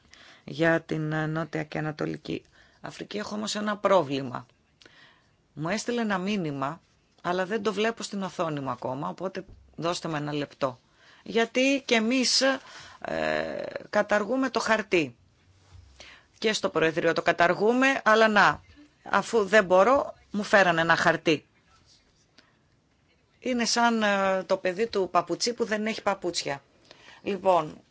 για την Νότια και Ανατολική Αφρική. Έχω όμως ένα πρόβλημα. Μου έστειλε ένα μήνυμα αλλά δεν το βλέπω στην οθόνη μου ακόμα, οπότε δώστε με ένα λεπτό. Γιατί και εμείς ε, καταργούμε το χαρτί. Και στο Προεδρείο το καταργούμε, αλλά να, αφού δεν μπορώ, μου φέρανε ένα χαρτί. Είναι σαν ε, το παιδί του παπουτσί που δεν έχει παπούτσια. Λοιπόν,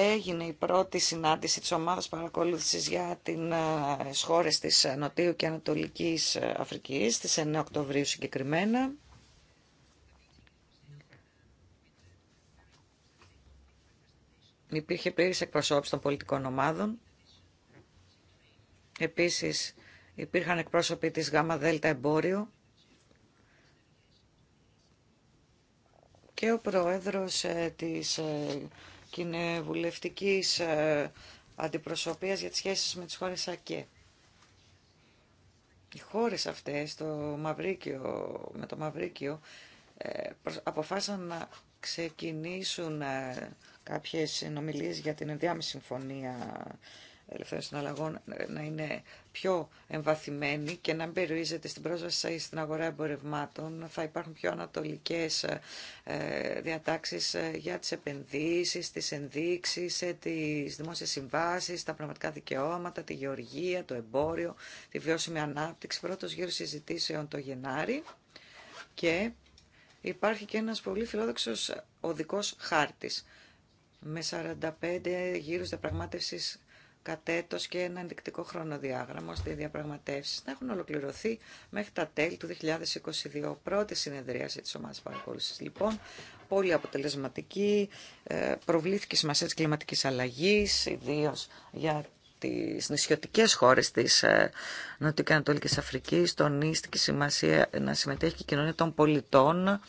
έγινε η πρώτη συνάντηση της ομάδας παρακολούθησης για την ε, χώρες της Νοτιού και Ανατολικής ε, Αφρικής, στις 9 Οκτωβρίου συγκεκριμένα. Υπήρχε πλήρης εκπροσώπηση των πολιτικών ομάδων. Επίσης, υπήρχαν εκπρόσωποι της ΓΑΜΑ ΔΕΛΤΑ Εμπόριο και ο πρόεδρος ε, της κοινοβουλευτικής ε, αντιπροσωπείας για τις σχέσεις με τις χώρες ΑΚΕ. Οι χώρες αυτές το Μαυρίκιο, με το Μαυρίκιο ε, αποφάσισαν να ξεκινήσουν ε, κάποιες συνομιλίες για την ενδιάμεση συμφωνία των συναλλαγών να είναι πιο εμβαθυμένη και να περιορίζεται στην πρόσβαση στην αγορά εμπορευμάτων. Θα υπάρχουν πιο ανατολικές ε, διατάξεις ε, για τις επενδύσεις, τις ενδείξεις, ε, τις δημόσιες συμβάσεις, τα πραγματικά δικαιώματα, τη γεωργία, το εμπόριο, τη βιώσιμη ανάπτυξη. Πρώτος γύρος συζητήσεων το Γενάρη και υπάρχει και ένας πολύ φιλόδοξος οδικός χάρτης με 45 γύρους διαπραγμάτευσης κατέτος και ένα ενδεικτικό χρονοδιάγραμμα ώστε οι διαπραγματεύσεις να έχουν ολοκληρωθεί μέχρι τα τέλη του 2022. Πρώτη συνεδρίαση της ομάδας παρακολούθησης λοιπόν, πολύ αποτελεσματική, ε, προβλήθηκε η σημασία της κλιματικής αλλαγής, ιδίω για τις νησιωτικές χώρες της ε, Ανατολικής Αφρικής, τονίστηκε η σημασία να συμμετέχει και η κοινωνία των πολιτών,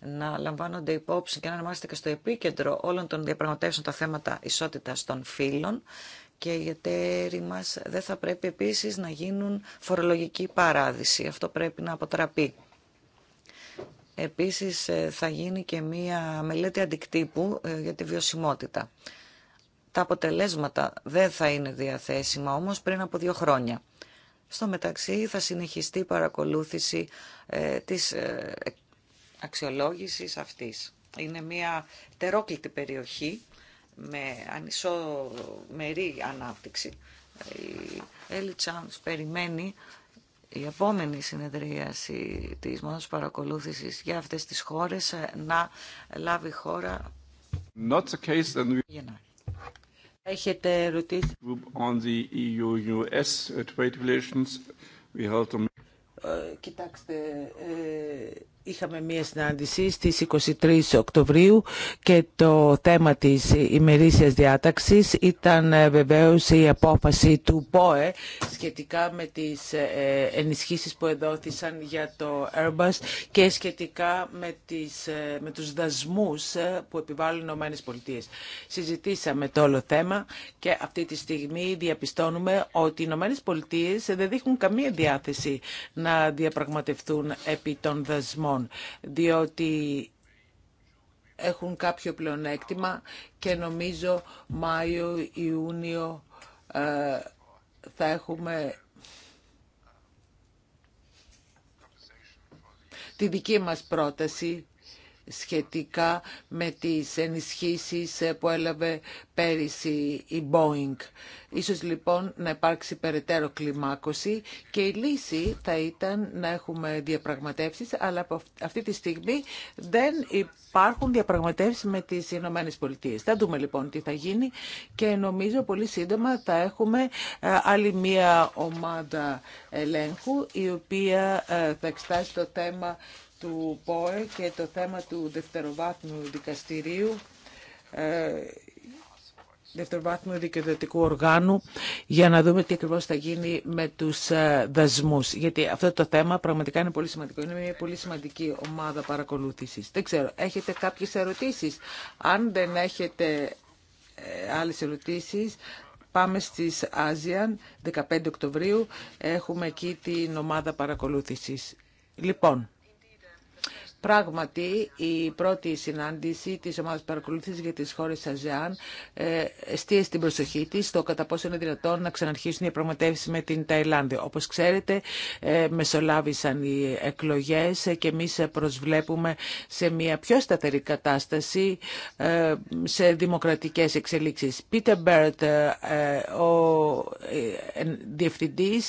να λαμβάνονται υπόψη και να είμαστε και στο επίκεντρο όλων των διαπραγματεύσεων τα θέματα ισότητας των φύλων και οι εταίροι μας δεν θα πρέπει επίσης να γίνουν φορολογική παράδειση. Αυτό πρέπει να αποτραπεί. Επίσης ε, θα γίνει και μία μελέτη αντικτύπου ε, για τη βιωσιμότητα. Τα αποτελέσματα δεν θα είναι διαθέσιμα όμως πριν από δύο χρόνια. Στο μεταξύ θα συνεχιστεί η παρακολούθηση ε, της ε, αξιολόγησης αυτής. Είναι μια τερόκλητη περιοχή με ανισομερή ανάπτυξη. Η Έλλη περιμένει η επόμενη συνεδρίαση της μόνος παρακολούθησης για αυτές τις χώρες να λάβει χώρα. Έχετε ε, κοιτάξτε, ε, είχαμε μία συνάντηση στις 23 Οκτωβρίου και το θέμα της ημερήσιας διάταξης ήταν ε, βεβαίως η απόφαση του ΠΟΕ σχετικά με τις ενισχύσεις που εδόθησαν για το Airbus και σχετικά με, τις, με τους δασμούς που επιβάλλουν οι Ηνωμένες Πολιτείες. Συζητήσαμε το όλο θέμα και αυτή τη στιγμή διαπιστώνουμε ότι οι Ηνωμένες δεν δείχνουν καμία διάθεση να διαπραγματευτούν επί των δεσμών, διότι έχουν κάποιο πλεονέκτημα και νομίζω Μάιο-Ιούνιο ε, θα έχουμε τη δική μας πρόταση σχετικά με τις ενισχύσεις ε, που έλαβε πέρυσι η Boeing. Ίσως λοιπόν να υπάρξει περαιτέρω κλιμάκωση και η λύση θα ήταν να έχουμε διαπραγματεύσεις, αλλά από αυτή τη στιγμή δεν υπάρχουν διαπραγματεύσεις με τις Ηνωμένε Πολιτείες. Θα δούμε λοιπόν τι θα γίνει και νομίζω πολύ σύντομα θα έχουμε ε, άλλη μία ομάδα ελέγχου η οποία ε, θα εξετάσει το θέμα του ΠΟΕ και το θέμα του δευτεροβάθμιου δικαστηρίου ε, δευτεροβάθμιου δικαιοδοτικού οργάνου για να δούμε τι ακριβώς θα γίνει με τους ε, δασμούς. Γιατί αυτό το θέμα πραγματικά είναι πολύ σημαντικό. Είναι μια πολύ σημαντική ομάδα παρακολούθησης. Δεν ξέρω, έχετε κάποιες ερωτήσεις. Αν δεν έχετε ε, άλλες ερωτήσεις, πάμε στις Άζιαν, 15 Οκτωβρίου. Έχουμε εκεί την ομάδα παρακολούθησης. Λοιπόν, Πράγματι, η πρώτη συνάντηση τη ομάδα παρακολούθηση για τι χώρε ΑΖΕΑΝ ε, εστίασε την προσοχή τη στο κατά πόσο είναι δυνατόν να ξαναρχίσουν οι διαπραγματεύσει με την Ταϊλάνδη. Όπω ξέρετε, ε, μεσολάβησαν οι εκλογέ και εμεί προσβλέπουμε σε μια πιο σταθερή κατάσταση ε, σε δημοκρατικέ εξελίξει. Πίτερ Μπέρτ, ο διευθυντή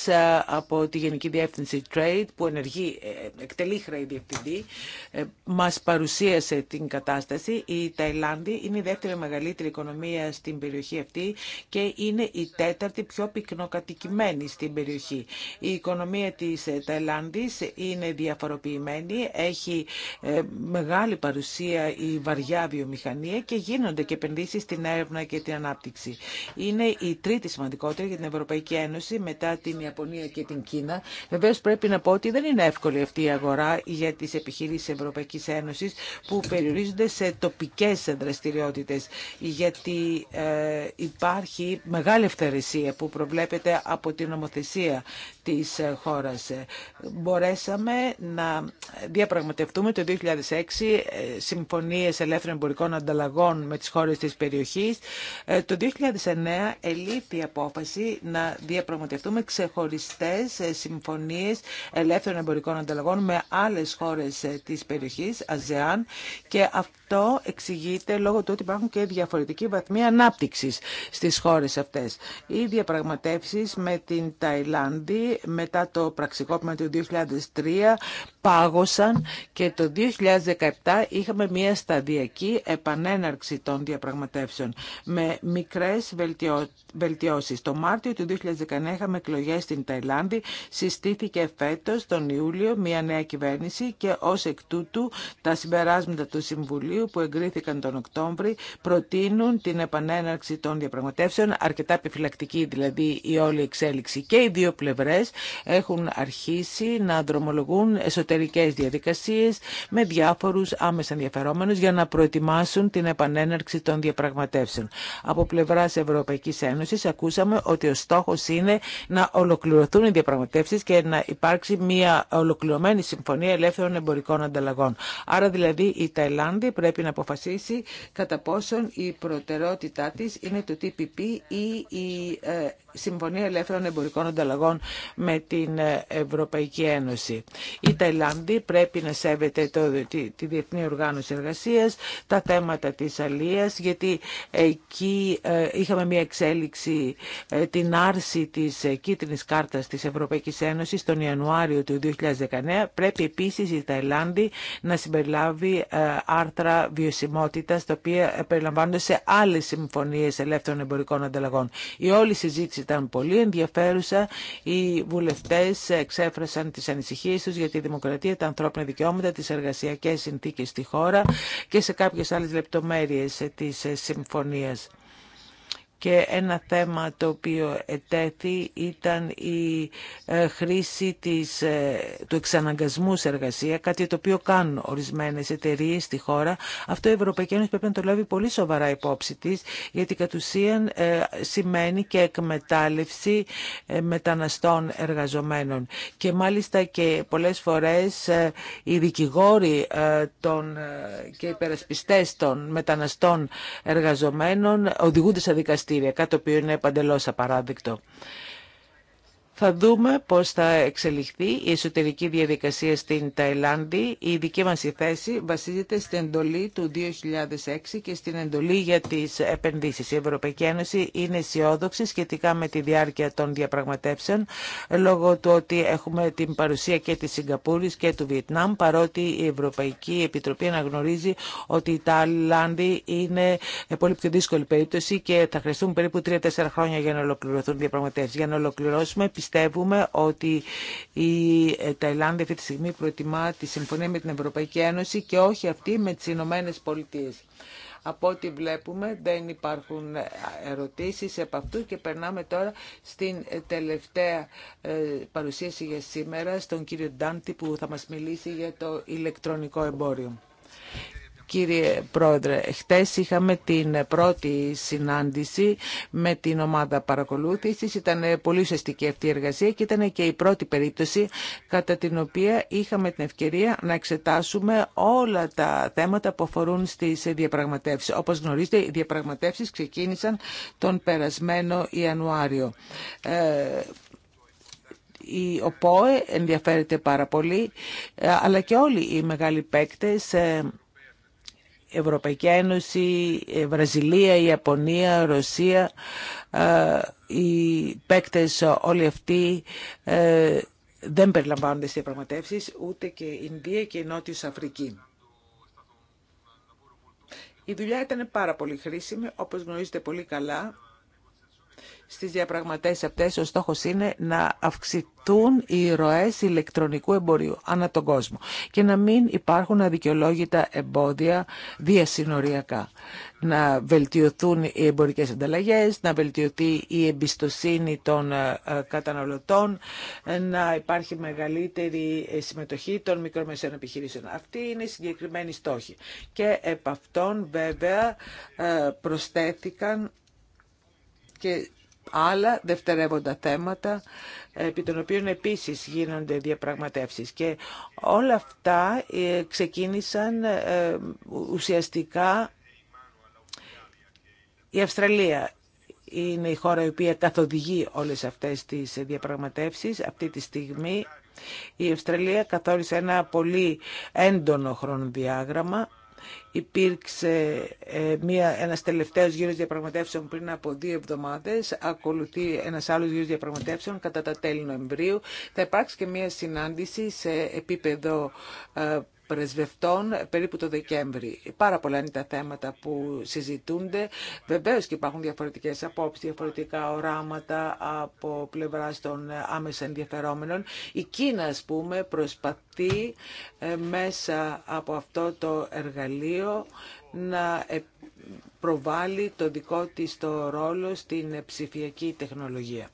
από τη Γενική Διεύθυνση Trade, που ενεργεί, εκτελεί χρέη διευθυντή, ε, μας παρουσίασε την κατάσταση. Η Ταϊλάνδη είναι η δεύτερη μεγαλύτερη οικονομία στην περιοχή αυτή και είναι η τέταρτη πιο πυκνοκατοικημένη στην περιοχή. Η οικονομία της ε, Ταϊλάνδης είναι διαφοροποιημένη, έχει ε, μεγάλη παρουσία η βαριά βιομηχανία και γίνονται και επενδύσεις στην έρευνα και την ανάπτυξη. Είναι η τρίτη σημαντικότερη για την Ευρωπαϊκή Ένωση μετά την Ιαπωνία και την Κίνα. Βεβαίω πρέπει να πω ότι δεν είναι εύκολη αυτή η αγορά για τις επιχειρήσεις Ευρωπαϊκής Ένωσης που περιορίζονται σε τοπικές δραστηριότητες γιατί ε, υπάρχει μεγάλη ευθερεσία που προβλέπεται από την νομοθεσία της ε, χώρας. Μπορέσαμε να διαπραγματευτούμε το 2006 ε, συμφωνίες ελεύθερων εμπορικών ανταλλαγών με τις χώρες της περιοχής. Το 2009 ελήφθη η απόφαση να διαπραγματευτούμε ξεχωριστές συμφωνίες ελεύθερων εμπορικών ανταλλαγών με άλλες χώρες της περιοχής, ΑΖΕΑΝ, και αυτό το εξηγείται λόγω του ότι υπάρχουν και διαφορετικοί βαθμοί ανάπτυξη στις χώρες αυτές. Οι διαπραγματεύσει με την Ταϊλάνδη μετά το πραξικόπημα του 2003 πάγωσαν και το 2017 είχαμε μια σταδιακή επανέναρξη των διαπραγματεύσεων με μικρές βελτιώσεις. Το Μάρτιο του 2019 είχαμε εκλογέ στην Ταϊλάνδη, συστήθηκε φέτο τον Ιούλιο μια νέα κυβέρνηση και ω εκ τούτου τα συμπεράσματα του Συμβουλίου που εγκρίθηκαν τον Οκτώβρη προτείνουν την επανέναρξη των διαπραγματεύσεων, αρκετά επιφυλακτική δηλαδή η όλη εξέλιξη. Και οι δύο πλευρές έχουν αρχίσει να δρομολογούν εσωτερικές διαδικασίες με διάφορους άμεσα ενδιαφερόμενους για να προετοιμάσουν την επανέναρξη των διαπραγματεύσεων. Από πλευράς Ευρωπαϊκής Ένωσης ακούσαμε ότι ο στόχος είναι να ολοκληρωθούν οι διαπραγματεύσεις και να υπάρξει μια ολοκληρωμένη συμφωνία ελεύθερων εμπορικών ανταλλαγών. Άρα δηλαδή η Ταϊλάνδη πρέπει πρέπει να αποφασίσει κατά πόσον η προτεραιότητά της είναι το TPP ή η ε, Συμφωνία Ελεύθερων Εμπορικών Ανταλλαγών με την ε, Ευρωπαϊκή Ένωση. Η Ταϊλάνδη πρέπει να σέβεται το, τη, Διεθνή Οργάνωση Εργασίας, τα θέματα της αλίας, γιατί εκεί ε, είχαμε μια εξέλιξη την άρση της κίτρινης κάρτας της Ευρωπαϊκής Ένωσης τον Ιανουάριο του 2019. Πρέπει επίσης η Ταϊλάνδη να συμπεριλάβει άρθρα βιωσιμότητα τα οποία περιλαμβάνονται σε άλλε συμφωνίε ελεύθερων εμπορικών ανταλλαγών. Η όλη συζήτηση ήταν πολύ ενδιαφέρουσα. Οι βουλευτέ εξέφρασαν τι ανησυχίε του για τη δημοκρατία, τα ανθρώπινα δικαιώματα, τι εργασιακέ συνθήκε στη χώρα και σε κάποιε άλλε λεπτομέρειε τη συμφωνία και ένα θέμα το οποίο ετέθη ήταν η ε, χρήση της, ε, του εξαναγκασμού σε εργασία, κάτι το οποίο κάνουν ορισμένες εταιρείες στη χώρα. Αυτό η Ευρωπαϊκή Ένωση πρέπει να το λάβει πολύ σοβαρά υπόψη της, γιατί κατ' ουσίαν ε, σημαίνει και εκμετάλλευση μεταναστών εργαζομένων. Και μάλιστα και πολλές φορές οι δικηγόροι των, και υπερασπιστές των μεταναστών εργαζομένων οδηγούνται σε δικαστήριο δικαστήρια, κάτι το οποίο είναι παντελώς απαράδεικτο. Θα δούμε πώς θα εξελιχθεί η εσωτερική διαδικασία στην Ταϊλάνδη. Η δική μας θέση βασίζεται στην εντολή του 2006 και στην εντολή για τις επενδύσεις. Η Ευρωπαϊκή Ένωση είναι αισιόδοξη σχετικά με τη διάρκεια των διαπραγματεύσεων λόγω του ότι έχουμε την παρουσία και της Σιγκαπούρης και του Βιετνάμ παρότι η Ευρωπαϊκή Επιτροπή αναγνωρίζει ότι η Ταϊλάνδη είναι πολύ πιο δύσκολη περίπτωση και θα χρειαστούν περίπου 3-4 χρόνια για να ολοκληρωθούν διαπραγματεύσεις. Για να ολοκληρώσουμε, Πιστεύουμε ότι η Ταϊλάνδη αυτή τη στιγμή προτιμά τη συμφωνία με την Ευρωπαϊκή Ένωση και όχι αυτή με τις Ηνωμένε Πολιτείε. Από ό,τι βλέπουμε δεν υπάρχουν ερωτήσεις από αυτού και περνάμε τώρα στην τελευταία ε, παρουσίαση για σήμερα στον κύριο Ντάντι που θα μας μιλήσει για το ηλεκτρονικό εμπόριο. Κύριε Πρόεδρε, χτες είχαμε την πρώτη συνάντηση με την ομάδα παρακολούθησης. Ήταν πολύ ουσιαστική αυτή η εργασία και ήταν και η πρώτη περίπτωση κατά την οποία είχαμε την ευκαιρία να εξετάσουμε όλα τα θέματα που αφορούν στις διαπραγματεύσεις. Όπως γνωρίζετε, οι διαπραγματεύσεις ξεκίνησαν τον περασμένο Ιανουάριο. Ε, η ΟΠΟΕ ενδιαφέρεται πάρα πολύ, ε, αλλά και όλοι οι μεγάλοι παίκτες ε, Ευρωπαϊκή Ένωση, ε, Βραζιλία, Ιαπωνία, Ρωσία, ε, οι παίκτες όλοι αυτοί ε, δεν περιλαμβάνονται στις διαπραγματεύσεις, ούτε και η Ινδία και η Νότιος Αφρική. Η δουλειά ήταν πάρα πολύ χρήσιμη, όπως γνωρίζετε πολύ καλά στις διαπραγματεύσεις αυτές ο στόχος είναι να αυξηθούν οι ροές ηλεκτρονικού εμπορίου ανά τον κόσμο και να μην υπάρχουν αδικαιολόγητα εμπόδια διασυνοριακά. Να βελτιωθούν οι εμπορικές ανταλλαγές, να βελτιωθεί η εμπιστοσύνη των ε, ε, καταναλωτών, ε, να υπάρχει μεγαλύτερη συμμετοχή των μικρομεσαίων επιχειρήσεων. Αυτή είναι η συγκεκριμένη στόχη. Και επ' βέβαια προσθέθηκαν και άλλα δευτερεύοντα θέματα, επί των οποίων επίσης γίνονται διαπραγματεύσεις. Και όλα αυτά ε, ξεκίνησαν ε, ουσιαστικά η Αυστραλία είναι η χώρα η οποία καθοδηγεί όλες αυτές τις διαπραγματεύσεις. Αυτή τη στιγμή η Αυστραλία καθόρισε ένα πολύ έντονο χρονοδιάγραμμα Υπήρξε ε, μία, ένας τελευταίος γύρος διαπραγματεύσεων πριν από δύο εβδομάδες. Ακολουθεί ένας άλλος γύρος διαπραγματεύσεων κατά τα τέλη Νοεμβρίου. Θα υπάρξει και μία συνάντηση σε επίπεδο ε, πρεσβευτών περίπου το Δεκέμβρη. Πάρα πολλά είναι τα θέματα που συζητούνται. Βεβαίως και υπάρχουν διαφορετικές απόψεις, διαφορετικά οράματα από πλευρά των άμεσα ενδιαφερόμενων. Η Κίνα, ας πούμε, προσπαθεί ε, μέσα από αυτό το εργαλείο να ε, προβάλλει το δικό της το ρόλο στην ψηφιακή τεχνολογία.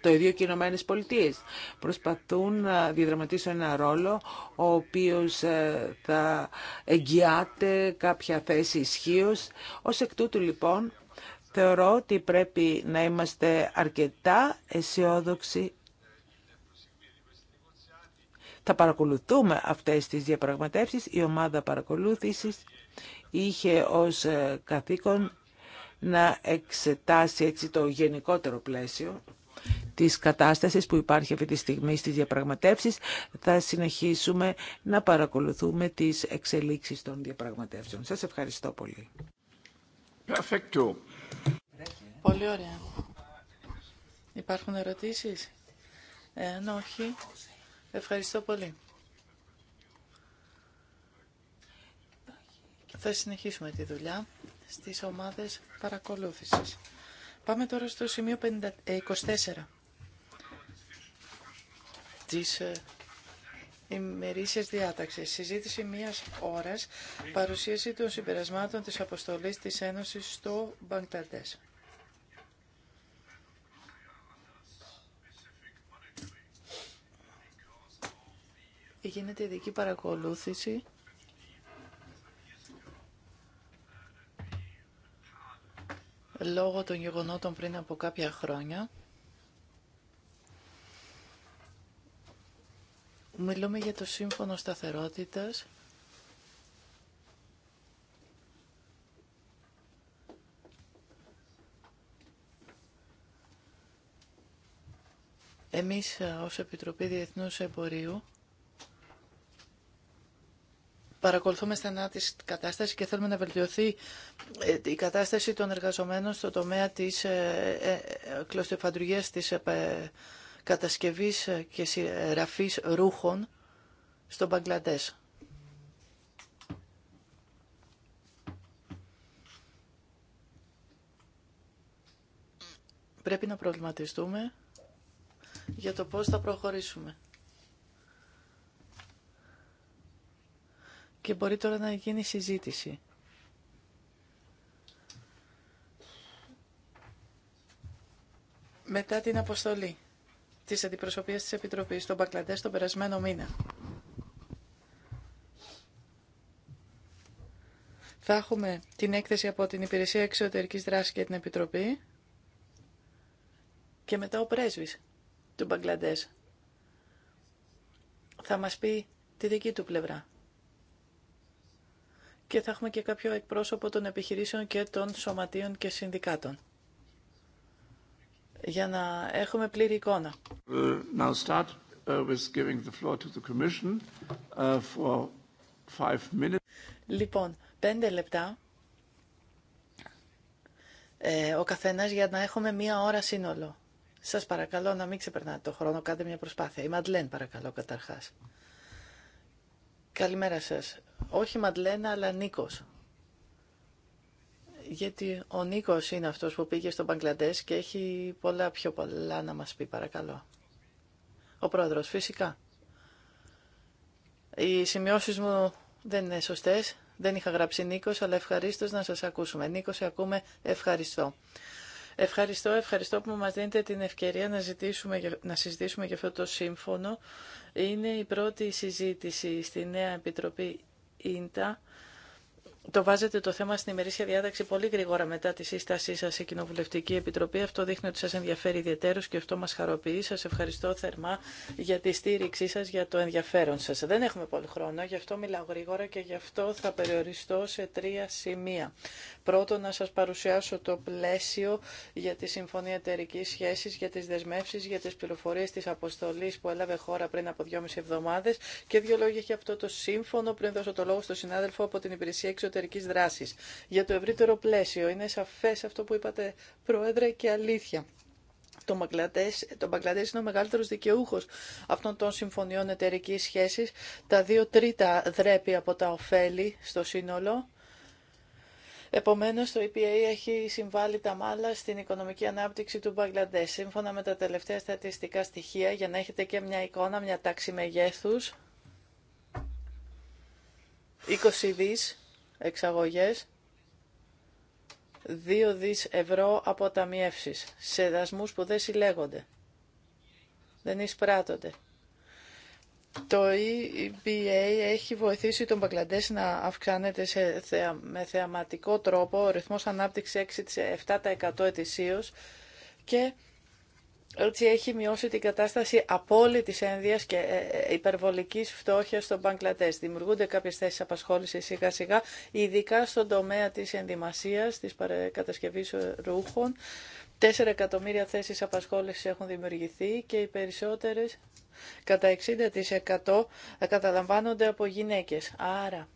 Το ίδιο και οι Ηνωμένε Πολιτείε. Προσπαθούν να διαδραματίσουν ένα ρόλο ο οποίο ε, θα εγγυάται κάποια θέση ισχύω. Ω εκ τούτου λοιπόν θεωρώ ότι πρέπει να είμαστε αρκετά αισιόδοξοι θα παρακολουθούμε αυτές τις διαπραγματεύσεις. Η ομάδα παρακολούθησης είχε ως ε, καθήκον να εξετάσει έτσι το γενικότερο πλαίσιο της κατάστασης που υπάρχει αυτή τη στιγμή στις διαπραγματεύσεις. Θα συνεχίσουμε να παρακολουθούμε τις εξελίξεις των διαπραγματεύσεων. Σας ευχαριστώ πολύ. Perfecto. Πολύ ωραία. Υπάρχουν ερωτήσεις? Εάν όχι, ευχαριστώ πολύ. Θα συνεχίσουμε τη δουλειά στις ομάδες παρακολούθησης. Πάμε τώρα στο σημείο 54. Ε, της ε, ημερήσια διάταξη. Συζήτηση μία ώρα. Παρουσίαση των συμπερασμάτων τη αποστολή τη Ένωση στο Μπαγκταντέ. Γίνεται ειδική παρακολούθηση λόγω των γεγονότων πριν από κάποια χρόνια. Μιλούμε για το Σύμφωνο Σταθερότητας Εμείς ε, ως Επιτροπή Διεθνούς Εμπορίου παρακολουθούμε στενά τη κατάσταση και θέλουμε να βελτιωθεί ε, η κατάσταση των εργαζομένων στο τομέα της ε, κλωστοφαντουργίας της κατασκευής ε, και συγγραφής ρούχων στο Μπαγκλαντές. Πρέπει να προβληματιστούμε για το πώς θα προχωρήσουμε. Και μπορεί τώρα να γίνει συζήτηση. Μετά την αποστολή. Τη αντιπροσωπεία της Επιτροπής στον Μπαγκλαντέ τον περασμένο μήνα. Θα έχουμε την έκθεση από την Υπηρεσία Εξωτερικής Δράσης και την Επιτροπή και μετά ο πρέσβης του Μπαγκλαντές θα μας πει τη δική του πλευρά. Και θα έχουμε και κάποιο εκπρόσωπο των επιχειρήσεων και των σωματείων και συνδικάτων για να έχουμε πλήρη εικόνα. Uh, now start uh, with giving the floor to the Commission uh, for minutes. Λοιπόν, πέντε λεπτά ε, ο καθένας για να έχουμε μία ώρα σύνολο. Σας παρακαλώ να μην ξεπερνάτε το χρόνο, κάντε μια προσπάθεια. Η Μαντλέν παρακαλώ καταρχάς. Καλημέρα σας. Όχι Μαντλέν, αλλά Νίκος γιατί ο Νίκος είναι αυτός που πήγε στο Μπαγκλαντές και έχει πολλά πιο πολλά να μας πει παρακαλώ. Ο πρόεδρος φυσικά. Οι σημειώσει μου δεν είναι σωστές. Δεν είχα γράψει Νίκος, αλλά ευχαριστώ να σας ακούσουμε. Νίκος, σε ακούμε ευχαριστώ. Ευχαριστώ, ευχαριστώ που μας δίνετε την ευκαιρία να, ζητήσουμε, να συζητήσουμε για αυτό το σύμφωνο. Είναι η πρώτη συζήτηση στη νέα Επιτροπή ΙΝΤΑ το βάζετε το θέμα στην ημερήσια διάταξη πολύ γρήγορα μετά τη σύστασή σα σε Κοινοβουλευτική Επιτροπή. Αυτό δείχνει ότι σα ενδιαφέρει ιδιαίτερω και αυτό μα χαροποιεί. Σα ευχαριστώ θερμά για τη στήριξή σα, για το ενδιαφέρον σα. Δεν έχουμε πολύ χρόνο, γι' αυτό μιλάω γρήγορα και γι' αυτό θα περιοριστώ σε τρία σημεία. Πρώτον, να σα παρουσιάσω το πλαίσιο για τη Συμφωνία Εταιρική Σχέση, για τι δεσμεύσει, για τι πληροφορίε τη αποστολή που έλαβε χώρα πριν από δυόμιση εβδομάδε και δύο λόγια για αυτό το σύμφωνο πριν δώσω το λόγο στον συνάδελφο από την Υπηρεσία Εξωτερική δράσης, για το ευρύτερο πλαίσιο. Είναι σαφές αυτό που είπατε, Πρόεδρε, και αλήθεια. Το Μπαγκλαντές, το Μπαγκλαντές είναι ο μεγαλύτερος δικαιούχος αυτών των συμφωνιών εταιρική σχέσης. Τα δύο τρίτα δρέπει από τα ωφέλη στο σύνολο. Επομένως, το EPA έχει συμβάλει τα μάλλα στην οικονομική ανάπτυξη του Μπαγκλαντές. Σύμφωνα με τα τελευταία στατιστικά στοιχεία, για να έχετε και μια εικόνα, μια τάξη μεγέθους, 20 δις εξαγωγές 2 δις ευρώ από σε δασμούς που δεν συλλέγονται, δεν εισπράττονται. Το EBA έχει βοηθήσει τον Παγκλαντές να αυξάνεται σε, με θεαματικό τρόπο ο ρυθμος ανάπτυξης ανάπτυξη 6-7% ετησίως και έτσι έχει μειώσει την κατάσταση απόλυτη ένδυα και ε, ε, υπερβολική φτώχεια στον μπαγκλατε Δημιουργούνται κάποιε θέσει απασχόληση σιγά σιγά, ειδικά στον τομέα της ενδυμασίας, τη κατασκευή ρούχων. 4 εκατομμύρια θέσει απασχόληση έχουν δημιουργηθεί και οι περισσότερε κατά 60% καταλαμβάνονται από γυναίκε. Άρα,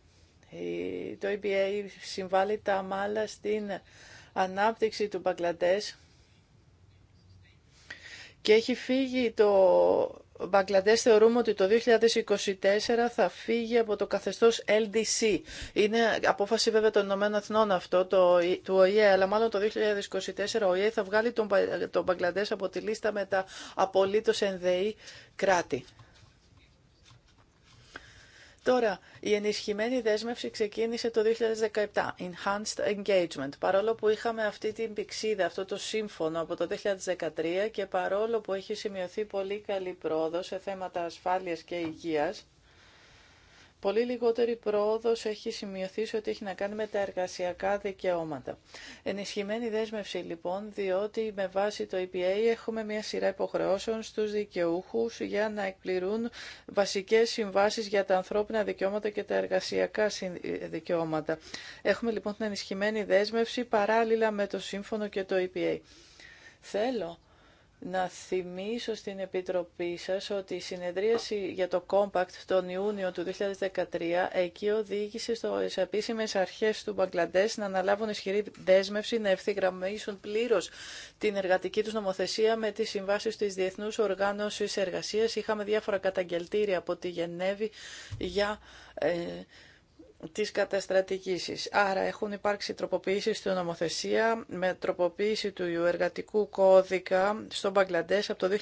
το EBA συμβάλλει τα μάλα στην ανάπτυξη του Μπαγκλατές και έχει φύγει το Μπαγκλαντές θεωρούμε ότι το 2024 θα φύγει από το καθεστώς LDC. Είναι απόφαση βέβαια των Ηνωμένων Αθηνών αυτό, το, του ΟΗΕ, αλλά μάλλον το 2024 ο ΟΗΕ θα βγάλει τον, τον Μπαγκλαντές από τη λίστα με τα απολύτως ενδεή κράτη. Τώρα, η ενισχυμένη δέσμευση ξεκίνησε το 2017, Enhanced Engagement. Παρόλο που είχαμε αυτή την πηξίδα, αυτό το σύμφωνο από το 2013 και παρόλο που έχει σημειωθεί πολύ καλή πρόοδο σε θέματα ασφάλειας και υγείας, Πολύ λιγότερη πρόοδος έχει σημειωθεί σε ό,τι έχει να κάνει με τα εργασιακά δικαιώματα. Ενισχυμένη δέσμευση λοιπόν, διότι με βάση το EPA έχουμε μια σειρά υποχρεώσεων στους δικαιούχους για να εκπληρούν βασικές συμβάσεις για τα ανθρώπινα δικαιώματα και τα εργασιακά δικαιώματα. Έχουμε λοιπόν την ενισχυμένη δέσμευση παράλληλα με το σύμφωνο και το EPA. Θέλω να θυμίσω στην Επιτροπή σας ότι η συνεδρίαση για το Compact τον Ιούνιο του 2013 εκεί οδήγησε στις επίσημες αρχές του Μπαγκλαντές να αναλάβουν ισχυρή δέσμευση να ευθυγραμμίσουν πλήρως την εργατική τους νομοθεσία με τις συμβάσεις της Διεθνούς Οργάνωσης Εργασίας. Είχαμε διάφορα καταγγελτήρια από τη Γενέβη για ε, της καταστρατηγήσεις. Άρα έχουν υπάρξει τροποποιήσεις στην νομοθεσία με τροποποίηση του εργατικού κώδικα στον Μπαγκλαντές από το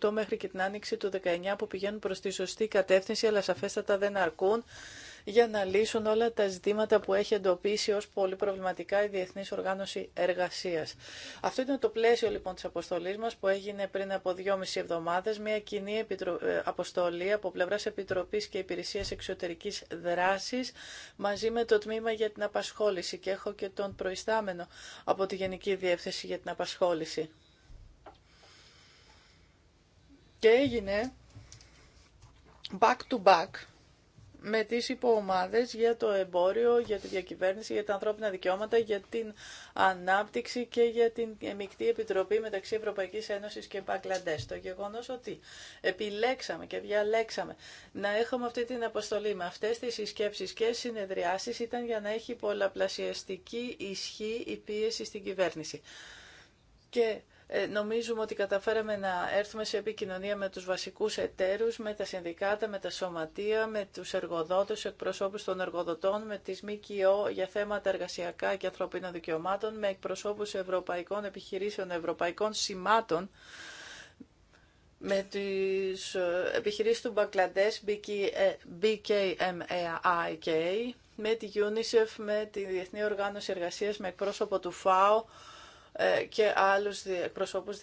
2018 μέχρι και την άνοιξη του 2019 που πηγαίνουν προς τη σωστή κατεύθυνση αλλά σαφέστατα δεν αρκούν για να λύσουν όλα τα ζητήματα που έχει εντοπίσει ως πολύ προβληματικά η Διεθνής Οργάνωση Εργασίας. Αυτό ήταν το πλαίσιο λοιπόν της αποστολής μας που έγινε πριν από δυόμιση εβδομάδες, μια κοινή ε, αποστολή από πλευράς Επιτροπής και Υπηρεσίας Εξωτερικής Δράσης μαζί με το Τμήμα για την Απασχόληση και έχω και τον προϊστάμενο από τη Γενική Διεύθυνση για την Απασχόληση. Και έγινε back to back με τις υποομάδες για το εμπόριο, για τη διακυβέρνηση, για τα ανθρώπινα δικαιώματα, για την ανάπτυξη και για την εμικτή Επιτροπή μεταξύ Ευρωπαϊκής Ένωσης και Παγκλαντές. Το γεγονός ότι επιλέξαμε και διαλέξαμε να έχουμε αυτή την αποστολή με αυτές τις συσκέψεις και συνεδριάσεις ήταν για να έχει πολλαπλασιαστική ισχύ η πίεση στην κυβέρνηση. Και ε, νομίζουμε ότι καταφέραμε να έρθουμε σε επικοινωνία με τους βασικούς εταίρους, με τα συνδικάτα, με τα σωματεία, με τους εργοδότες, εκπροσώπους των εργοδοτών, με τις ΜΚΟ για θέματα εργασιακά και ανθρωπίνων δικαιωμάτων, με εκπροσώπους ευρωπαϊκών επιχειρήσεων, ευρωπαϊκών σημάτων, με τις ε, επιχειρήσεις του Μπαγκλαντές, BKMAIK, ε, με τη UNICEF, με τη Διεθνή Οργάνωση Εργασίας, με εκπρόσωπο του ΦΑΟ, ε, και άλλου προσώπους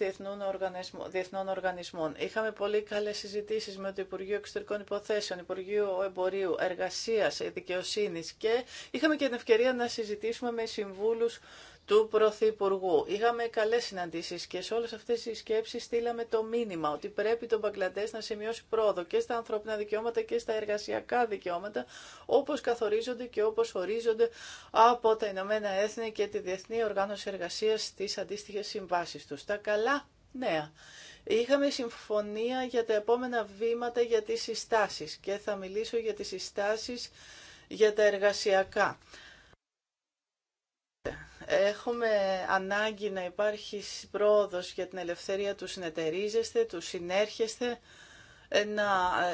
διεθνών, οργανισμών. Είχαμε πολύ καλε συζητήσει με το Υπουργείο Εξωτερικών Υποθέσεων, Υπουργείο Εμπορίου, Εργασίας, δικαιοσύνη και είχαμε και την ευκαιρία να συζητήσουμε με συμβούλου του Πρωθυπουργού. Είχαμε καλές συναντήσεις και σε όλες αυτές τις σκέψεις στείλαμε το μήνυμα ότι πρέπει τον Μπαγκλαντές να σημειώσει πρόοδο και στα ανθρώπινα δικαιώματα και στα εργασιακά δικαιώματα όπως καθορίζονται και όπως ορίζονται από τα Ηνωμένα Έθνη και τη Διεθνή Οργάνωση εργασία στις αντίστοιχε συμβάσει του. Τα καλά νέα. Είχαμε συμφωνία για τα επόμενα βήματα για τις συστάσεις και θα μιλήσω για τις συστάσεις για τα εργασιακά. Έχουμε ανάγκη να υπάρχει πρόοδος για την ελευθερία του συνεταιρίζεστε, του συνέρχεστε, ε, να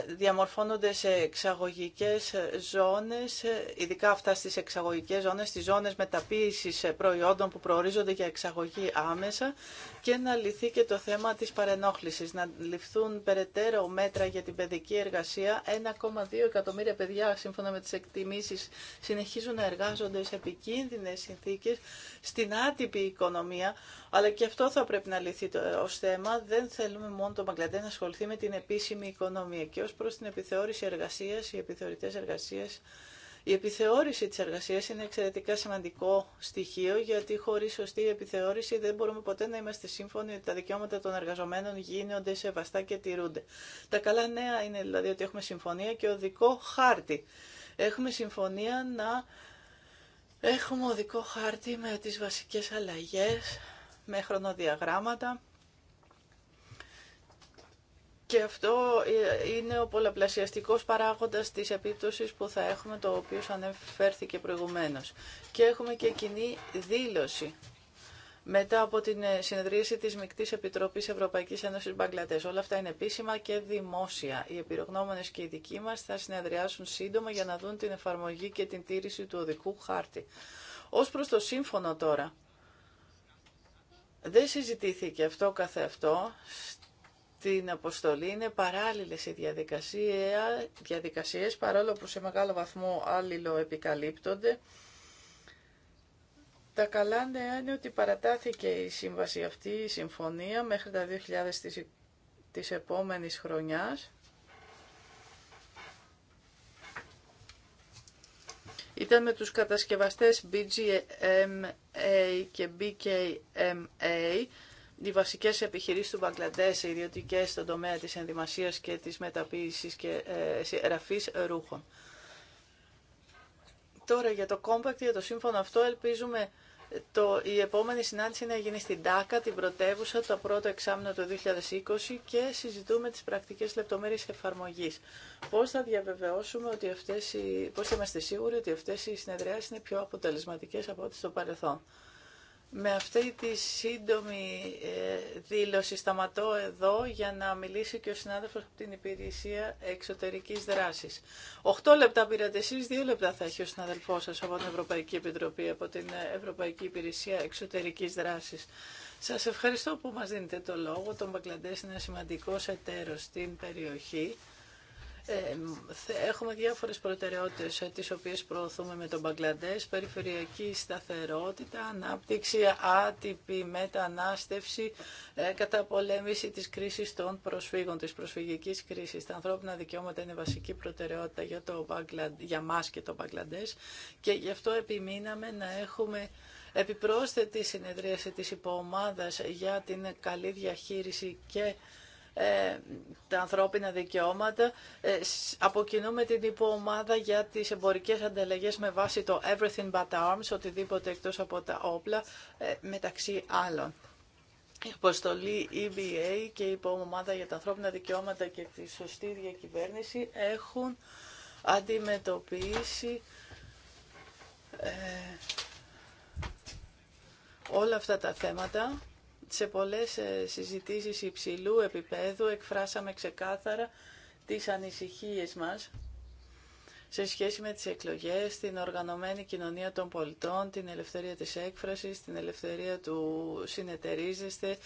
διαμορφώνονται σε εξαγωγικές ζώνες, ε, ειδικά αυτά στις εξαγωγικές ζώνες, στις ζώνες μεταποίησης ε, προϊόντων που προορίζονται για εξαγωγή άμεσα και να λυθεί και το θέμα της παρενόχλησης, να ληφθούν περαιτέρω μέτρα για την παιδική εργασία. 1,2 εκατομμύρια παιδιά, σύμφωνα με τις εκτιμήσεις, συνεχίζουν να εργάζονται σε επικίνδυνες συνθήκες στην άτυπη οικονομία, αλλά και αυτό θα πρέπει να λυθεί ω θέμα. Δεν θέλουμε μόνο το Μαγκλαντέ να ασχοληθεί με την επίσημη οικονομία. Και ω προ την επιθεώρηση εργασία, οι επιθεωρητέ εργασία. Η επιθεώρηση τη εργασία είναι εξαιρετικά σημαντικό στοιχείο γιατί χωρί σωστή επιθεώρηση δεν μπορούμε ποτέ να είμαστε σύμφωνοι ότι τα δικαιώματα των εργαζομένων γίνονται σεβαστά και τηρούνται. Τα καλά νέα είναι δηλαδή ότι έχουμε συμφωνία και οδικό χάρτη. Έχουμε συμφωνία να έχουμε οδικό χάρτη με τις βασικές αλλαγές με χρονοδιαγράμματα. Και αυτό είναι ο πολλαπλασιαστικός παράγοντας της επίπτωσης που θα έχουμε, το οποίο ανεφέρθηκε προηγουμένως. Και έχουμε και κοινή δήλωση μετά από την συνεδρίαση της Μικτής Επιτροπής Ευρωπαϊκής Ένωσης Μπαγκλατές. Όλα αυτά είναι επίσημα και δημόσια. Οι επιρρογνώμονες και οι δικοί μας θα συνεδριάσουν σύντομα για να δουν την εφαρμογή και την τήρηση του οδικού χάρτη. Ως προς το σύμφωνο τώρα, δεν συζητήθηκε αυτό αυτό στην αποστολή. Είναι παράλληλες οι διαδικασίες, παρόλο που σε μεγάλο βαθμό άλληλο επικαλύπτονται. Τα καλά νέα είναι ότι παρατάθηκε η σύμβαση αυτή, η συμφωνία, μέχρι τα 2000 της επόμενης χρονιάς. Ήταν με τους κατασκευαστές BGMA και BKMA, οι βασικές επιχειρήσεις του Μπαγκλαντές, ιδιωτικέ ιδιωτικές στον τομέα της ενδυμασίας και της μεταποίησης και ε, ρούχων. Τώρα για το compact, για το σύμφωνο αυτό, ελπίζουμε το, η επόμενη συνάντηση να γίνει στην ΤΑΚΑ, την πρωτεύουσα, το πρώτο εξάμεινο του 2020 και συζητούμε τις πρακτικές λεπτομέρειες εφαρμογής. Πώς θα διαβεβαιώσουμε ότι αυτές οι, πώς είμαστε σίγουροι ότι αυτές οι συνεδριάσεις είναι πιο αποτελεσματικές από ό,τι στο παρελθόν. Με αυτή τη σύντομη ε, δήλωση σταματώ εδώ για να μιλήσει και ο συνάδελφος από την Υπηρεσία Εξωτερικής Δράσης. Οχτώ λεπτά πήρατε εσείς, δύο λεπτά θα έχει ο συνάδελφός σας από την Ευρωπαϊκή Επιτροπή, από την ε, Ευρωπαϊκή Υπηρεσία Εξωτερικής Δράσης. Σας ευχαριστώ που μας δίνετε το λόγο. Το Μπαγκλαντές είναι ένα σημαντικός εταίρος στην περιοχή. Έχουμε διάφορες προτεραιότητες ε, τις οποίες προωθούμε με τον Μπαγκλαντές, περιφερειακή σταθερότητα, ανάπτυξη, άτυπη μετανάστευση, ε, καταπολέμηση της κρίσης των προσφύγων, της προσφυγικής κρίσης. Τα ανθρώπινα δικαιώματα είναι βασική προτεραιότητα για, το για και τον Μπαγκλαντές και γι' αυτό επιμείναμε να έχουμε επιπρόσθετη συνεδρίαση της υποομάδας για την καλή διαχείριση και ε, τα ανθρώπινα δικαιώματα. Ε, αποκινούμε την υποομάδα για τις εμπορικές ανταλλαγές με βάση το Everything But Arms, οτιδήποτε εκτός από τα όπλα, ε, μεταξύ άλλων. Η αποστολή EBA και η υποομάδα για τα ανθρώπινα δικαιώματα και τη σωστή διακυβέρνηση έχουν αντιμετωπίσει όλα αυτά τα θέματα σε πολλές ε, συζητήσεις υψηλού επίπεδου εκφράσαμε ξεκάθαρα τις ανησυχίες μας σε σχέση με τις εκλογές, την οργανωμένη κοινωνία των πολιτών, την ελευθερία της έκφρασης, την ελευθερία του συνεταιρίζεστε,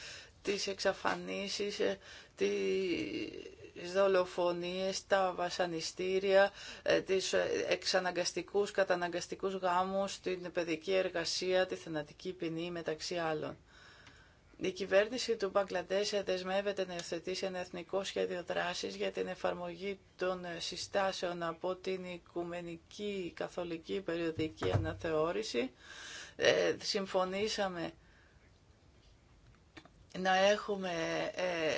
τις εξαφανίσεις, ε, τις δολοφονίες, τα βασανιστήρια, ε, τις εξαναγκαστικούς, καταναγκαστικούς γάμους, την παιδική εργασία, τη θενατική ποινή μεταξύ άλλων. Η κυβέρνηση του Μπαγκλαντές δεσμεύεται να ευθετήσει ένα εθνικό σχέδιο δράσης για την εφαρμογή των συστάσεων από την Οικουμενική Καθολική Περιοδική Αναθεώρηση. Ε, συμφωνήσαμε να έχουμε ε,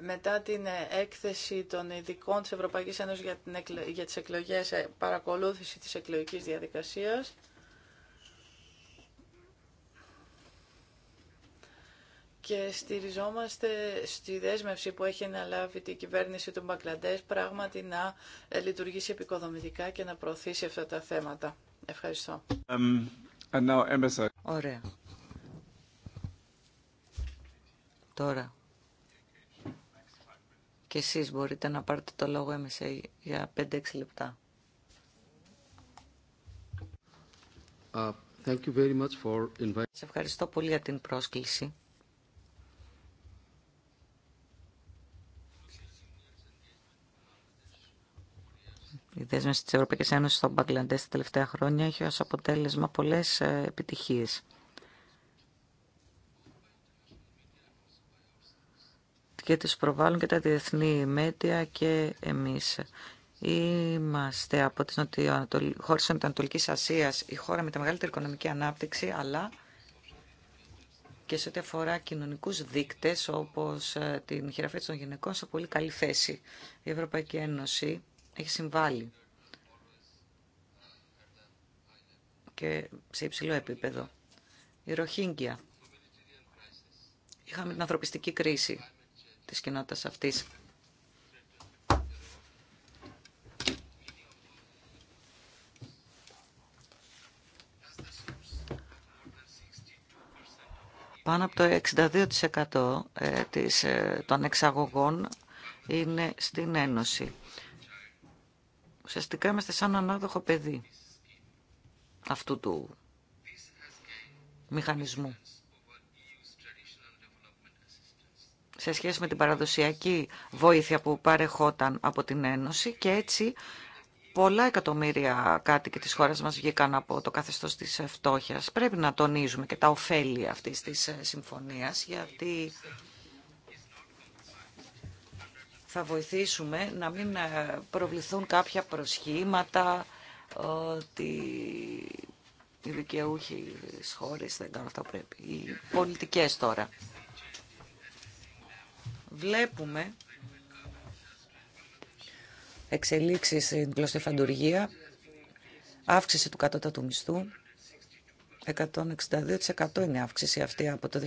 μετά την έκθεση των ειδικών της Ευρωπαϊκής Ένωσης για, την, για τις εκλογές, ε, παρακολούθηση της εκλογικής διαδικασίας. και στηριζόμαστε στη δέσμευση που έχει αναλάβει την κυβέρνηση του Μπαγκλαντές πράγματι να ε, λειτουργήσει επικοδομητικά και να προωθήσει αυτά τα θέματα. Ευχαριστώ. Um, Ωραία. Τώρα. Και εσείς μπορείτε να πάρετε το λόγο MSA για 5-6 λεπτά. Uh, thank you very much for Σε ευχαριστώ πολύ για την πρόσκληση. Η δέσμευση τη Ευρωπαϊκή Ένωση στον Μπαγκλαντέ τα τελευταία χρόνια έχει ω αποτέλεσμα πολλές ε, επιτυχίες. Και τις προβάλλουν και τα διεθνή μέτια και εμείς. Είμαστε από τις χώρες της Ανατολικής Ασίας η χώρα με τη μεγαλύτερη οικονομική ανάπτυξη, αλλά και σε ό,τι αφορά κοινωνικούς δείκτες, όπως ε, την χειραφέτηση των γυναικών, σε πολύ καλή θέση. Η Ευρωπαϊκή Ένωση έχει συμβάλει και σε υψηλό επίπεδο. Η Ροχίνγκια. Είχαμε την ανθρωπιστική κρίση της κοινότητας αυτής. Πάνω από το 62% ε, της, ε, των εξαγωγών είναι στην Ένωση. Ουσιαστικά είμαστε σαν ανάδοχο παιδί αυτού του μηχανισμού. σε σχέση με την παραδοσιακή βοήθεια που παρεχόταν από την Ένωση και έτσι πολλά εκατομμύρια κάτοικοι της χώρας μας βγήκαν από το καθεστώς της φτώχεια. Πρέπει να τονίζουμε και τα ωφέλη αυτής της ε, συμφωνίας γιατί θα βοηθήσουμε να μην ε, προβληθούν κάποια προσχήματα ε, ότι οι δικαιούχοι της χώρες δεν κάνουν αυτό πρέπει. Οι πολιτικές τώρα. Βλέπουμε εξελίξεις στην κλωστεφαντουργία, αύξηση του κατώτατου μισθού, 162% είναι η αύξηση αυτή από το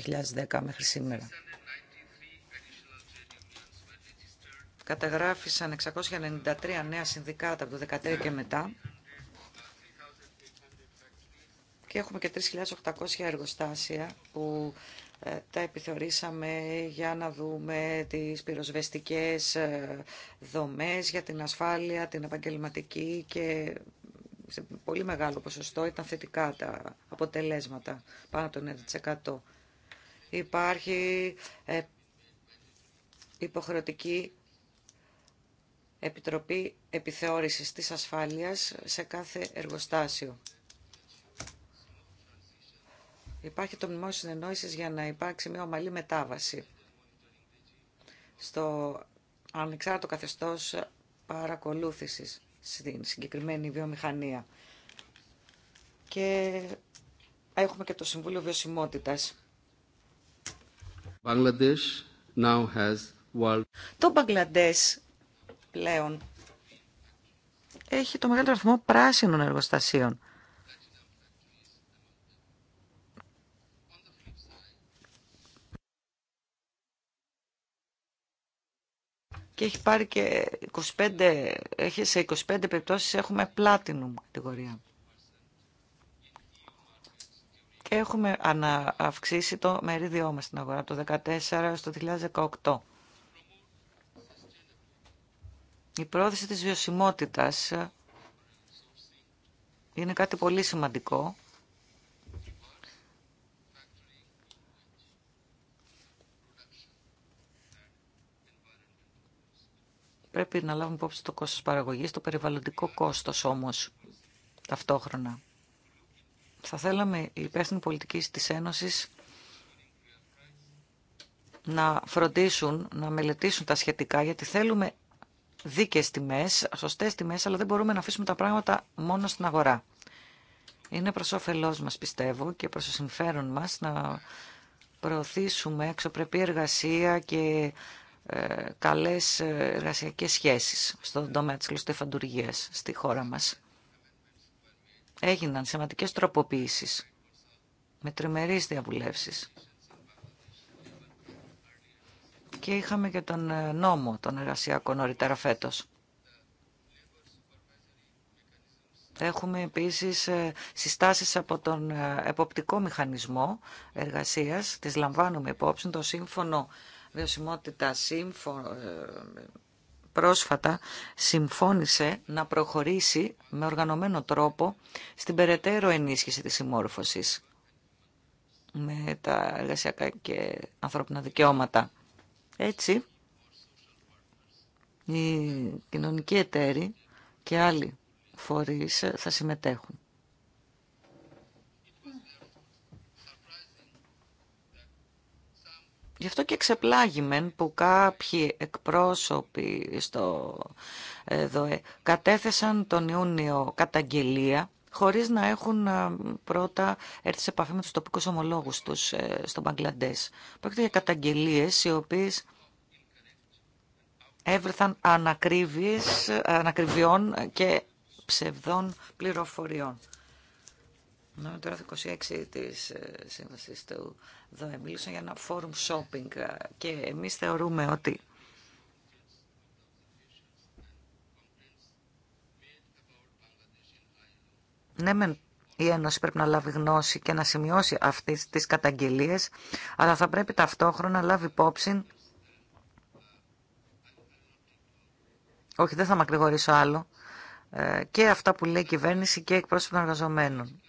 2010 μέχρι σήμερα. καταγράφησαν 693 νέα συνδικάτα από το 2013 και μετά και έχουμε και 3.800 εργοστάσια που ε, τα επιθεωρήσαμε για να δούμε τις πυροσβεστικές ε, δομές για την ασφάλεια, την επαγγελματική και σε πολύ μεγάλο ποσοστό ήταν θετικά τα αποτελέσματα, πάνω από το 90%. Υπάρχει ε, υποχρεωτική Επιτροπή Επιθεώρησης της Ασφάλειας σε κάθε εργοστάσιο. Υπάρχει το μνημόνιο συνεννόησης για να υπάρξει μια ομαλή μετάβαση στο ανεξάρτητο καθεστώς παρακολούθησης στην συγκεκριμένη βιομηχανία. Και έχουμε και το Συμβούλιο Βιωσιμότητας. now has world... Το Μπαγκλαντές πλέον έχει το μεγαλύτερο αριθμό πράσινων εργοστασίων. Και έχει πάρει και 25, έχει σε 25 περιπτώσεις έχουμε platinum κατηγορία. Και έχουμε αυξήσει το μερίδιό μας στην αγορά από το 2014 το 2018. Η πρόθεση της βιωσιμότητας ε, είναι κάτι πολύ σημαντικό. Πρέπει να λάβουμε υπόψη το κόστος παραγωγής, το περιβαλλοντικό κόστος όμως ταυτόχρονα. Θα θέλαμε η υπεύθυνη πολιτική της Ένωσης να φροντίσουν, να μελετήσουν τα σχετικά, γιατί θέλουμε δίκαιες τιμές, σωστές τιμές, αλλά δεν μπορούμε να αφήσουμε τα πράγματα μόνο στην αγορά. Είναι προς όφελός μας, πιστεύω, και προς το συμφέρον μας να προωθήσουμε εξωπρεπή εργασία και ε, καλές εργασιακές σχέσεις στον τομέα της λουστεφαντουργίας στη χώρα μας. Έγιναν σημαντικές τροποποίησεις με τριμερείς διαβουλεύσεις και είχαμε και τον ε, νόμο των εργασιακό νωρίτερα φέτος. Έχουμε επίσης ε, συστάσεις από τον ε, εποπτικό μηχανισμό εργασίας, τις λαμβάνουμε υπόψη, το σύμφωνο βιωσιμότητα πρόσφατα συμφώνησε να προχωρήσει με οργανωμένο τρόπο στην περαιτέρω ενίσχυση της συμμόρφωσης με τα εργασιακά και ανθρώπινα δικαιώματα. Έτσι, οι κοινωνικοί εταίροι και άλλοι φορείς θα συμμετέχουν. Γι' αυτό και εξεπλάγημεν που κάποιοι εκπρόσωποι στο ΔΟΕ κατέθεσαν τον Ιούνιο καταγγελία χωρίς να έχουν ε, πρώτα έρθει σε επαφή με τους τοπικούς ομολόγους τους ε, στο Μπαγκλαντές. Πρόκειται για καταγγελίες οι οποίες έβρεθαν ανακριβιών και ψευδών πληροφοριών. Νομίζω τώρα 26 της ε, σύμβασης του ΔΟΕ μίλησαν για ένα forum shopping και εμείς θεωρούμε ότι Ναι, η Ένωση πρέπει να λάβει γνώση και να σημειώσει αυτές τις καταγγελίες, αλλά θα πρέπει ταυτόχρονα να λάβει υπόψη... Όχι, δεν θα μακρηγορήσω άλλο. Ε, και αυτά που λέει η κυβέρνηση και εκπρόσωποι των εργαζομένων.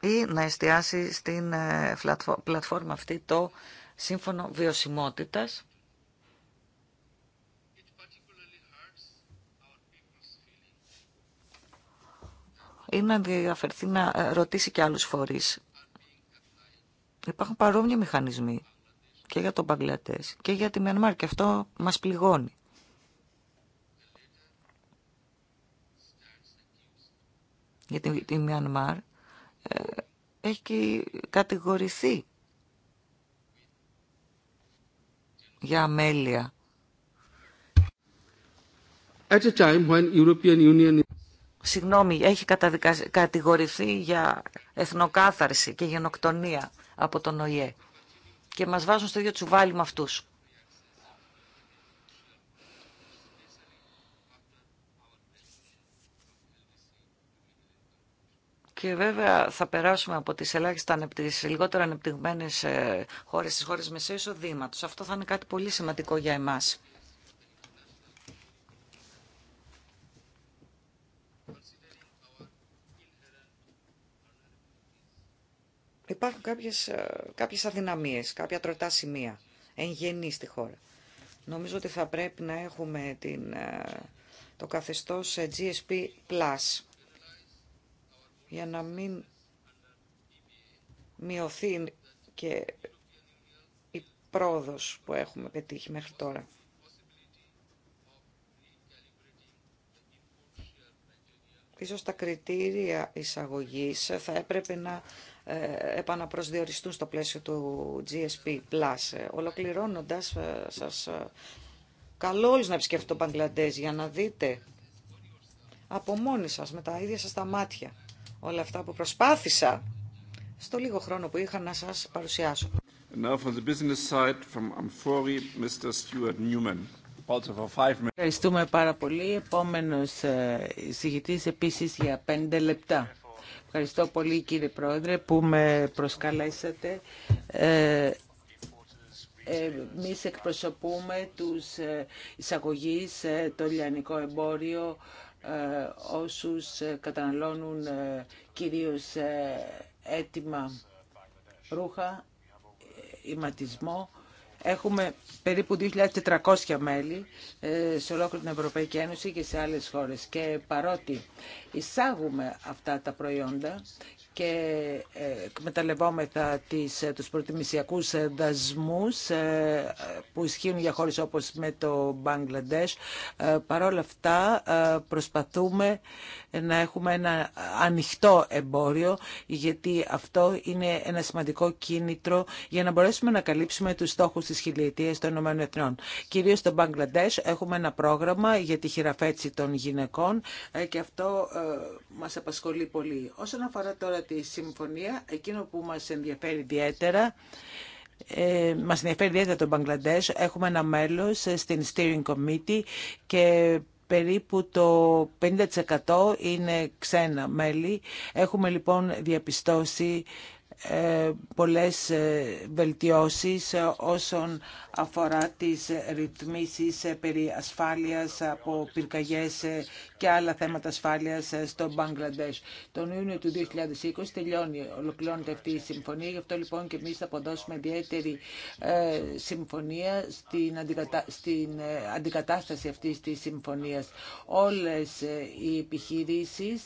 Ή να εστιάσει στην ε, πλατφόρμα αυτή το σύμφωνο βιωσιμότητας ή να ενδιαφερθεί να ε, ρωτήσει και άλλους φορείς. Υπάρχουν παρόμοιοι μηχανισμοί και για τον Παγκλατές και για τη Μιανμάρ και αυτό μας πληγώνει. Γιατί η Μιανμάρ ε, έχει κατηγορηθεί για αμέλεια. At a time when συγγνώμη, έχει κατηγορηθεί για εθνοκάθαρση και γενοκτονία από τον ΟΗΕ. Και μας βάζουν στο ίδιο τσουβάλι με αυτούς. Και βέβαια θα περάσουμε από τις ελάχιστα τις λιγότερο ανεπτυγμένες ε, χώρες τις χώρες μεσαίου εισοδήματος. Αυτό θα είναι κάτι πολύ σημαντικό για εμάς. υπάρχουν κάποιες, ε, κάποιες αδυναμίες, κάποια τροτά σημεία εν γενή στη χώρα. Νομίζω ότι θα πρέπει να έχουμε την, ε, το καθεστώς ε, GSP+, Plus, για να μην μειωθεί και η πρόοδος που έχουμε πετύχει μέχρι τώρα. Ίσως τα κριτήρια εισαγωγής θα έπρεπε να ε, επαναπροσδιοριστούν στο πλαίσιο του GSP+. Ε, ολοκληρώνοντας, ε, σας καλώ όλους να επισκεφτείτε το Μπαγκλαντές για να δείτε από μόνοι σας, με τα ίδια σας τα μάτια, όλα αυτά που προσπάθησα στο λίγο χρόνο που είχα να σας παρουσιάσω. Ευχαριστούμε πάρα πολύ. Επόμενος εισηγητής επίσης για πέντε λεπτά. Ευχαριστώ πολύ κύριε Πρόεδρε που με προσκαλέσατε. Ε, Εμεί εκπροσωπούμε τους ε, εισαγωγείς, ε, το λιανικό εμπόριο, ε, όσους καταναλώνουν κυρίως έτοιμα ρούχα, ηματισμό. Έχουμε περίπου 2.400 μέλη ε, σε ολόκληρη την Ευρωπαϊκή Ένωση και σε άλλες χώρες. Και παρότι εισάγουμε αυτά τα προϊόντα και ε, εκμεταλλευόμεθα τις, ε, τους προτιμησιακούς δασμούς που ισχύουν για χώρες όπως με το Μπαγκλαντές, παρόλα αυτά προσπαθούμε να έχουμε ένα ανοιχτό εμπόριο, γιατί αυτό είναι ένα σημαντικό κίνητρο για να μπορέσουμε να καλύψουμε τους στόχους της χιλιετίας των ΗΕ. Κυρίως στο Μπαγκλαντές έχουμε ένα πρόγραμμα για τη χειραφέτηση των γυναικών ε, και αυτό ε, μας απασχολεί πολύ. Όσον αφορά τώρα τη συμφωνία, εκείνο που μας ενδιαφέρει ιδιαίτερα ε, μας ενδιαφέρει ιδιαίτερα το Μπαγκλαντές. Έχουμε ένα μέλος στην Steering Committee και περίπου το 50% είναι ξένα μέλη. Έχουμε λοιπόν διαπιστώσει ε, πολλές ε, βελτιώσεις όσον αφορά τις ρυθμίσεις ε, περί ασφάλειας από πυρκαγιές και άλλα θέματα ασφάλεια ε, στο Μπαγκλαντές. Τον Ιούνιο του 2020 τελειώνει, ολοκληρώνεται αυτή η συμφωνία. Γι' αυτό λοιπόν και εμεί θα αποδώσουμε ιδιαίτερη ε, συμφωνία στην, ε, αντικατάσταση αυτής της συμφωνίας. Όλες οι επιχειρήσεις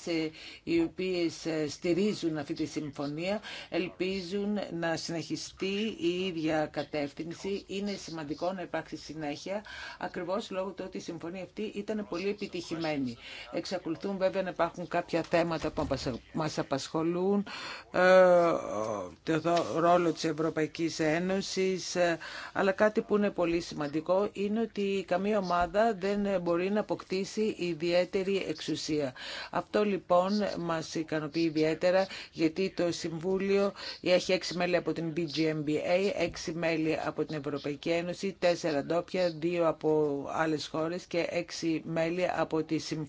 οι οποίες στηρίζουν αυτή τη συμφωνία ελπίζουν να συνεχιστεί η ίδια κατεύθυνση. Είναι σημαντικό να υπάρξει συνέχεια Ακριβώ λόγω του ότι η συμφωνία αυτή ήταν πολύ επιτυχημένη. Εξακολουθούν βέβαια να υπάρχουν κάποια θέματα που μας απασχολούν, ε, το ρόλο της Ευρωπαϊκής Ένωσης, ε, αλλά κάτι που είναι πολύ σημαντικό είναι ότι καμία ομάδα δεν μπορεί να αποκτήσει ιδιαίτερη εξουσία. Αυτό λοιπόν μας ικανοποιεί ιδιαίτερα γιατί το Συμβούλιο έχει έξι μέλη από την BGMBA, έξι μέλη από την Ευρωπαϊκή Ένωση, τέσσερα ντόπια, δύο από άλλες χώρες και έξι μέλη από τη Συμφωνία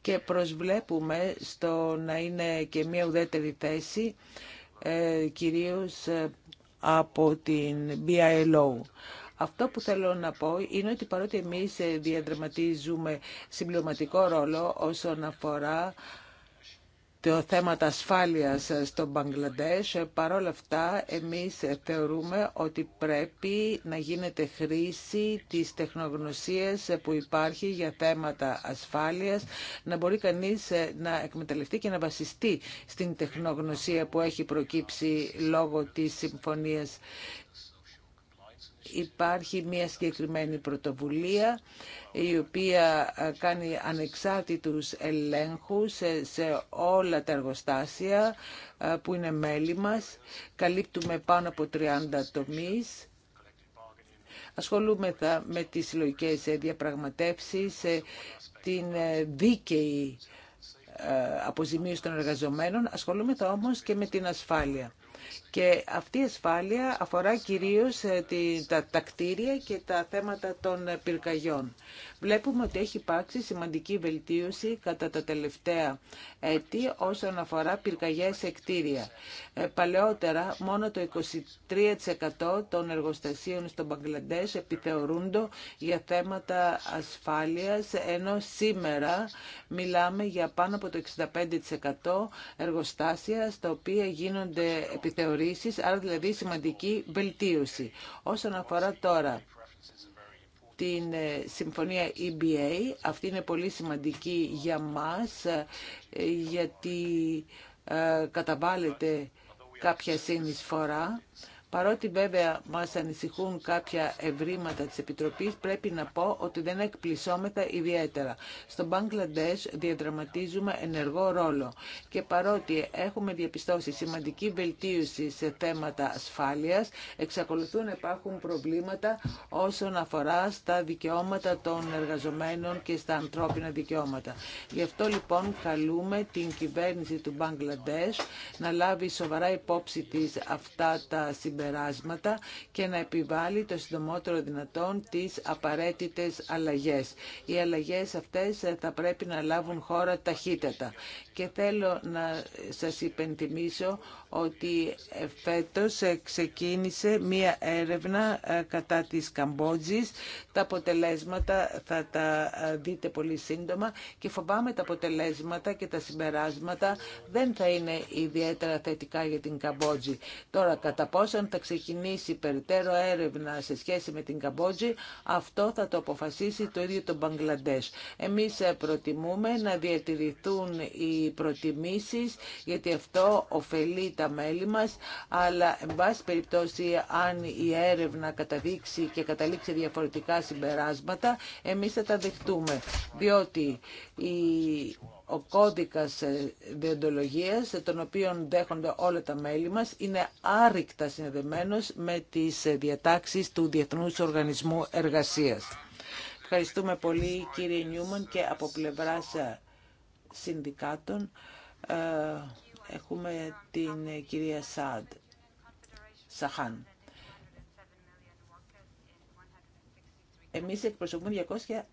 και προσβλέπουμε στο να είναι και μια ουδέτερη θέση ε, κυρίως ε, από την BILO. Αυτό που θέλω να πω είναι ότι παρότι εμείς ε, διαδραματίζουμε συμπληρωματικό ρόλο όσον αφορά το της ασφάλειας στο Μπαγκλαντές. Παρόλα αυτά, εμείς θεωρούμε ότι πρέπει να γίνεται χρήση της τεχνογνωσίας που υπάρχει για θέματα ασφάλειας, να μπορεί κανείς να εκμεταλλευτεί και να βασιστεί στην τεχνογνωσία που έχει προκύψει λόγω της συμφωνίας υπάρχει μια συγκεκριμένη πρωτοβουλία η οποία ε, κάνει ανεξάρτητους ελέγχους σε όλα τα εργοστάσια ε, που είναι μέλη μας. Καλύπτουμε πάνω από 30 τομείς. Ασχολούμεθα με τις συλλογικέ ε, διαπραγματεύσεις, την δίκαιη αποζημίωση των εργαζομένων, ασχολούμεθα όμως και με την ασφάλεια. Και αυτή η ασφάλεια αφορά κυρίως ε, τα, κτίρια και τα θέματα των ε, πυρκαγιών. Βλέπουμε ότι έχει υπάρξει σημαντική βελτίωση κατά τα τελευταία έτη όσον αφορά πυρκαγιές σε κτίρια. Ε, παλαιότερα μόνο το 23% των εργοστασίων στο Μπαγκλαντές επιθεωρούντο για θέματα ασφάλειας, ενώ σήμερα μιλάμε για πάνω από το 65% εργοστάσια στα οποία γίνονται επιθεωρήσεις άρα δηλαδή σημαντική βελτίωση. Όσον αφορά τώρα την ε, συμφωνία EBA, αυτή είναι πολύ σημαντική για μας, ε, γιατί ε, καταβάλλεται κάποια συνεισφορά. Παρότι βέβαια μας ανησυχούν κάποια ευρήματα της Επιτροπής, πρέπει να πω ότι δεν εκπλησόμεθα ιδιαίτερα. Στον Μπαγκλαντές διαδραματίζουμε ενεργό ρόλο και παρότι έχουμε διαπιστώσει σημαντική βελτίωση σε θέματα ασφάλειας, εξακολουθούν να υπάρχουν προβλήματα όσον αφορά στα δικαιώματα των εργαζομένων και στα ανθρώπινα δικαιώματα. Γι' αυτό λοιπόν καλούμε την κυβέρνηση του Μπαγκλαντές να λάβει σοβαρά υπόψη της αυτά τα και να επιβάλλει το συντομότερο δυνατόν τις απαραίτητες αλλαγές. Οι αλλαγές αυτές θα πρέπει να λάβουν χώρα ταχύτατα. Και θέλω να σας υπενθυμίσω ότι φέτος ξεκίνησε μία έρευνα ε, κατά της Καμπότζης. Τα αποτελέσματα θα τα ε, δείτε πολύ σύντομα και φοβάμαι τα αποτελέσματα και τα συμπεράσματα δεν θα είναι ιδιαίτερα θετικά για την Καμπότζη. Τώρα, κατά πόσο θα ξεκινήσει περιττέρω έρευνα σε σχέση με την Καμπότζη, αυτό θα το αποφασίσει το ίδιο το Μπαγκλαντές. Εμείς ε, προτιμούμε να διατηρηθούν οι προτιμήσεις, γιατί αυτό ωφελεί τα μέλη μας, αλλά εν πάση περιπτώσει αν η έρευνα καταδείξει και καταλήξει διαφορετικά συμπεράσματα, εμείς θα τα δεχτούμε, διότι η ο κώδικας ε, διοντολογίας, ε, τον οποίο δέχονται όλα τα μέλη μας, είναι άρρηκτα συνδεμένος με τις ε, διατάξεις του Διεθνούς Οργανισμού Εργασίας. Ευχαριστούμε πολύ κύριε Νιούμαν και από πλευράς συνδικάτων έχουμε την κυρία Σαντ Σαχάν. Εμείς εκπροσωπούμε 270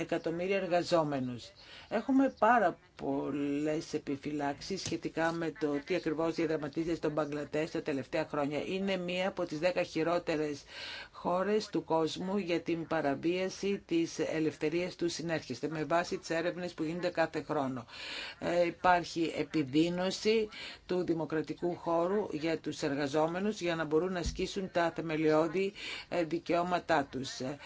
εκατομμύρια εργαζόμενους. Έχουμε πάρα πολλές επιφυλάξεις σχετικά με το τι ακριβώς διαδραματίζεται στον Μπαγκλατές τα τελευταία χρόνια. Είναι μία από τις δέκα χειρότερες χώρες του κόσμου για την παραβίαση της ελευθερίας του συνέρχεστε με βάση τις έρευνες που γίνεται κάθε χρόνο. Ε, υπάρχει επιδείνωση του δημοκρατικού χώρου για τους εργαζόμενους για να μπορούν να ασκήσουν τα θεμελιώδη ε, δικαιώματά τους. Ε,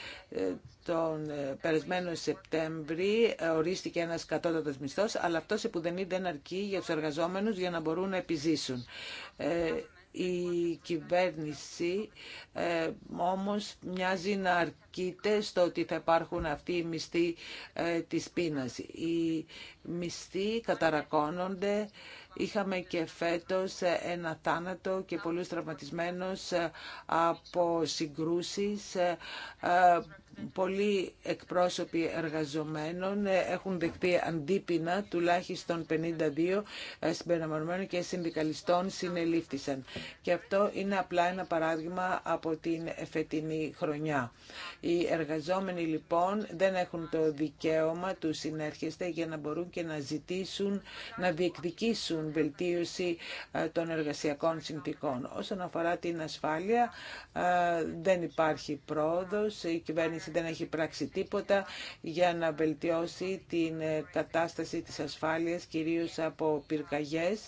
τον ε, περασμένο Σεπτέμβρη ορίστηκε ένας κατώτατος μισθός, αλλά αυτός που δεν είναι δεν αρκεί για τους εργαζόμενους για να μπορούν να επιζήσουν. Η κυβέρνηση ε, όμως μοιάζει να αρκείται στο ότι θα υπάρχουν αυτοί οι μισθοί ε, της πείνας. Οι μισθοί καταρακώνονται. Είχαμε και φέτος ένα θάνατο και πολλούς τραυματισμένους ε, από συγκρούσεις ε, ε, πολλοί εκπρόσωποι εργαζομένων ε, έχουν δεχτεί αντίπεινα τουλάχιστον 52 ε, συμπεριλαμβανομένων και συνδικαλιστών συνελήφθησαν. Και αυτό είναι απλά ένα παράδειγμα από την εφετινή χρονιά. Οι εργαζόμενοι λοιπόν δεν έχουν το δικαίωμα του συνέρχεστε για να μπορούν και να ζητήσουν, να διεκδικήσουν βελτίωση ε, των εργασιακών συνθήκων. Όσον αφορά την ασφάλεια, δεν υπάρχει πρόοδος. Η κυβέρνηση δεν έχει πράξει τίποτα για να βελτιώσει την ε, κατάσταση της ασφάλειας, κυρίως από πυρκαγιές.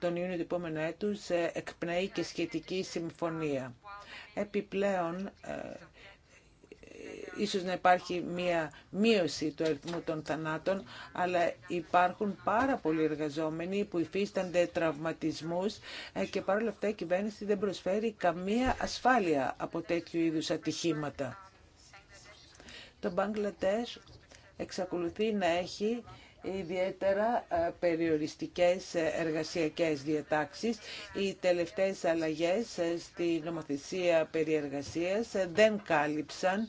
Τον Ιούνιο του επόμενου έτους ε, εκπνέει και σχετική συμφωνία. Επιπλέον, ε, ίσως να υπάρχει μία μείωση του αριθμού των θανάτων, αλλά υπάρχουν πάρα πολλοί εργαζόμενοι που υφίστανται τραυματισμούς ε, και παρόλα αυτά η κυβέρνηση δεν προσφέρει καμία ασφάλεια από τέτοιου είδους ατυχήματα. Το Μπαγκλατές εξακολουθεί να έχει ιδιαίτερα ε, περιοριστικές ε, εργασιακές διατάξεις. Οι τελευταίες αλλαγές ε, στη νομοθεσία περιεργασίας δεν κάλυψαν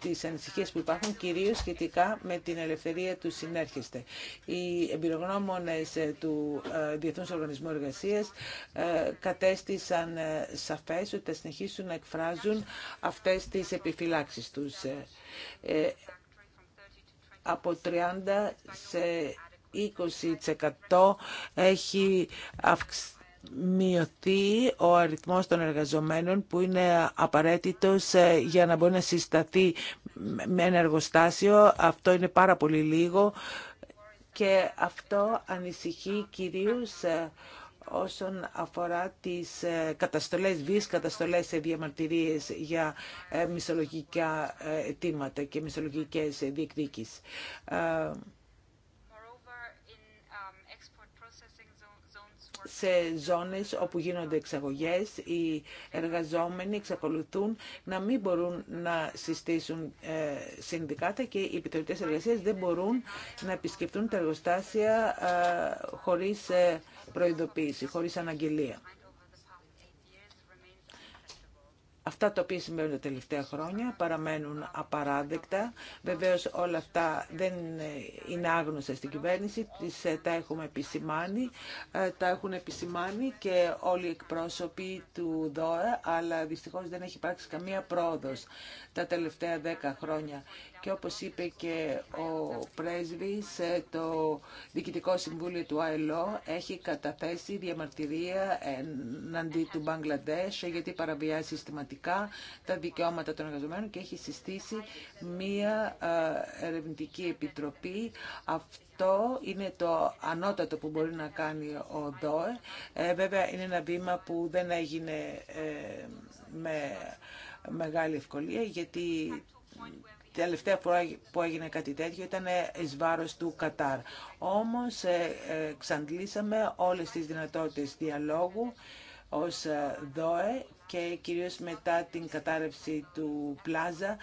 τις ανησυχίες που υπάρχουν κυρίως σχετικά με την ελευθερία του συνέρχεστε. Οι εμπειρογνώμονες του Διεθνούς Οργανισμού Εργασίας κατέστησαν σαφές ότι θα συνεχίσουν να εκφράζουν αυτές τις επιφυλάξεις τους από 30 σε 20% έχει αυξηθεί μειωθεί ο αριθμός των εργαζομένων που είναι απαραίτητος ε, για να μπορεί να συσταθεί με ένα εργοστάσιο. Αυτό είναι πάρα πολύ λίγο και αυτό ανησυχεί κυρίως ε, όσον αφορά τις ε, καταστολές, βίες καταστολές σε διαμαρτυρίες για ε, μισολογικά ε, αιτήματα και μισολογικές διεκδίκεις. Um, σε ζώνες όπου γίνονται εξαγωγές οι εργαζόμενοι εξακολουθούν να μην μπορούν να συστήσουν συνδικάτα και οι επιτροπές εργασίας δεν μπορούν να επισκεφτούν τα εργοστάσια χωρίς προειδοποίηση, χωρίς αναγγελία. Αυτά τα οποία συμβαίνουν τα τελευταία χρόνια παραμένουν απαράδεκτα. Βεβαίως όλα αυτά δεν είναι άγνωστα στην κυβέρνηση, τις, ε, τα έχουμε επισημάνει, ε, τα έχουν επισημάνει και όλοι οι εκπρόσωποι του ΔΟΕ, αλλά δυστυχώς δεν έχει υπάρξει καμία πρόοδος τα τελευταία δέκα χρόνια και όπως είπε και ο πρέσβης, ε, το Διοικητικό Συμβούλιο του ΑΕΛΟ έχει καταθέσει διαμαρτυρία εναντί του Μπαγκλαντές γιατί παραβιάζει συστηματικά τα δικαιώματα των εργαζομένων και έχει συστήσει μία ε, ερευνητική επιτροπή. Αυτό είναι το ανώτατο που μπορεί να κάνει ο ΔΟΕ. Ε, βέβαια είναι ένα βήμα που δεν έγινε με μεγάλη ευκολία γιατί τελευταία φορά που έγινε κάτι τέτοιο ήταν εις βάρος του Κατάρ. Όμως ε, ε, εξαντλήσαμε όλες τις δυνατότητες διαλόγου ως ε, ΔΟΕ και κυρίως μετά την κατάρρευση του Πλάζα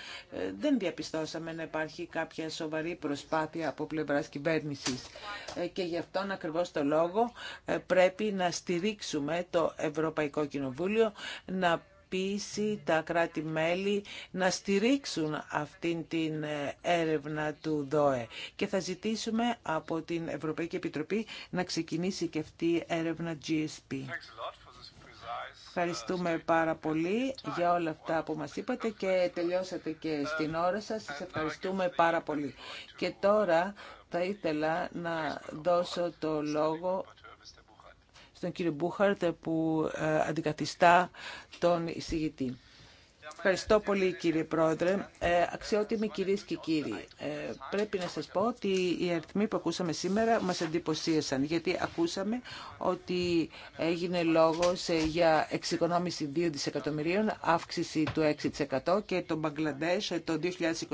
δεν διαπιστώσαμε να υπάρχει κάποια σοβαρή προσπάθεια από πλευράς κυβέρνησης και γι' αυτόν ακριβώς το λόγο πρέπει να στηρίξουμε το Ευρωπαϊκό Κοινοβούλιο να τα κράτη-μέλη να στηρίξουν αυτήν την ε, έρευνα του ΔΟΕ. Και θα ζητήσουμε από την Ευρωπαϊκή Επιτροπή να ξεκινήσει και αυτή η έρευνα GSP. Ευχαριστούμε πάρα πολύ για όλα αυτά που μας είπατε και τελειώσατε και στην ώρα σας. Σας ευχαριστούμε πάρα πολύ. Και τώρα θα ήθελα να δώσω το λόγο τον κύριο Μπούχαρτ που ε, αντικαθιστά τον εισηγητή. Ευχαριστώ πολύ κύριε Πρόεδρε. Ε, αξιότιμοι κυρίε και κύριοι, ε, πρέπει να σας πω ότι οι αριθμοί που ακούσαμε σήμερα μας εντυπωσίασαν, γιατί ακούσαμε ότι έγινε λόγος ε, για εξοικονόμηση 2 δισεκατομμυρίων, αύξηση του 6% και το Μπαγκλαντές ε, το 2024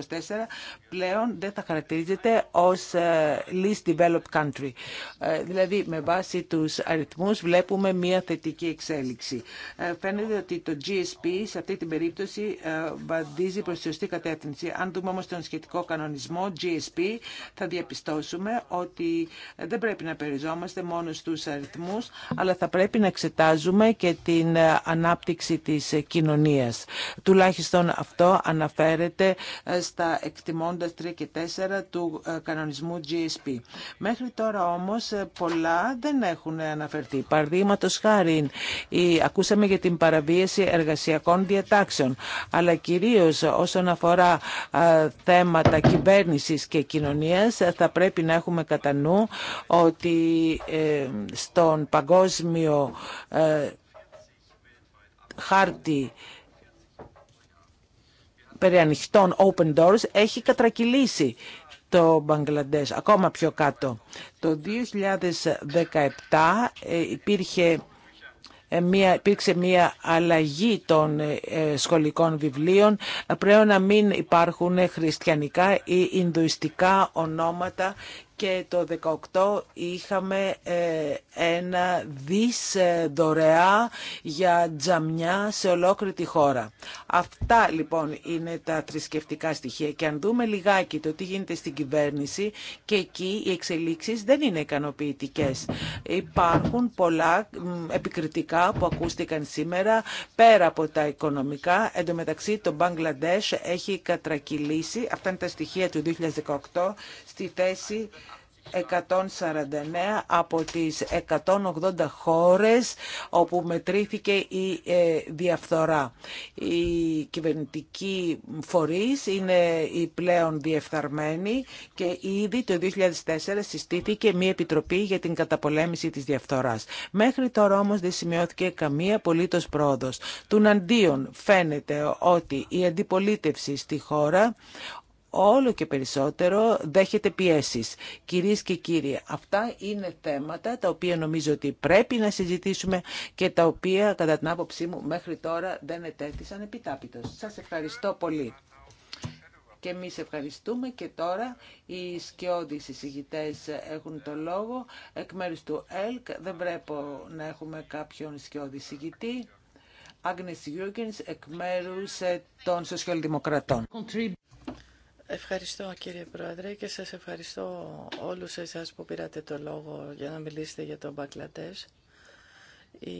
πλέον δεν θα χαρακτηρίζεται ως ε, least developed country. Ε, δηλαδή με βάση τους αριθμούς βλέπουμε μια θετική εξέλιξη. Φαίνεται ότι το GSP σε αυτή την περίπτωση βαντίζει βαδίζει προς τη σωστή κατεύθυνση. Αν δούμε όμω τον σχετικό κανονισμό GSP θα διαπιστώσουμε ότι δεν πρέπει να περιζόμαστε μόνο στου αριθμού, αλλά θα πρέπει να εξετάζουμε και την ε, ανάπτυξη τη κοινωνία. Τουλάχιστον αυτό αναφέρεται ε, στα εκτιμώντα 3 και 4 του ε, κανονισμού GSP. Μέχρι τώρα όμω πολλά δεν έχουν αναφερθεί. Παραδείγματο χάρη, ακούσαμε για την παραβίαση εργασιακών διατάξεων αλλά κυρίως όσον αφορά θέματα κυβέρνησης και κοινωνίας θα πρέπει να έχουμε κατά νου ότι ε, στον παγκόσμιο ε, χάρτη περί ανοιχτών open doors έχει κατρακυλήσει το Μπαγκλαντές ακόμα πιο κάτω. Το 2017 ε, υπήρχε ε, μια, υπήρξε μια αλλαγή των ε, ε, σχολικών βιβλίων. Πρέπει να μην υπάρχουν χριστιανικά ή Ινδουιστικά ονόματα και το 18 είχαμε ε, ένα δις ε, δωρεά για τζαμιά σε ολόκληρη τη χώρα. Αυτά λοιπόν είναι τα θρησκευτικά στοιχεία και αν δούμε λιγάκι το τι γίνεται στην κυβέρνηση και εκεί οι εξελίξεις δεν είναι ικανοποιητικέ. Υπάρχουν πολλά επικριτικά που ακούστηκαν σήμερα πέρα από τα οικονομικά. Εν τω μεταξύ το Μπαγκλαντές έχει κατρακυλήσει, αυτά είναι τα στοιχεία του 2018, στη θέση 149 από τις 180 χώρες όπου μετρήθηκε η ε, διαφθορά. Οι κυβερνητικοί φορείς είναι οι ε, πλέον διεφθαρμένοι και ήδη το 2004 συστήθηκε μια επιτροπή για την καταπολέμηση της διαφθοράς. Μέχρι τώρα όμως δεν σημειώθηκε καμία απολύτως πρόοδος. Τουναντίον φαίνεται ότι η αντιπολίτευση στη χώρα όλο και περισσότερο δέχεται πιέσεις. Κυρίες και κύριοι, αυτά είναι θέματα τα οποία νομίζω ότι πρέπει να συζητήσουμε και τα οποία κατά την άποψή μου μέχρι τώρα δεν ετέθησαν επιτάπητος. Σας ευχαριστώ πολύ. Και εμείς ευχαριστούμε και τώρα οι σκιώδεις εισηγητές έχουν το λόγο. Εκ μέρους του ΕΛΚ δεν βλέπω να έχουμε κάποιον σκιώδη συζητητή. Άγνες Γιούργενς εκ μέρους ε, των Σοσιαλδημοκρατών. Ευχαριστώ κύριε Πρόεδρε και σας ευχαριστώ όλους εσάς που πήρατε το λόγο για να μιλήσετε για τον Μπαγκλαντές. Η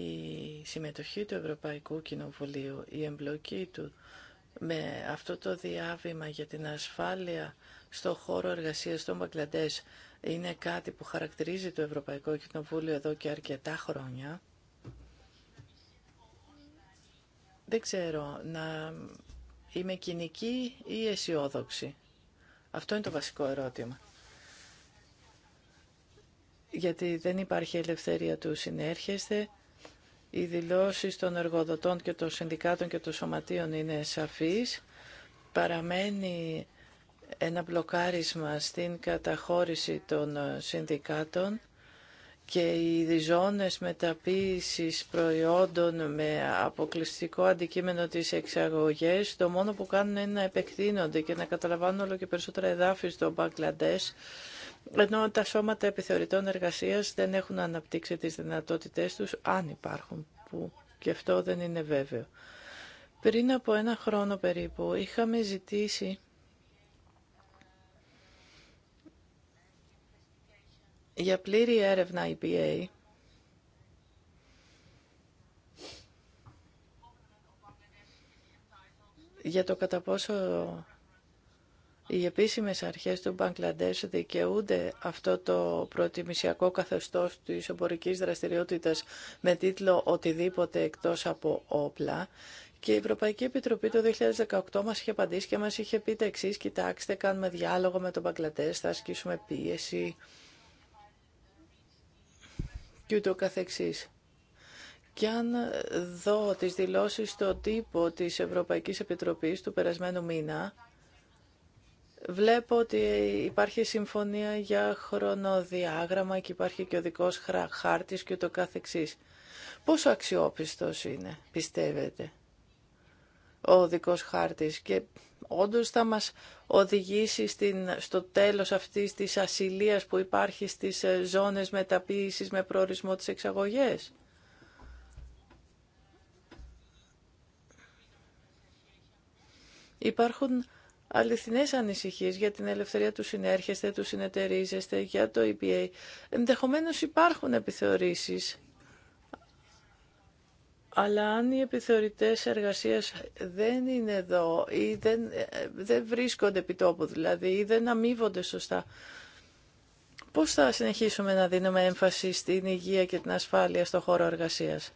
συμμετοχή του Ευρωπαϊκού Κοινοβουλίου, η εμπλοκή του με αυτό το διάβημα για την ασφάλεια στο χώρο εργασίας των Μπαγκλαντές είναι κάτι που χαρακτηρίζει το Ευρωπαϊκό Κοινοβούλιο εδώ και αρκετά χρόνια. Δεν ξέρω, να Είμαι κοινική ή αισιόδοξη. Αυτό είναι το βασικό ερώτημα. Γιατί δεν υπάρχει ελευθερία του συνέρχεσθε. Οι δηλώσεις των εργοδοτών και των συνδικάτων και των σωματείων είναι σαφείς. Παραμένει ένα μπλοκάρισμα στην καταχώρηση των συνδικάτων και οι διζώνες μεταποίησης προϊόντων με αποκλειστικό αντικείμενο της εξαγωγές το μόνο που κάνουν είναι να επεκτείνονται και να καταλαμβάνουν όλο και περισσότερα εδάφη στο Μπαγκλαντές ενώ τα σώματα επιθεωρητών εργασίας δεν έχουν αναπτύξει τις δυνατότητές τους αν υπάρχουν που και αυτό δεν είναι βέβαιο. Πριν από ένα χρόνο περίπου είχαμε ζητήσει Για πλήρη έρευνα EPA, για το κατά πόσο οι επίσημες αρχές του Μπαγκλαντές δικαιούνται αυτό το προτιμησιακό καθεστώς της εμπορικής δραστηριότητας με τίτλο «Οτιδήποτε εκτός από όπλα». Και η Ευρωπαϊκή Επιτροπή το 2018 μας είχε απαντήσει και μας είχε πει τα εξής «Κοιτάξτε, κάνουμε διάλογο με τον Μπαγκλαντές, θα ασκήσουμε πίεση» και ούτω καθεξής. Και αν δω τις δηλώσεις στο τύπο της Ευρωπαϊκής Επιτροπής του περασμένου μήνα, βλέπω ότι υπάρχει συμφωνία για χρονοδιάγραμμα και υπάρχει και ο δικός χάρτης και ούτω καθεξής. Πόσο αξιόπιστος είναι, πιστεύετε, ο δικός χάρτης και όντως θα μας οδηγήσει στο τέλος αυτής της ασυλίας που υπάρχει στις ε, ζώνες μεταποίησης με προορισμό της εξαγωγές. Υπάρχουν αληθινές ανησυχίες για την ελευθερία του συνέρχεστε, του συνεταιρίζεστε, για το EPA. Ενδεχομένως υπάρχουν επιθεωρήσεις αλλά αν οι επιθεωρητές εργασίας δεν είναι εδώ ή δεν, ε, δεν βρίσκονται επί τόπου δηλαδή ή δεν αμείβονται σωστά, πώς θα συνεχίσουμε να δίνουμε έμφαση στην υγεία και την ασφάλεια στο χώρο εργασίας.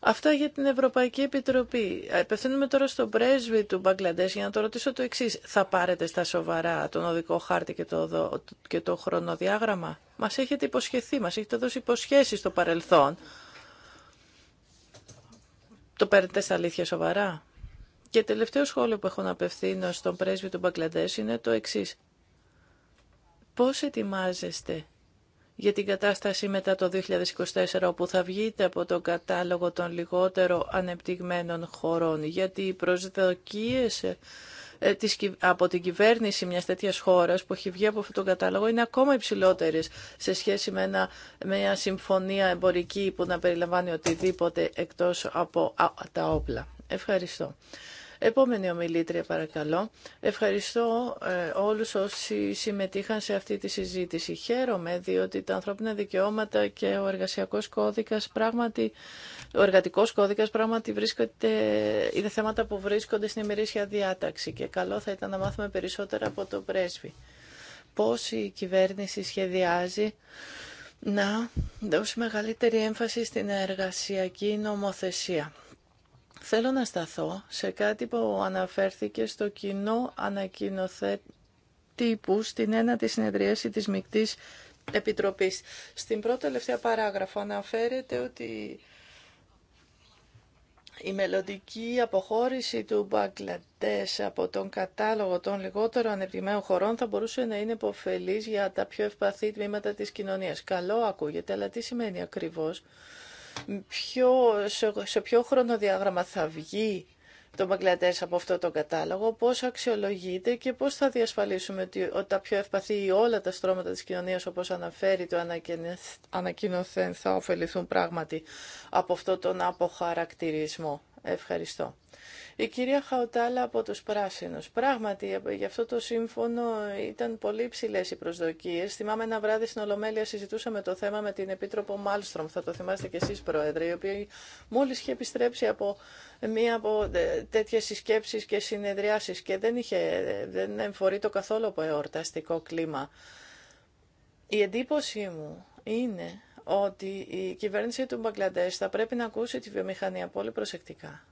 Αυτά για την Ευρωπαϊκή Επιτροπή. Επευθύνουμε τώρα στον πρέσβη του Μπαγκλαντές για να το ρωτήσω το εξή Θα πάρετε στα σοβαρά τον οδικό χάρτη και το, και το χρονοδιάγραμμα. Μας έχετε υποσχεθεί, μας έχετε δώσει υποσχέσεις στο παρελθόν. Το παίρνετε στα αλήθεια σοβαρά. Και τελευταίο σχόλιο που έχω να απευθύνω στον πρέσβη του Μπαγκλαντές είναι το εξής. Πώς ετοιμάζεστε για την κατάσταση μετά το 2024 όπου θα βγείτε από τον κατάλογο των λιγότερο ανεπτυγμένων χωρών γιατί οι προσδοκίες ε, από την κυβέρνηση μιας τέτοιας χώρας που έχει βγει από αυτόν τον κατάλογο είναι ακόμα υψηλότερε σε σχέση με, ένα, με μια συμφωνία εμπορική που να περιλαμβάνει οτιδήποτε εκτός από τα όπλα. Ευχαριστώ. Επόμενη ομιλήτρια παρακαλώ. Ευχαριστώ ε, όλους όσοι συμμετείχαν σε αυτή τη συζήτηση. Χαίρομαι διότι τα ανθρώπινα δικαιώματα και ο εργασιακός κώδικας πράγματι ο εργατικός κώδικας πράγματι βρίσκονται, είναι θέματα που βρίσκονται στην ημερήσια διάταξη και καλό θα ήταν να μάθουμε περισσότερα από το πρέσβη. Πώς η κυβέρνηση σχεδιάζει να δώσει μεγαλύτερη έμφαση στην εργασιακή νομοθεσία. Θέλω να σταθώ σε κάτι που αναφέρθηκε στο κοινό ανακοινωθέ τύπου στην ένατη συνεδρίαση της Μικτής Επιτροπής. Στην πρώτη τελευταία παράγραφο αναφέρεται ότι η μελλοντική αποχώρηση του Μπαγκλαντές από τον κατάλογο των λιγότερων ανεπτυγμένων χωρών θα μπορούσε να είναι υποφελής για τα πιο ευπαθή τμήματα της κοινωνίας. Καλό ακούγεται, αλλά τι σημαίνει ακριβώς ποιο, σε ποιο χρονοδιάγραμμα θα βγει το Μπαγκλαντές από αυτό το κατάλογο, πώς αξιολογείται και πώς θα διασφαλίσουμε ότι τα πιο ευπαθή ή όλα τα στρώματα της κοινωνίας, όπως αναφέρει το ανακοινωθέν, θα ωφεληθούν πράγματι από αυτόν τον αποχαρακτηρισμό. Ευχαριστώ. Η κυρία Χαουτάλα από τους Πράσινους. Πράγματι, για αυτό το σύμφωνο ήταν πολύ ψηλέ οι προσδοκίες. Θυμάμαι ένα βράδυ στην Ολομέλεια συζητούσαμε το θέμα με την Επίτροπο Μάλστρομ, θα το θυμάστε και εσείς Πρόεδρε, η οποία μόλις είχε επιστρέψει από μία από ε, τέτοιε συσκέψει και συνεδριάσεις και δεν, είχε, δεν εμφορεί το καθόλου από εορταστικό κλίμα. Η εντύπωσή μου είναι ότι η κυβέρνηση του Μπαγκλαντές θα πρέπει να ακούσει τη βιομηχανία πολύ προσεκτικά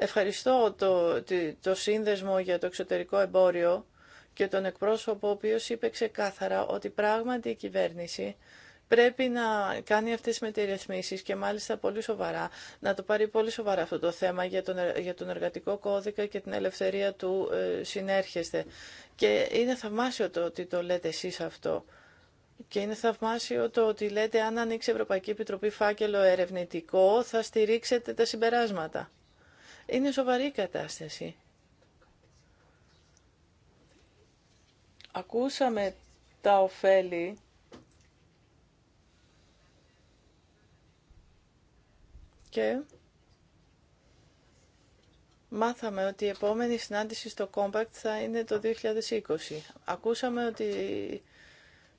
Ευχαριστώ το, το, σύνδεσμο για το εξωτερικό εμπόριο και τον εκπρόσωπο ο οποίος είπε ξεκάθαρα ότι πράγματι η κυβέρνηση πρέπει να κάνει αυτές τις μετερρυθμίσεις και μάλιστα πολύ σοβαρά, να το πάρει πολύ σοβαρά αυτό το θέμα για τον, για τον εργατικό κώδικα και την ελευθερία του ε, συνέρχεστε. Και είναι θαυμάσιο το ότι το λέτε εσείς αυτό. Και είναι θαυμάσιο το ότι λέτε αν ανοίξει η Ευρωπαϊκή Επιτροπή φάκελο ερευνητικό θα στηρίξετε τα συμπεράσματα. Είναι σοβαρή η κατάσταση. Ακούσαμε τα ωφέλη και μάθαμε ότι η επόμενη συνάντηση στο Compact θα είναι το 2020. Ακούσαμε ότι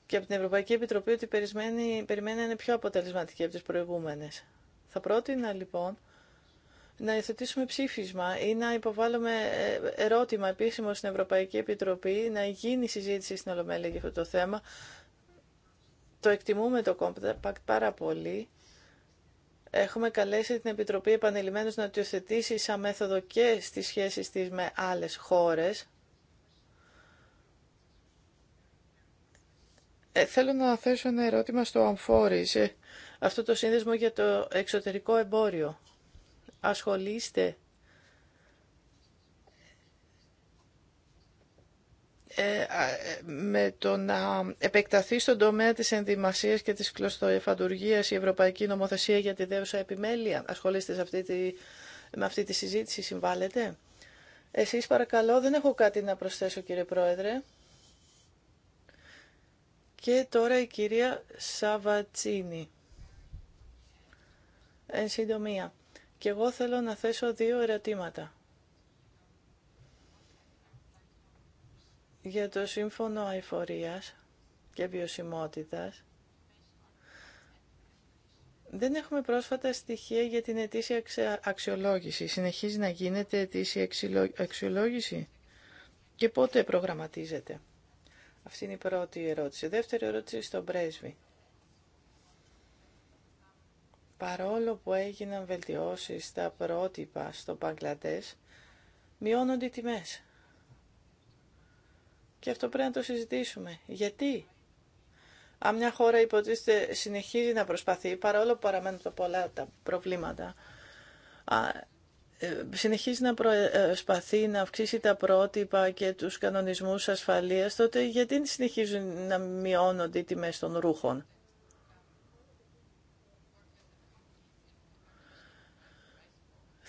και από την Ευρωπαϊκή Επιτροπή ότι περιμένει, να είναι πιο αποτελεσματική από τις προηγούμενες. Θα πρότεινα λοιπόν να υιοθετήσουμε ψήφισμα ή να υποβάλουμε ε, ερώτημα επίσημο στην Ευρωπαϊκή Επιτροπή, να γίνει συζήτηση στην Ολομέλεια για αυτό το θέμα. Το εκτιμούμε το Compact πάρα πολύ. Έχουμε καλέσει την Επιτροπή επανειλημμένως να το υιοθετήσει σαν μέθοδο και στις σχέσεις της με άλλες χώρες. Ε, θέλω να θέσω ένα ερώτημα στο Αμφόρης, ε, αυτό το σύνδεσμο για το εξωτερικό εμπόριο ασχολείστε ε, ε, με το να επεκταθεί στον τομέα της ενδυμασίας και της κλωστοεφαντουργίας η Ευρωπαϊκή Νομοθεσία για τη δέουσα επιμέλεια. Ασχολείστε αυτή τη, με αυτή τη συζήτηση, συμβάλλετε. Εσείς παρακαλώ, δεν έχω κάτι να προσθέσω κύριε Πρόεδρε. Και τώρα η κυρία Σαβατσίνη. Εν συντομία. Και εγώ θέλω να θέσω δύο ερωτήματα. Για το Σύμφωνο Αηφορίας και Βιωσιμότητας, δεν έχουμε πρόσφατα στοιχεία για την ετήσια αξιολόγηση. Συνεχίζει να γίνεται ετήσια αξιολόγηση και πότε προγραμματίζεται. Αυτή είναι η πρώτη ερώτηση. Δεύτερη ερώτηση στον πρέσβη. Παρόλο που έγιναν βελτιώσεις στα πρότυπα στο Παγκλαντές, μειώνονται οι τιμές. Και αυτό πρέπει να το συζητήσουμε. Γιατί αν μια χώρα υποτίθεται συνεχίζει να προσπαθεί, παρόλο που παραμένουν τα πολλά τα προβλήματα, ε, συνεχίζει να προσπαθεί ε, να αυξήσει τα πρότυπα και τους κανονισμούς ασφαλείας, τότε γιατί συνεχίζουν να μειώνονται οι τιμές των ρούχων.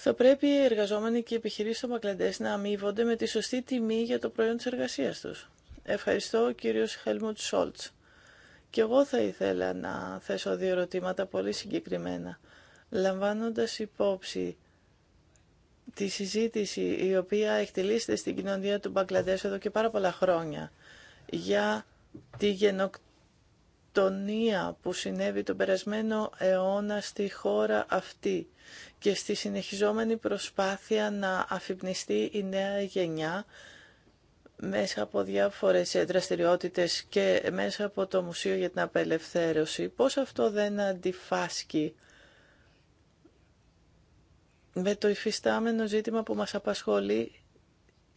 θα πρέπει οι εργαζόμενοι και οι επιχειρήσει των Μπαγκλαντέ να αμείβονται με τη σωστή τιμή για το προϊόν τη εργασία τους. Ευχαριστώ κύριος Χέλμουντ Σόλτς. Και εγώ θα ήθελα να θέσω δύο ερωτήματα πολύ συγκεκριμένα. Λαμβάνοντας υπόψη τη συζήτηση η οποία εκτελήσεται στην κοινωνία του Μπαγκλαντές εδώ και πάρα πολλά χρόνια για τη γενοκτονία που συνέβη τον περασμένο αιώνα στη χώρα αυτή και στη συνεχιζόμενη προσπάθεια να αφυπνιστεί η νέα γενιά μέσα από διάφορες δραστηριότητες και μέσα από το Μουσείο για την Απελευθέρωση. Πώς αυτό δεν αντιφάσκει με το υφιστάμενο ζήτημα που μας απασχολεί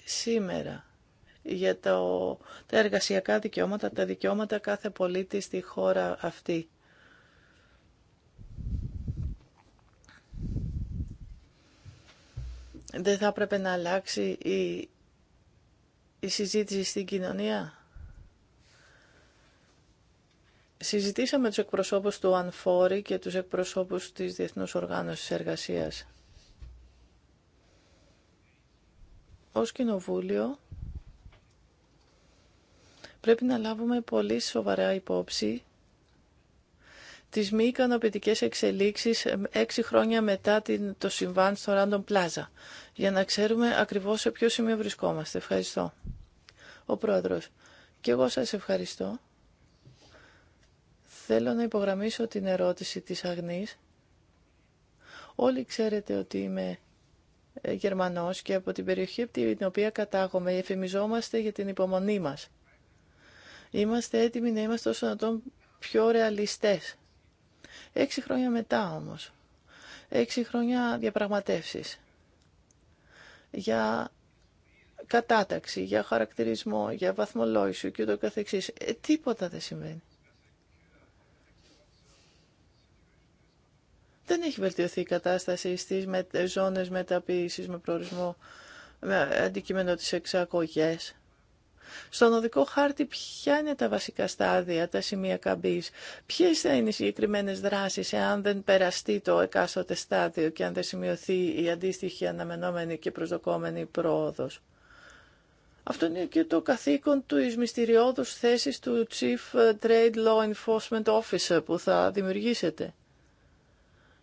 σήμερα για το, τα εργασιακά δικαιώματα, τα δικαιώματα κάθε πολίτη στη χώρα αυτή. δεν θα έπρεπε να αλλάξει η, η συζήτηση στην κοινωνία. Συζητήσαμε τους εκπροσώπους του Ανφόρη και τους εκπροσώπους της Διεθνούς Οργάνωσης Εργασίας. Ως Κοινοβούλιο πρέπει να λάβουμε πολύ σοβαρά υπόψη τις μη ικανοποιητικές εξελίξεις ε, έξι χρόνια μετά την, το συμβάν στο Random Plaza, για να ξέρουμε ακριβώς σε ποιο σημείο βρισκόμαστε. Ευχαριστώ. Ο Πρόεδρος, και εγώ σας ευχαριστώ. Θέλω να υπογραμμίσω την ερώτηση της Αγνής. Όλοι ξέρετε ότι είμαι ε, Γερμανός και από την περιοχή από την οποία κατάγομαι εφημιζόμαστε για την υπομονή μας. Είμαστε έτοιμοι να είμαστε όσο να τον πιο ρεαλιστές Έξι χρόνια μετά όμως. Έξι χρόνια διαπραγματεύσεις. Για κατάταξη, για χαρακτηρισμό, για βαθμολόγηση και ούτω καθεξής. Ε, τίποτα δεν συμβαίνει. Δεν έχει βελτιωθεί η κατάσταση στις με, ζώνες μεταποίησης με προορισμό με αντικείμενο της εξακογές. Στον οδικό χάρτη ποια είναι τα βασικά στάδια, τα σημεία καμπής, ποιες θα είναι οι συγκεκριμένες δράσεις εάν δεν περαστεί το εκάστοτε στάδιο και αν δεν σημειωθεί η αντίστοιχη αναμενόμενη και προσδοκόμενη πρόοδος. Αυτό είναι και το καθήκον του εις μυστηριώδους θέσης του Chief Trade Law Enforcement Officer που θα δημιουργήσετε.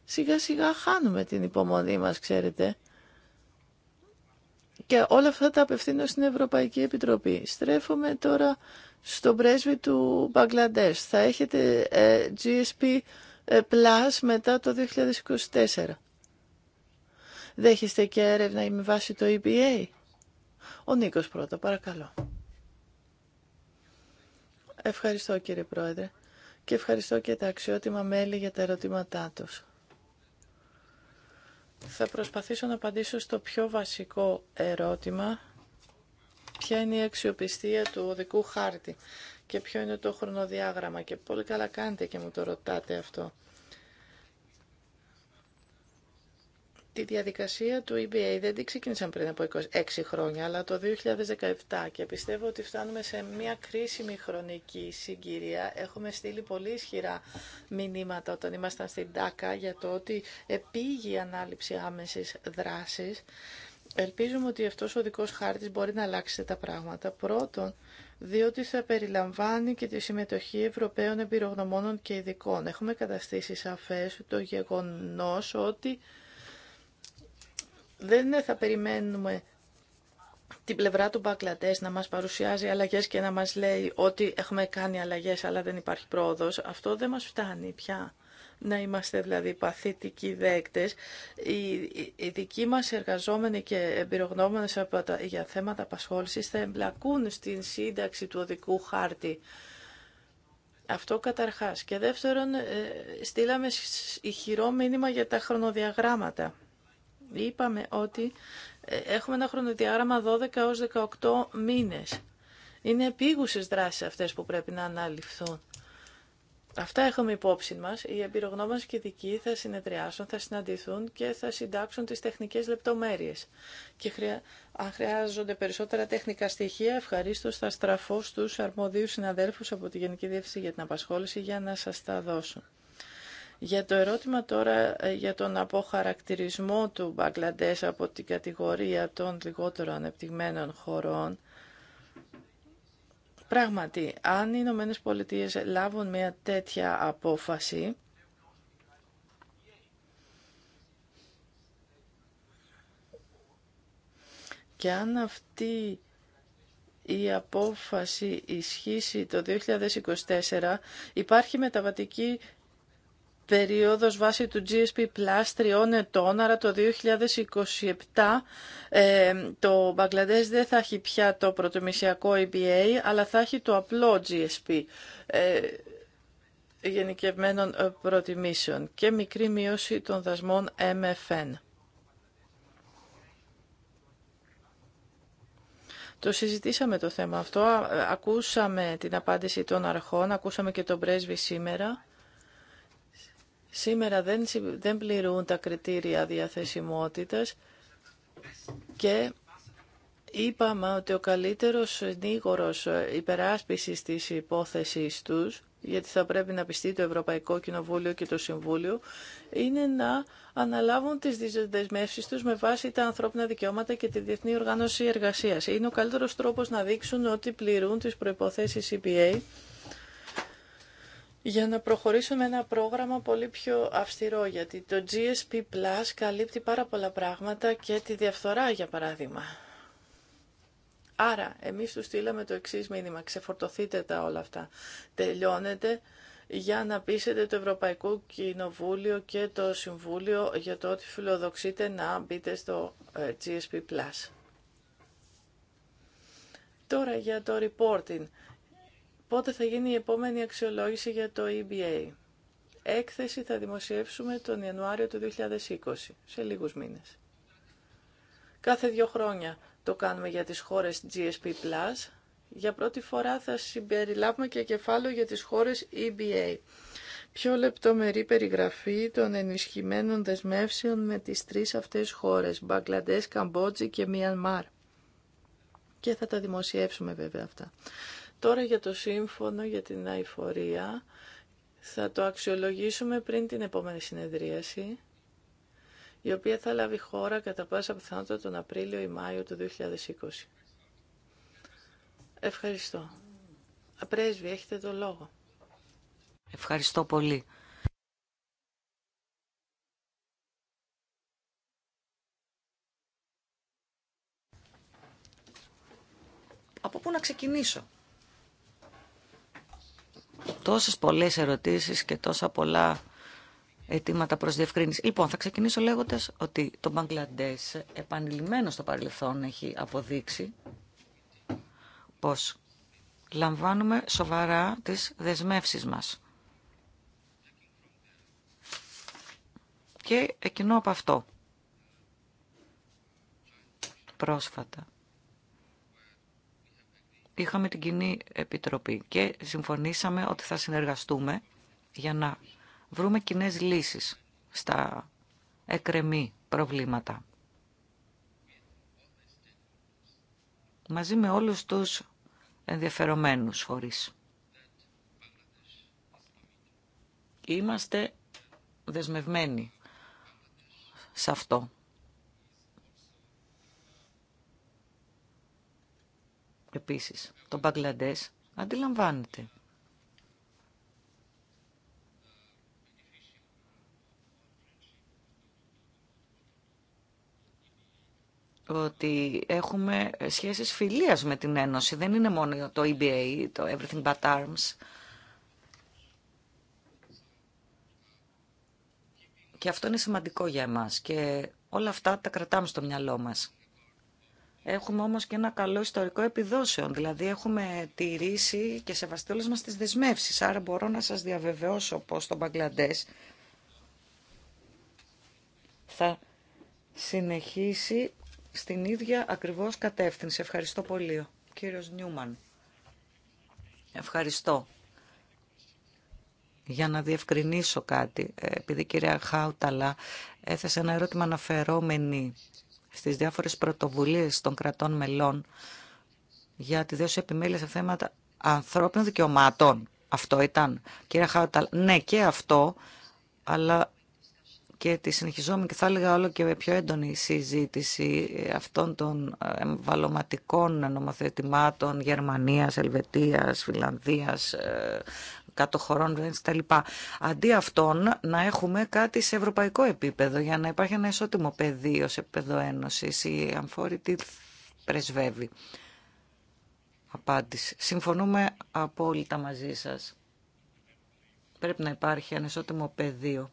Σιγά σιγά χάνουμε την υπομονή μας, ξέρετε. Και όλα αυτά τα απευθύνω στην Ευρωπαϊκή Επιτροπή. Στρέφομαι τώρα στον πρέσβη του Μπαγκλαντές. Θα έχετε ε, GSP ε, Plus μετά το 2024. Δέχεστε και έρευνα με βάση το EPA. Ο Νίκος πρώτο, παρακαλώ. Ευχαριστώ κύριε Πρόεδρε και ευχαριστώ και τα αξιότιμα μέλη για τα ερωτήματά τους. Θα προσπαθήσω να απαντήσω στο πιο βασικό ερώτημα. Ποια είναι η αξιοπιστία του οδικού χάρτη και ποιο είναι το χρονοδιάγραμμα. Και πολύ καλά κάνετε και μου το ρωτάτε αυτό. τη διαδικασία του EBA δεν την ξεκίνησαν πριν από 26 χρόνια, αλλά το 2017 και πιστεύω ότι φτάνουμε σε μια κρίσιμη χρονική συγκυρία. Έχουμε στείλει πολύ ισχυρά μηνύματα όταν ήμασταν στην ΤΑΚΑ για το ότι επήγει η ανάληψη άμεσης δράσης. Ελπίζουμε ότι αυτός ο δικός χάρτης μπορεί να αλλάξει τα πράγματα. Πρώτον, διότι θα περιλαμβάνει και τη συμμετοχή Ευρωπαίων εμπειρογνωμόνων και ειδικών. Έχουμε καταστήσει σαφές το γεγονός ότι δεν θα περιμένουμε την πλευρά του Μπαγκλατές να μας παρουσιάζει αλλαγές και να μας λέει ότι έχουμε κάνει αλλαγές αλλά δεν υπάρχει πρόοδος. Αυτό δεν μας φτάνει πια να είμαστε δηλαδή παθητικοί δέκτες. Οι, δικοί μας εργαζόμενοι και τα για θέματα απασχόλησης θα εμπλακούν στην σύνταξη του οδικού χάρτη. Αυτό καταρχάς. Και δεύτερον, ε, στείλαμε ηχηρό μήνυμα για τα χρονοδιαγράμματα είπαμε ότι ε, έχουμε ένα χρονοδιάγραμμα 12 έως 18 μήνες. Είναι επίγουσες δράσεις αυτές που πρέπει να αναλυφθούν. Αυτά έχουμε υπόψη μας. Οι εμπειρογνώμονε και οι δικοί θα συνεδριάσουν, θα συναντηθούν και θα συντάξουν τις τεχνικές λεπτομέρειες. Και αν χρειάζονται περισσότερα τεχνικά στοιχεία, ευχαρίστω θα στραφώ στους αρμόδιους συναδέλφου από τη Γενική Διεύθυνση για την Απασχόληση για να σας τα δώσουν. Για το ερώτημα τώρα ε, για τον αποχαρακτηρισμό του Μπαγκλαντές από την κατηγορία των λιγότερο ανεπτυγμένων χωρών, Πράγματι, αν οι Ηνωμένε Πολιτείε λάβουν μια τέτοια απόφαση, και αν αυτή η απόφαση ισχύσει το 2024, υπάρχει μεταβατική περίοδος βάσει του GSP Plus τριών ετών, άρα το 2027 ε, το Μπαγκλαντές δεν θα έχει πια το πρωτομησιακό EBA, αλλά θα έχει το απλό GSP ε, γενικευμένων ε, προτιμήσεων και μικρή μείωση των δασμών MFN. Το συζητήσαμε το θέμα αυτό, ε, ακούσαμε την απάντηση των αρχών, ακούσαμε και τον πρέσβη σήμερα σήμερα δεν, δεν πληρούν τα κριτήρια διαθεσιμότητας και είπαμε ότι ο καλύτερος νίγορος ε, υπεράσπισης της υπόθεσης τους γιατί θα πρέπει να πιστεί το Ευρωπαϊκό Κοινοβούλιο και το Συμβούλιο, είναι να αναλάβουν τις δεσμεύσεις τους με βάση τα ανθρώπινα δικαιώματα και τη Διεθνή Οργάνωση Εργασίας. Είναι ο καλύτερος τρόπος να δείξουν ότι πληρούν τις προϋποθέσεις EPA για να προχωρήσουμε ένα πρόγραμμα πολύ πιο αυστηρό, γιατί το GSP Plus καλύπτει πάρα πολλά πράγματα και τη διαφθορά, για παράδειγμα. Άρα, εμείς του στείλαμε το εξής μήνυμα, ξεφορτωθείτε τα όλα αυτά, τελειώνετε για να πείσετε το Ευρωπαϊκό Κοινοβούλιο και το Συμβούλιο για το ότι φιλοδοξείτε να μπείτε στο ε, GSP Plus. Τώρα για το reporting Πότε θα γίνει η επόμενη αξιολόγηση για το EBA. Έκθεση θα δημοσιεύσουμε τον Ιανουάριο του 2020, σε λίγους μήνες. Κάθε δύο χρόνια το κάνουμε για τις χώρες GSP+. Για πρώτη φορά θα συμπεριλάβουμε και κεφάλαιο για τις χώρες EBA. Πιο λεπτομερή περιγραφή των ενισχυμένων δεσμεύσεων με τις τρεις αυτές χώρες, Μπαγκλαντές, Καμπότζη και Μιανμάρ. Και θα τα δημοσιεύσουμε βέβαια αυτά. Τώρα για το σύμφωνο για την αηφορία θα το αξιολογήσουμε πριν την επόμενη συνεδρίαση, η οποία θα λάβει χώρα κατά πάσα πιθανότητα τον Απρίλιο ή Μάιο του 2020. Ευχαριστώ. Απρέσβη, έχετε το λόγο. Ευχαριστώ πολύ. Από πού να ξεκινήσω τόσες πολλές ερωτήσεις και τόσα πολλά αιτήματα προς διευκρίνηση. Λοιπόν, θα ξεκινήσω λέγοντας ότι το Μπαγκλαντές επανειλημμένο στο παρελθόν έχει αποδείξει πως λαμβάνουμε σοβαρά τις δεσμεύσεις μας. Και εκείνο από αυτό. Πρόσφατα είχαμε την κοινή επιτροπή και συμφωνήσαμε ότι θα συνεργαστούμε για να βρούμε κοινέ λύσεις στα εκρεμή προβλήματα. Μαζί με όλους τους ενδιαφερομένους φορείς. Είμαστε δεσμευμένοι σε αυτό. επίσης, το Μπαγκλαντές, αντιλαμβάνεται ότι έχουμε σχέσεις φιλίας με την Ένωση. Δεν είναι μόνο το EBA, το Everything But Arms. Και αυτό είναι σημαντικό για εμάς και όλα αυτά τα κρατάμε στο μυαλό μας. Έχουμε όμως και ένα καλό ιστορικό επιδόσεων, δηλαδή έχουμε τηρήσει και σεβαστεί όλες μας τις δεσμεύσεις. Άρα μπορώ να σας διαβεβαιώσω πως το Μπαγκλαντές θα συνεχίσει στην ίδια ακριβώς κατεύθυνση. Ευχαριστώ πολύ, κύριος Νιούμαν. Ευχαριστώ. Για να διευκρινίσω κάτι, ε, επειδή κυρία Χάουταλα έθεσε ένα ερώτημα αναφερόμενη στις διάφορες πρωτοβουλίες των κρατών μελών για τη δέωση επιμέλεια σε θέματα ανθρώπινων δικαιωμάτων. Αυτό ήταν, κύριε Χάουταλ. Ναι, και αυτό, αλλά και τη συνεχιζόμενη και θα έλεγα όλο και πιο έντονη συζήτηση αυτών των ε, εμβαλωματικών νομοθετημάτων Γερμανίας, Ελβετίας, Φιλανδίας, ε, Αντί αυτών να έχουμε κάτι σε ευρωπαϊκό επίπεδο για να υπάρχει ένα ισότιμο πεδίο σε επίπεδο ένωση Η τι πρεσβεύει. Απάντηση. Συμφωνούμε απόλυτα μαζί σας. Πρέπει να υπάρχει ένα ισότιμο πεδίο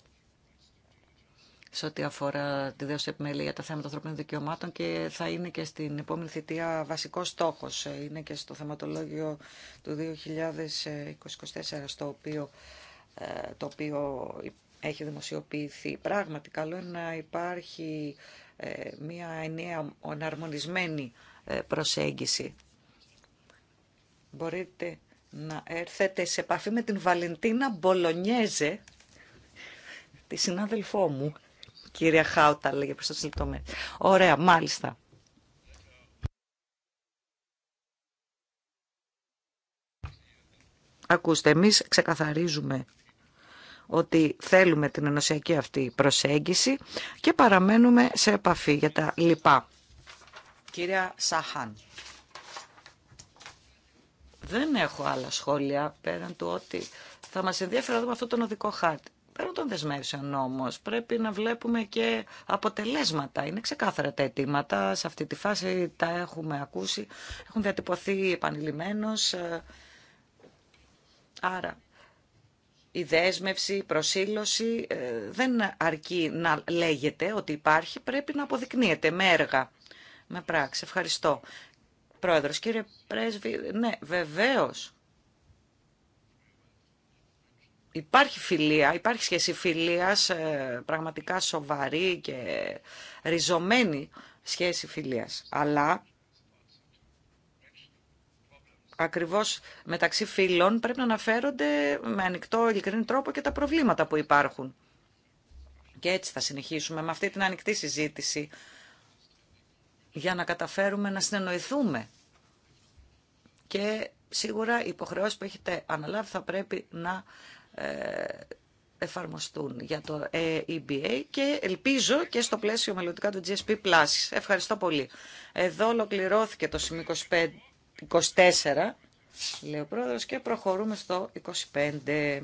σε ό,τι αφορά τη δέωση επιμέλεια για τα θέματα ανθρωπίνων δικαιωμάτων και θα είναι και στην επόμενη θητεία βασικό στόχο. Είναι και στο θεματολόγιο του 2024, στο οποίο, ε, το οποίο έχει δημοσιοποιηθεί. Πράγματι, καλό είναι να υπάρχει ε, μια ενιαία, οναρμονισμένη ε, προσέγγιση. Μπορείτε να έρθετε σε επαφή με την Βαλεντίνα Μπολονιέζε, τη συνάδελφό μου κυρία Χάουτα, λέγε προς τις λεπτομέρειες. Ωραία, μάλιστα. Ακούστε, εμείς ξεκαθαρίζουμε ότι θέλουμε την ενωσιακή αυτή προσέγγιση και παραμένουμε σε επαφή για τα λοιπά. Κυρία Σαχάν. Δεν έχω άλλα σχόλια πέραν του ότι θα μας ενδιαφέρει να δούμε αυτό τον οδικό χάρτη πέραν των δεσμεύσεων όμω, πρέπει να βλέπουμε και αποτελέσματα. Είναι ξεκάθαρα τα αιτήματα, σε αυτή τη φάση τα έχουμε ακούσει, έχουν διατυπωθεί επανειλημμένω. Άρα η δέσμευση, η προσήλωση ε, δεν αρκεί να λέγεται ότι υπάρχει, πρέπει να αποδεικνύεται με έργα, με πράξη. Ευχαριστώ. Πρόεδρος, κύριε Πρέσβη, ναι, βεβαίως υπάρχει φιλία, υπάρχει σχέση φιλίας, ε, πραγματικά σοβαρή και ριζωμένη σχέση φιλίας. Αλλά ακριβώς μεταξύ φίλων πρέπει να αναφέρονται με ανοιχτό ειλικρινή τρόπο και τα προβλήματα που υπάρχουν. Και έτσι θα συνεχίσουμε με αυτή την ανοιχτή συζήτηση για να καταφέρουμε να συνεννοηθούμε. Και σίγουρα οι υποχρεώσεις που έχετε αναλάβει θα πρέπει να ε, εφαρμοστούν για το EBA ε και ελπίζω και στο πλαίσιο μελλοντικά του GSP+. Ευχαριστώ πολύ. Εδώ ολοκληρώθηκε το σημείο 25, 24, λέει ο και προχωρούμε στο 25.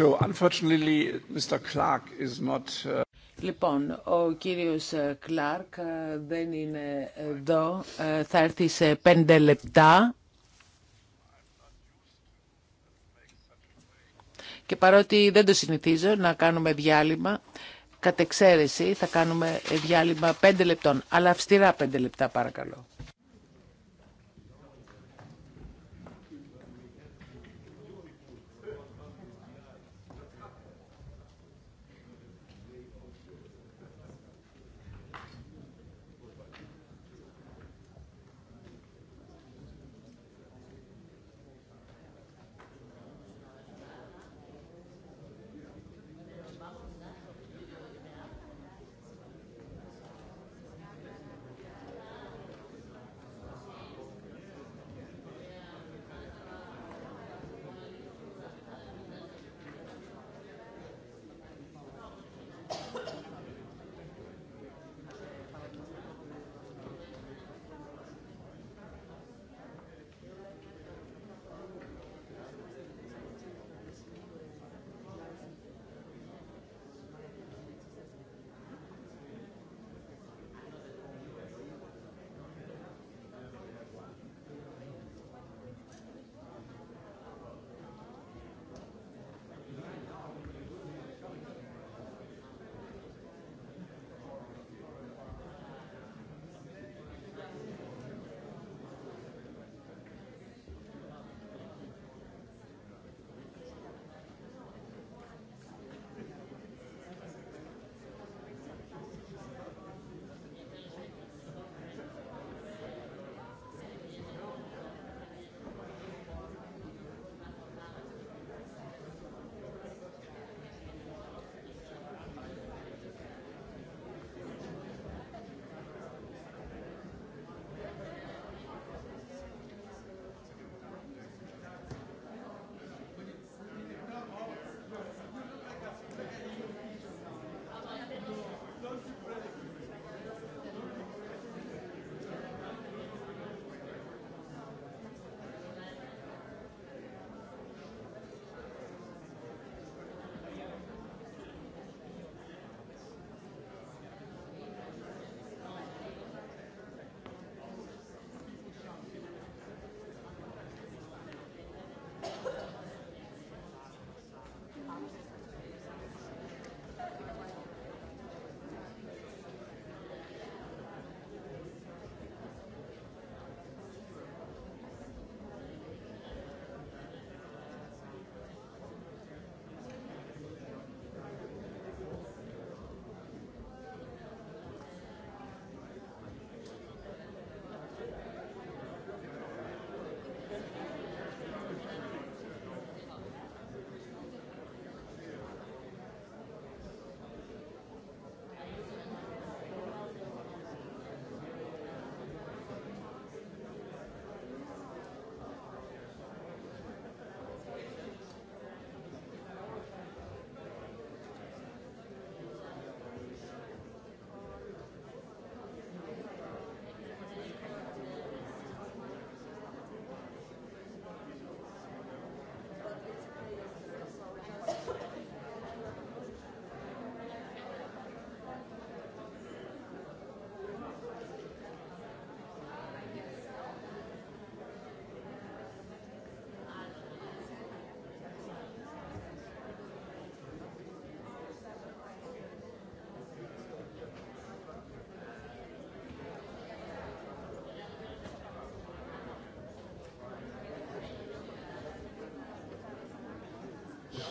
Uh, λοιπόν, ο κύριος Κλάρκ ε, ε, δεν είναι εδώ. Ε, θα έρθει σε πέντε λεπτά. Και παρότι δεν το συνηθίζω να κάνουμε διάλειμμα, κατ' εξαίρεση θα κάνουμε διάλειμμα πέντε λεπτών. Αλλά αυστηρά πέντε λεπτά παρακαλώ.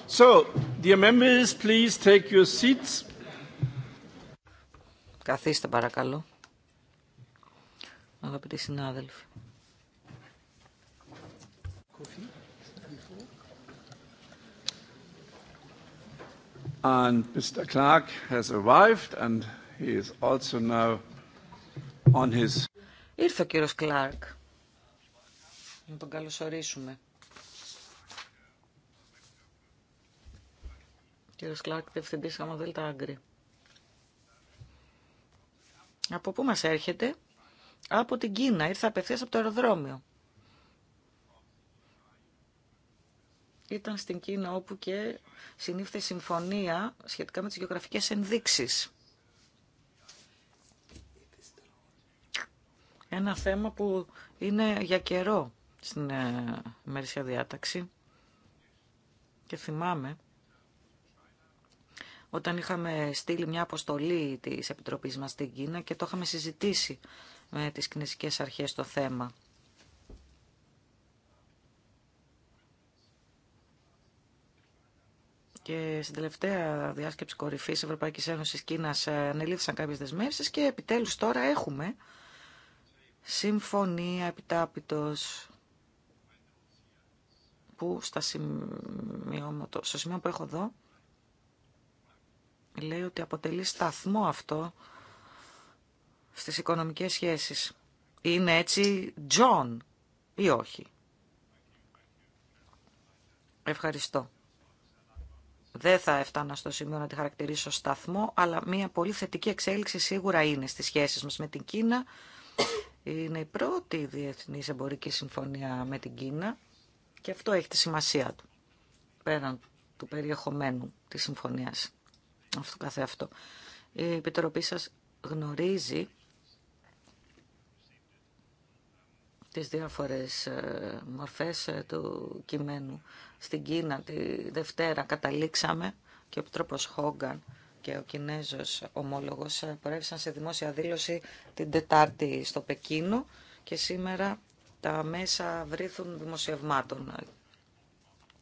So, dear members, please take your seats. Καθίστε παρακαλώ. Αγαπητοί συνάδελφοι. And Mr. Clark has arrived and he is also now on his... Ήρθε ο κύριος Κλάρκ. Να τον καλωσορίσουμε. Clark, Από πού μας έρχεται? Από την Κίνα. Ήρθε απευθεία από το αεροδρόμιο. Ήταν στην Κίνα όπου και συνήφθη συμφωνία σχετικά με τις γεωγραφικές ενδείξεις. Ένα θέμα που είναι για καιρό στην ε, ημερήσια διάταξη. Και θυμάμαι όταν είχαμε στείλει μια αποστολή τη Επιτροπής μας στην Κίνα και το είχαμε συζητήσει με τις κινέζικες αρχές το θέμα. Και στην τελευταία διάσκεψη κορυφή Ευρωπαϊκή Ένωση Κίνα ε, ανελήφθησαν κάποιε δεσμεύσει και επιτέλου τώρα έχουμε συμφωνία επιτάπητο που στα σημείο, στο σημείο που έχω εδώ λέει ότι αποτελεί σταθμό αυτό στις οικονομικές σχέσεις. Είναι έτσι Τζον ή όχι. Ευχαριστώ. Δεν θα έφτανα στο σημείο να τη χαρακτηρίσω σταθμό, αλλά μια πολύ θετική εξέλιξη σίγουρα είναι στις σχέσεις μας με την Κίνα. Είναι η πρώτη διεθνή εμπορική συμφωνία με την Κίνα και αυτό έχει τη σημασία του, πέραν του περιεχομένου της συμφωνίας αυτό αυτό. Η Επιτροπή σας γνωρίζει τις διάφορες ε, μορφές ε, του κειμένου. Στην Κίνα τη Δευτέρα καταλήξαμε και ο Επιτρόπος Χόγκαν και ο Κινέζος ομόλογος ε, προέβησαν σε δημόσια δήλωση την Τετάρτη στο Πεκίνο και σήμερα τα μέσα βρίθουν δημοσιευμάτων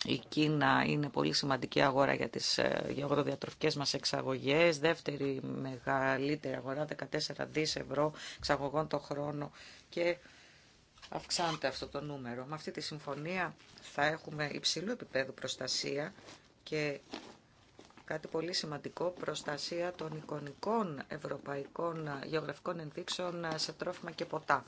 η Κίνα είναι πολύ σημαντική αγορά για τις ε, γεωγροδιατροφικές μας εξαγωγές. Δεύτερη μεγαλύτερη αγορά, 14 δις ευρώ εξαγωγών το χρόνο και αυξάνεται αυτό το νούμερο. Με αυτή τη συμφωνία θα έχουμε υψηλού επίπεδου προστασία και κάτι πολύ σημαντικό, προστασία των εικονικών ευρωπαϊκών γεωγραφικών ενδείξεων σε τρόφιμα και ποτά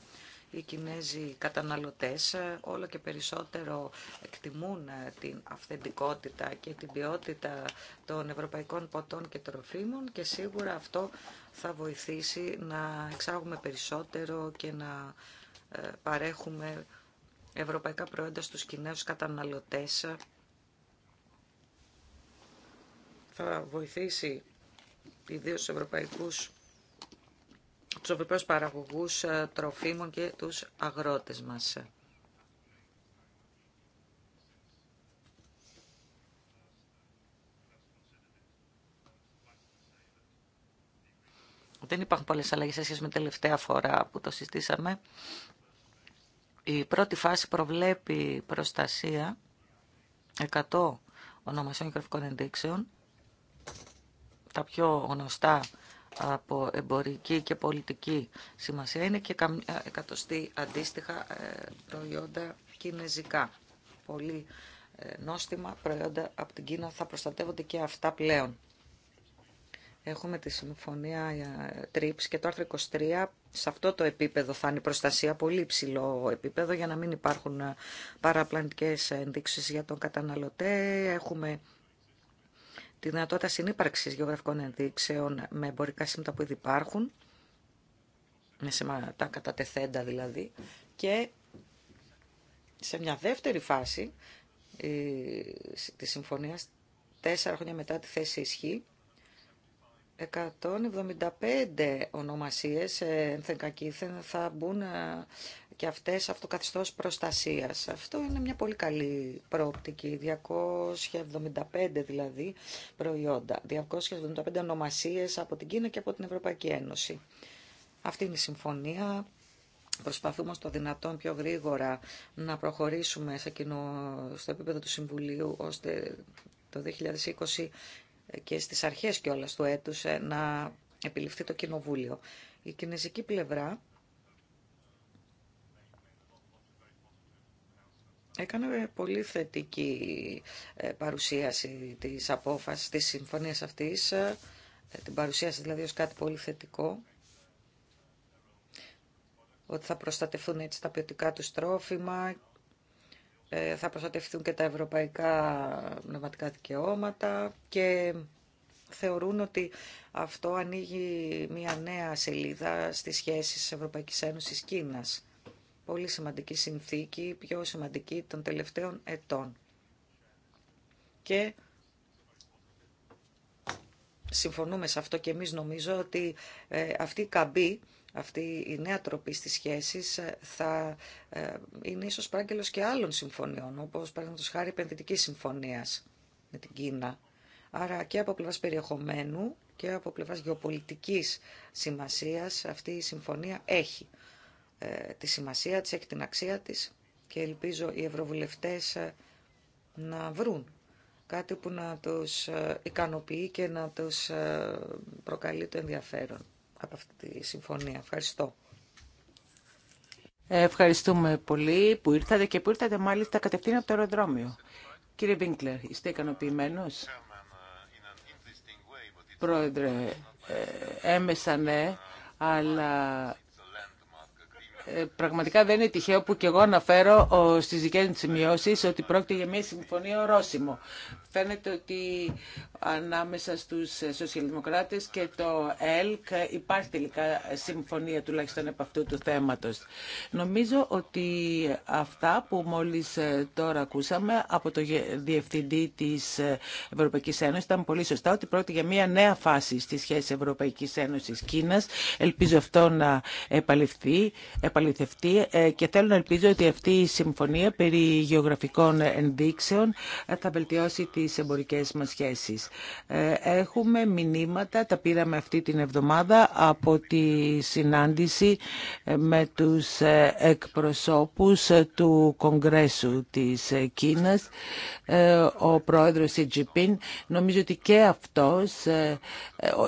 οι Κινέζοι καταναλωτές ε, όλο και περισσότερο εκτιμούν ε, την αυθεντικότητα και την ποιότητα των ευρωπαϊκών ποτών και τροφίμων και σίγουρα αυτό θα βοηθήσει να εξάγουμε περισσότερο και να ε, παρέχουμε ευρωπαϊκά προϊόντα στους Κινέζους καταναλωτές. Θα βοηθήσει ιδίως στους ευρωπαϊκούς τους ευρωπαίους παραγωγούς ε, τροφίμων και τους αγρότες μας. Δεν υπάρχουν πολλές αλλαγές σε σχέση με τελευταία φορά που το συζητήσαμε. Η πρώτη φάση προβλέπει προστασία 100 ονομασιών και γραφικών ενδείξεων. Τα πιο γνωστά από εμπορική και πολιτική σημασία είναι και ε, εκατοστή αντίστοιχα ε, προϊόντα κινέζικα. Πολύ ε, νόστιμα προϊόντα από την Κίνα θα προστατεύονται και αυτά πλέον. Έχουμε τη συμφωνία TRIPS και το άρθρο 23. Σε αυτό το επίπεδο θα είναι η προστασία, πολύ υψηλό επίπεδο, για να μην υπάρχουν παραπλανητικές ενδείξεις για τον καταναλωτέ. Έχουμε τη δυνατότητα συνύπαρξης γεωγραφικών ενδείξεων με εμπορικά σύμπτωτα που ήδη υπάρχουν, με σήματα κατατεθέντα δηλαδή, και σε μια δεύτερη φάση τη συμφωνίας, τέσσερα χρόνια μετά τη θέση ισχύ, 175 ονομασίες ε, ενθεν θα μπουν ε, και αυτές αυτοκαθιστώς προστασίας. Αυτό είναι μια πολύ καλή πρόπτικη, 275 δηλαδή προϊόντα, 275 ονομασίες από την Κίνα και από την Ευρωπαϊκή Ένωση. Αυτή είναι η συμφωνία. Προσπαθούμε στο δυνατόν πιο γρήγορα να προχωρήσουμε σε στο επίπεδο του Συμβουλίου, ώστε το 2020 και στις αρχές κιόλας του έτους ε, να επιληφθεί το Κοινοβούλιο. Η κινέζικη πλευρά έκανε πολύ θετική ε, παρουσίαση της απόφασης, της συμφωνίας αυτής, ε, την παρουσίαση δηλαδή ως κάτι πολύ θετικό, ότι θα προστατευτούν έτσι τα ποιοτικά του τρόφιμα, ε, θα προστατευτούν και τα ευρωπαϊκά πνευματικά δικαιώματα και θεωρούν ότι αυτό ανοίγει μια νέα σελίδα στις σχέσεις Ευρωπαϊκής Ένωσης Κίνας πολύ σημαντική συνθήκη, πιο σημαντική των τελευταίων ετών. Και συμφωνούμε σε αυτό και εμείς νομίζω ότι ε, αυτή η καμπή, αυτή η νέα τροπή στις σχέσεις ε, θα ε, είναι ίσως πράγκελος και άλλων συμφωνιών, όπως παραδείγματος χάρη επενδυτική συμφωνίας με την Κίνα. Άρα και από πλευράς περιεχομένου και από πλευράς γεωπολιτικής σημασίας αυτή η συμφωνία έχει ε, τη σημασία της, έχει την αξία της και ελπίζω οι ευρωβουλευτές ε, να βρουν κάτι που να τους ε, ικανοποιεί και να τους προκαλεί το ενδιαφέρον από αυτή τη συμφωνία. Ευχαριστώ. Ευχαριστούμε πολύ που ήρθατε και που ήρθατε μάλιστα κατευθείαν από το αεροδρόμιο. Κύριε Βίνκλερ, είστε ικανοποιημένο. Πρόεδρε, έμεσα ναι, αλλά ε, πραγματικά δεν είναι τυχαίο που και εγώ αναφέρω στι δικέ μου σημειώσει ότι πρόκειται για μια συμφωνία ορόσημο. Φαίνεται ότι ανάμεσα στου σοσιαλδημοκράτε και το ΕΛΚ υπάρχει τελικά συμφωνία τουλάχιστον από αυτού του θέματο. Νομίζω ότι αυτά που μόλι ε, τώρα ακούσαμε από το Διευθυντή τη ε, Ευρωπαϊκή Ένωση, ήταν πολύ σωστά ότι πρόκειται για μια νέα φάση στη σχεση Ευρωπαϊκή Ένωση Κίνα. Ελπίζω αυτό να επαληφθεί ε, και θέλω να ελπίζω ότι αυτή η συμφωνία περί γεωγραφικών ενδείξεων ε, θα βελτιώσει τις εμπορικές μας σχέσεις. Ε, έχουμε μηνύματα, τα πήραμε αυτή την εβδομάδα από τη συνάντηση με τους εκπροσώπους του Κογκρέσου της Κίνας, ο πρόεδρος Ιτζιπίν. Νομίζω ότι και αυτός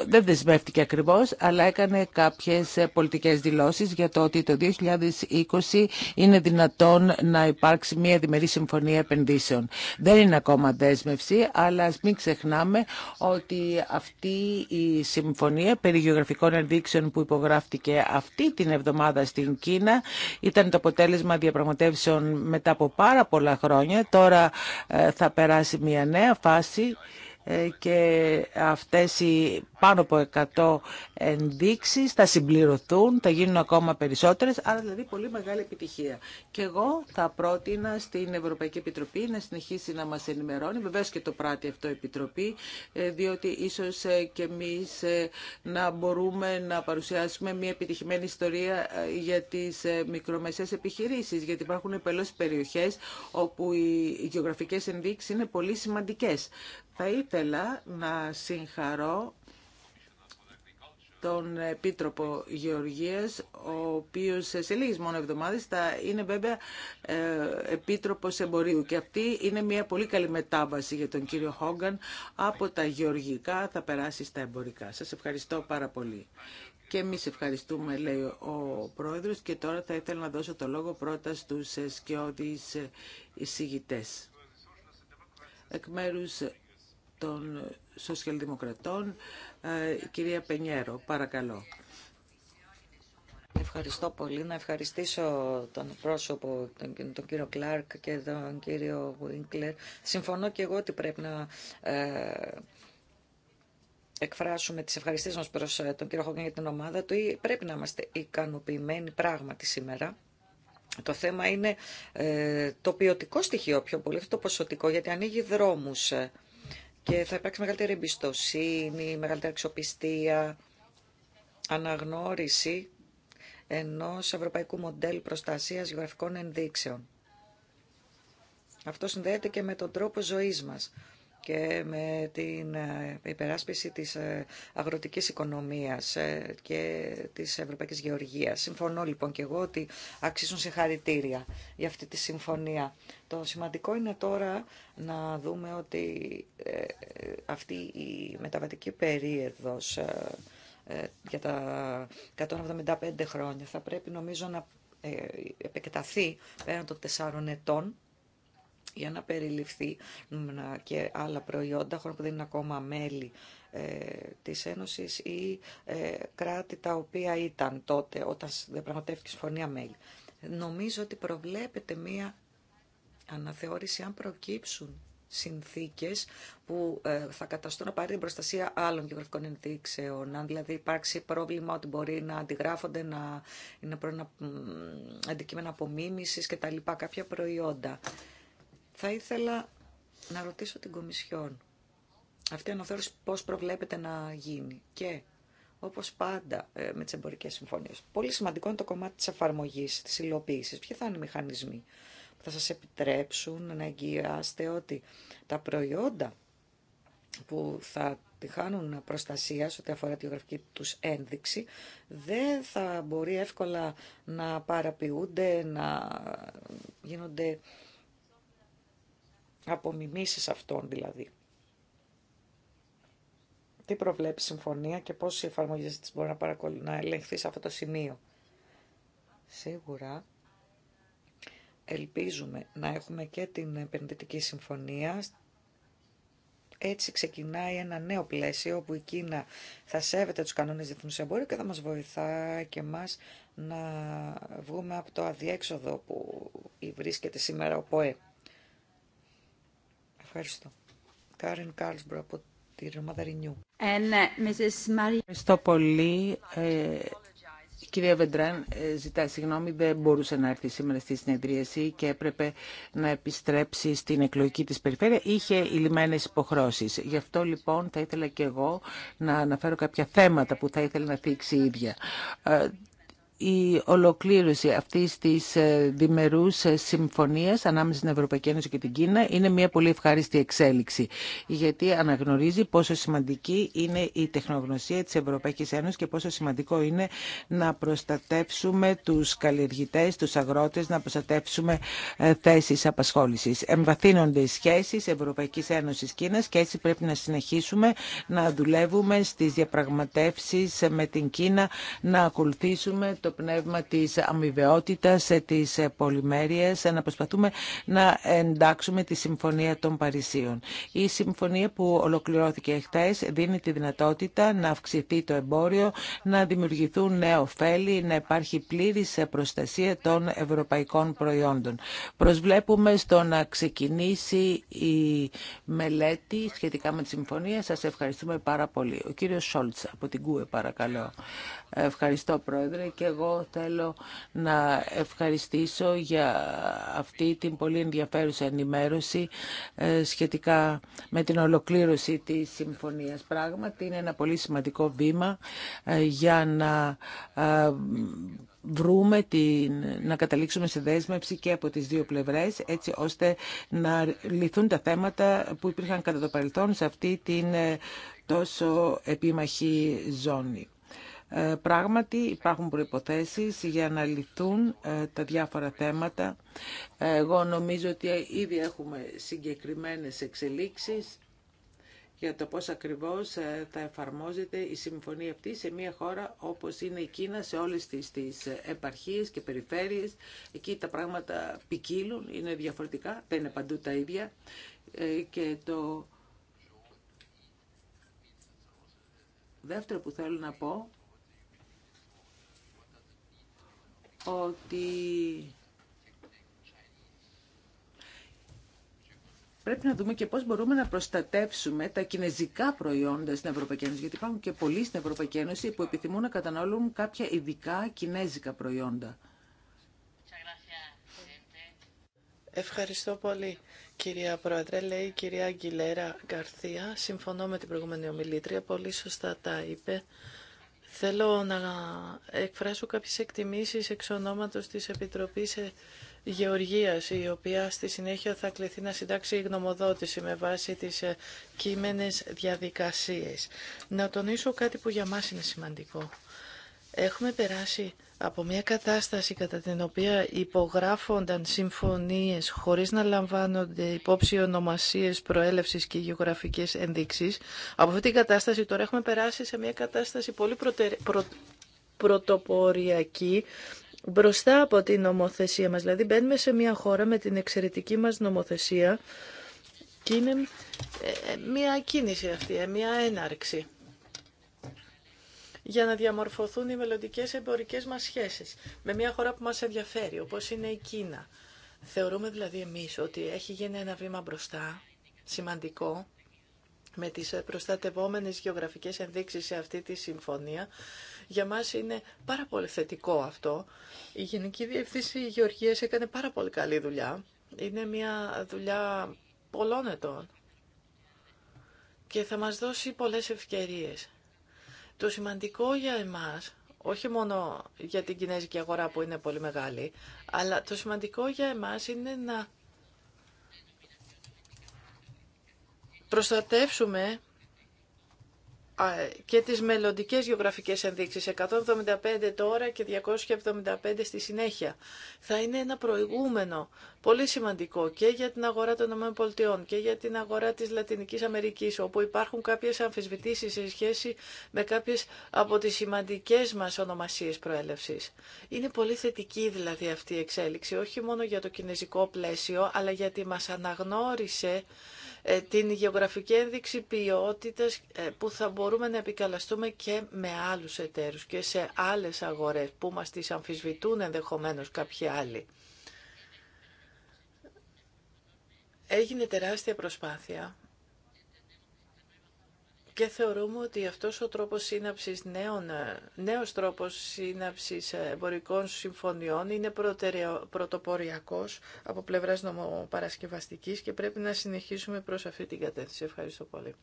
δεν δεσμεύτηκε ακριβώς, αλλά έκανε κάποιες πολιτικές δηλώσεις για το ότι το 2020 είναι δυνατόν να υπάρξει μια διμερή συμφωνία επενδύσεων. Δεν είναι ακόμα δέσμευση, αλλά ας μην ξεχνάμε ότι αυτή η συμφωνία περί γεωγραφικών ενδείξεων που υπογράφτηκε αυτή την εβδομάδα στην Κίνα ήταν το αποτέλεσμα διαπραγματεύσεων μετά από πάρα πολλά χρόνια. Τώρα ε, θα περάσει μια νέα φάση ε, και αυτές οι πάνω από 100 ενδείξεις θα συμπληρωθούν, θα γίνουν ακόμα περισσότερες, άρα δηλαδή πολύ μεγάλη επιτυχία. Και εγώ θα πρότεινα στην Ευρωπαϊκή Επιτροπή να συνεχίσει να μας ενημερώνει, βεβαίως και το πράττει αυτό η Επιτροπή, ε, διότι ίσως ε, και εμείς να μπορούμε να παρουσιάσουμε μια επιτυχημένη ιστορία για τις μικρομεσαίες επιχειρήσεις, γιατί υπάρχουν επελώς περιοχές όπου οι γεωγραφικές ενδείξεις είναι πολύ σημαντικές. Θα ήθελα να συγχαρώ τον Επίτροπο Γεωργίας, ο οποίος σε λίγες μόνο εβδομάδες θα είναι βέβαια ε, Επίτροπος Εμπορίου. Και αυτή είναι μια πολύ καλή μετάβαση για τον κύριο Χόγκαν. Από τα γεωργικά θα περάσει στα εμπορικά. Σας ευχαριστώ πάρα πολύ. Και εμείς ευχαριστούμε, λέει ο Πρόεδρος. Και τώρα θα ήθελα να δώσω το λόγο πρώτα στους σκιώδεις εισηγητές. Εκ των Σοσιαλδημοκρατών, η ε, κυρία Πενιέρο. Παρακαλώ. Ευχαριστώ πολύ. Να ευχαριστήσω τον πρόσωπο, τον, κύριο Κλάρκ και τον κύριο Βουίνκλερ. Συμφωνώ και εγώ ότι πρέπει να ε, εκφράσουμε τις ευχαριστήσεις μας προς ε, τον κύριο Χόγκεν για την ομάδα του. Ή πρέπει να είμαστε ικανοποιημένοι πράγματι σήμερα. Το θέμα είναι το ποιοτικό στοιχείο πιο πολύ, το ποσοτικό, γιατί ανοίγει δρόμους και θα υπάρξει μεγαλύτερη εμπιστοσύνη, μεγαλύτερη αξιοπιστία, αναγνώριση ενός ευρωπαϊκού μοντέλου προστασίας γεωγραφικών ενδείξεων. Αυτό συνδέεται και με τον τρόπο ζωής μας, και με την ε, υπεράσπιση της ε, αγροτικής οικονομίας ε, και της Ευρωπαϊκής Γεωργίας. Συμφωνώ λοιπόν και εγώ ότι αξίζουν συγχαρητήρια για αυτή τη συμφωνία. Το σημαντικό είναι τώρα να δούμε ότι αυτή η μεταβατική περίοδος για τα 175 χρόνια θα πρέπει νομίζω να επεκταθεί πέραν των 4 ετών για να περιληφθεί και άλλα προϊόντα, χωρίς που δεν είναι ακόμα μέλη ε, της Ένωσης ή ε, κράτη τα οποία ήταν τότε όταν διαπραγματεύτηκε η κρατη τα μέλη. Νομίζω ότι προβλέπεται μία αναθεώρηση αν προκύψουν συνθήκες που ε, θα καταστούν πάρει την προστασία άλλων γεωγραφικών ενδείξεων. Αν δηλαδή υπάρξει πρόβλημα ότι μπορεί να αντιγράφονται, να είναι αντικείμενα απομίμησης και τα λοιπά, κάποια προϊόντα. Θα ήθελα να ρωτήσω την Κομισιόν. Αυτή η αναθεώρηση πώς προβλέπεται να γίνει και όπως πάντα ε, με τις εμπορικές συμφωνίες. Πολύ σημαντικό είναι το κομμάτι της εφαρμογής, της υλοποίησης. Ποιοι θα είναι οι μηχανισμοί που θα σας επιτρέψουν να εγγυάστε ότι τα προϊόντα που θα τη χάνουν προστασία ό,τι αφορά τη γραφική τους ένδειξη, δεν θα μπορεί εύκολα να παραποιούνται, να γίνονται απομιμήσεις αυτών δηλαδή. Τι προβλέπει η συμφωνία και πώς οι εφαρμογές της μπορεί να, να ελεγχθεί σε αυτό το σημείο. Σίγουρα ελπίζουμε να έχουμε και την επενδυτική συμφωνία. Έτσι ξεκινάει ένα νέο πλαίσιο όπου η Κίνα θα σέβεται τους κανόνες διεθνούς εμπόριου και θα μας βοηθά και μας να βγούμε από το αδιέξοδο που βρίσκεται σήμερα ο ΠΟΕ. Ευχαριστώ. Κάριν Κάλσμπρο από τη Ρωμάδα Ρινιού. Uh, Ευχαριστώ πολύ. Ε, κυρία Βεντράν ε, ζητά συγγνώμη, δεν μπορούσε να έρθει σήμερα στη συνεδρίαση και έπρεπε να επιστρέψει στην εκλογική της περιφέρεια. Είχε ηλυμένες υποχρώσεις. Γι' αυτό λοιπόν θα ήθελα και εγώ να αναφέρω κάποια θέματα που θα ήθελα να θίξει η ίδια. Ε, η ολοκλήρωση αυτής της ε, διμερού ε, συμφωνίας ανάμεσα στην Ευρωπαϊκή Ένωση και την Κίνα είναι μια πολύ ευχάριστη εξέλιξη γιατί αναγνωρίζει πόσο σημαντική είναι η τεχνογνωσία τη Ευρωπαϊκή Ένωση και πόσο σημαντικό είναι να προστατεύσουμε τους καλλιεργητέ, τους αγρότες, να προστατεύσουμε ε, θέσει απασχόληση. Εμβαθύνονται οι σχέσει Ευρωπαϊκή Ένωση, Κίνα, και έτσι πρέπει να συνεχίσουμε να δουλεύουμε στι διαπραγματεύσει με την Κίνα, να ακολουθήσουμε το το πνεύμα της αμοιβαιότητας, ε, της ε, πολυμέρειας, ε, να προσπαθούμε να εντάξουμε τη Συμφωνία των Παρισίων. Η Συμφωνία που ολοκληρώθηκε χτες δίνει τη δυνατότητα να αυξηθεί το εμπόριο, να δημιουργηθούν νέα ωφέλη, να υπάρχει πλήρης προστασία των ευρωπαϊκών προϊόντων. Προσβλέπουμε στο να ξεκινήσει η μελέτη σχετικά με τη Συμφωνία. Σας ευχαριστούμε πάρα πολύ. Ο κύριος Σόλτς από την ΚΟΕ παρακαλώ. Ευχαριστώ Πρόεδρε και εγώ θέλω να ευχαριστήσω για αυτή την πολύ ενδιαφέρουσα ενημέρωση ε, σχετικά με την ολοκλήρωση της συμφωνίας. Πράγματι είναι ένα πολύ σημαντικό βήμα ε, για να ε, βρούμε την, να καταλήξουμε σε δέσμευση και από τις δύο πλευρές έτσι ώστε να λυθούν τα θέματα που υπήρχαν κατά το παρελθόν σε αυτή την τόσο επίμαχη ζώνη. Ε, πράγματι υπάρχουν προϋποθέσεις για να λυθούν ε, τα διάφορα θέματα. Ε, εγώ νομίζω ότι ήδη έχουμε συγκεκριμένες εξελίξεις για το πώς ακριβώς θα εφαρμόζεται η συμφωνία αυτή σε μια χώρα όπως είναι η Κίνα, σε όλες τις, τις επαρχίες και περιφέρειες. Εκεί τα πράγματα ποικίλουν, είναι διαφορετικά, δεν είναι παντού τα ίδια. Και το δεύτερο που θέλω να πω ότι πρέπει να δούμε και πώς μπορούμε να προστατεύσουμε τα κινέζικα προϊόντα στην Ευρωπαϊκή Ένωση, γιατί υπάρχουν και πολλοί στην Ευρωπαϊκή Ένωση που επιθυμούν να καταναλώνουν κάποια ειδικά κινέζικα προϊόντα. Ευχαριστώ πολύ, κυρία Πρόεδρε. Λέει η κυρία Αγγιλέρα Γκαρθία. Συμφωνώ με την προηγούμενη ομιλήτρια. Πολύ σωστά τα είπε. Θέλω να εκφράσω κάποιες εκτιμήσεις εξ ονόματος της Επιτροπής ε, Γεωργίας, η οποία στη συνέχεια θα κληθεί να συντάξει γνωμοδότηση με βάση τις ε, κείμενες διαδικασίες. Να τονίσω κάτι που για μας είναι σημαντικό. Έχουμε περάσει από μια κατάσταση κατά την οποία υπογράφονταν συμφωνίες χωρίς να λαμβάνονται υπόψη ονομασίες προέλευσης και γεωγραφικές ενδείξεις. Από αυτή την κατάσταση τώρα έχουμε περάσει σε μια κατάσταση πολύ πρωτοποριακή μπροστά από την νομοθεσία μας. Δηλαδή μπαίνουμε σε μια χώρα με την εξαιρετική μας νομοθεσία και είναι ε, ε, μια κίνηση αυτή, ε, μια έναρξη για να διαμορφωθούν οι μελλοντικέ εμπορικές μας σχέσεις με μια χώρα που μας ενδιαφέρει, όπως είναι η Κίνα. Θεωρούμε δηλαδή εμείς ότι έχει γίνει ένα βήμα μπροστά, σημαντικό, με τις προστατευόμενες γεωγραφικές ενδείξεις σε αυτή τη συμφωνία. Για μας είναι πάρα πολύ θετικό αυτό. Η Γενική Διευθύνση Γεωργίας έκανε πάρα πολύ καλή δουλειά. Είναι μια δουλειά πολλών ετών και θα μας δώσει πολλές ευκαιρίες. Το σημαντικό για εμάς, όχι μόνο για την κινέζικη αγορά που είναι πολύ μεγάλη, αλλά το σημαντικό για εμάς είναι να προστατεύσουμε και τις μελλοντικέ γεωγραφικές ενδείξεις, 175 τώρα και 275 στη συνέχεια. Θα είναι ένα προηγούμενο πολύ σημαντικό και για την αγορά των ΗΠΑ και για την αγορά της Λατινικής Αμερικής, όπου υπάρχουν κάποιες αμφισβητήσεις σε σχέση με κάποιες από τις σημαντικές μας ονομασίες προέλευσης. Είναι πολύ θετική δηλαδή αυτή η εξέλιξη, όχι μόνο για το κινέζικο πλαίσιο, αλλά γιατί μας αναγνώρισε ε, την γεωγραφική ένδειξη ποιότητας ε, που θα μπορούμε να επικαλαστούμε και με άλλους εταίρους και σε άλλες αγορές που μας τις αμφισβητούν ενδεχομένως κάποιοι άλλοι. Έγινε τεράστια προσπάθεια και θεωρούμε ότι αυτός ο τρόπος σύναψης νέων, ε, νέος τρόπος σύναψης ε, εμπορικών συμφωνιών είναι πρωτοποριακός από πλευράς νομοπαρασκευαστικής και πρέπει να συνεχίσουμε προς αυτή την κατεύθυνση. Ευχαριστώ πολύ.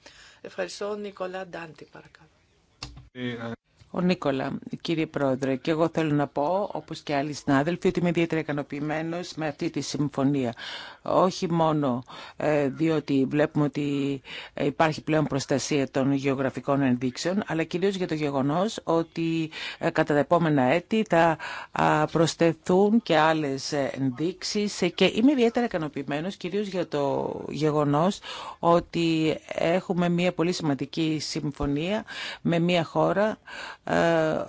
Ευχαριστώ Νικολά Ντάντι παρακαλώ. Ο Νίκολα, κύριε Πρόεδρε, και εγώ θέλω να πω, όπως και άλλοι συνάδελφοι, ότι είμαι ιδιαίτερα ικανοποιημένο με αυτή τη συμφωνία. Όχι μόνο ε, διότι βλέπουμε ότι υπάρχει πλέον προστασία των γεωγραφικών ενδείξεων, αλλά κυρίως για το γεγονός ότι ε, κατά τα επόμενα έτη θα προσθεθούν και άλλες ενδείξεις και είμαι ιδιαίτερα ικανοποιημένο κυρίως για το γεγονός ότι έχουμε μια πολύ σημαντική συμφωνία με μια χώρα ε,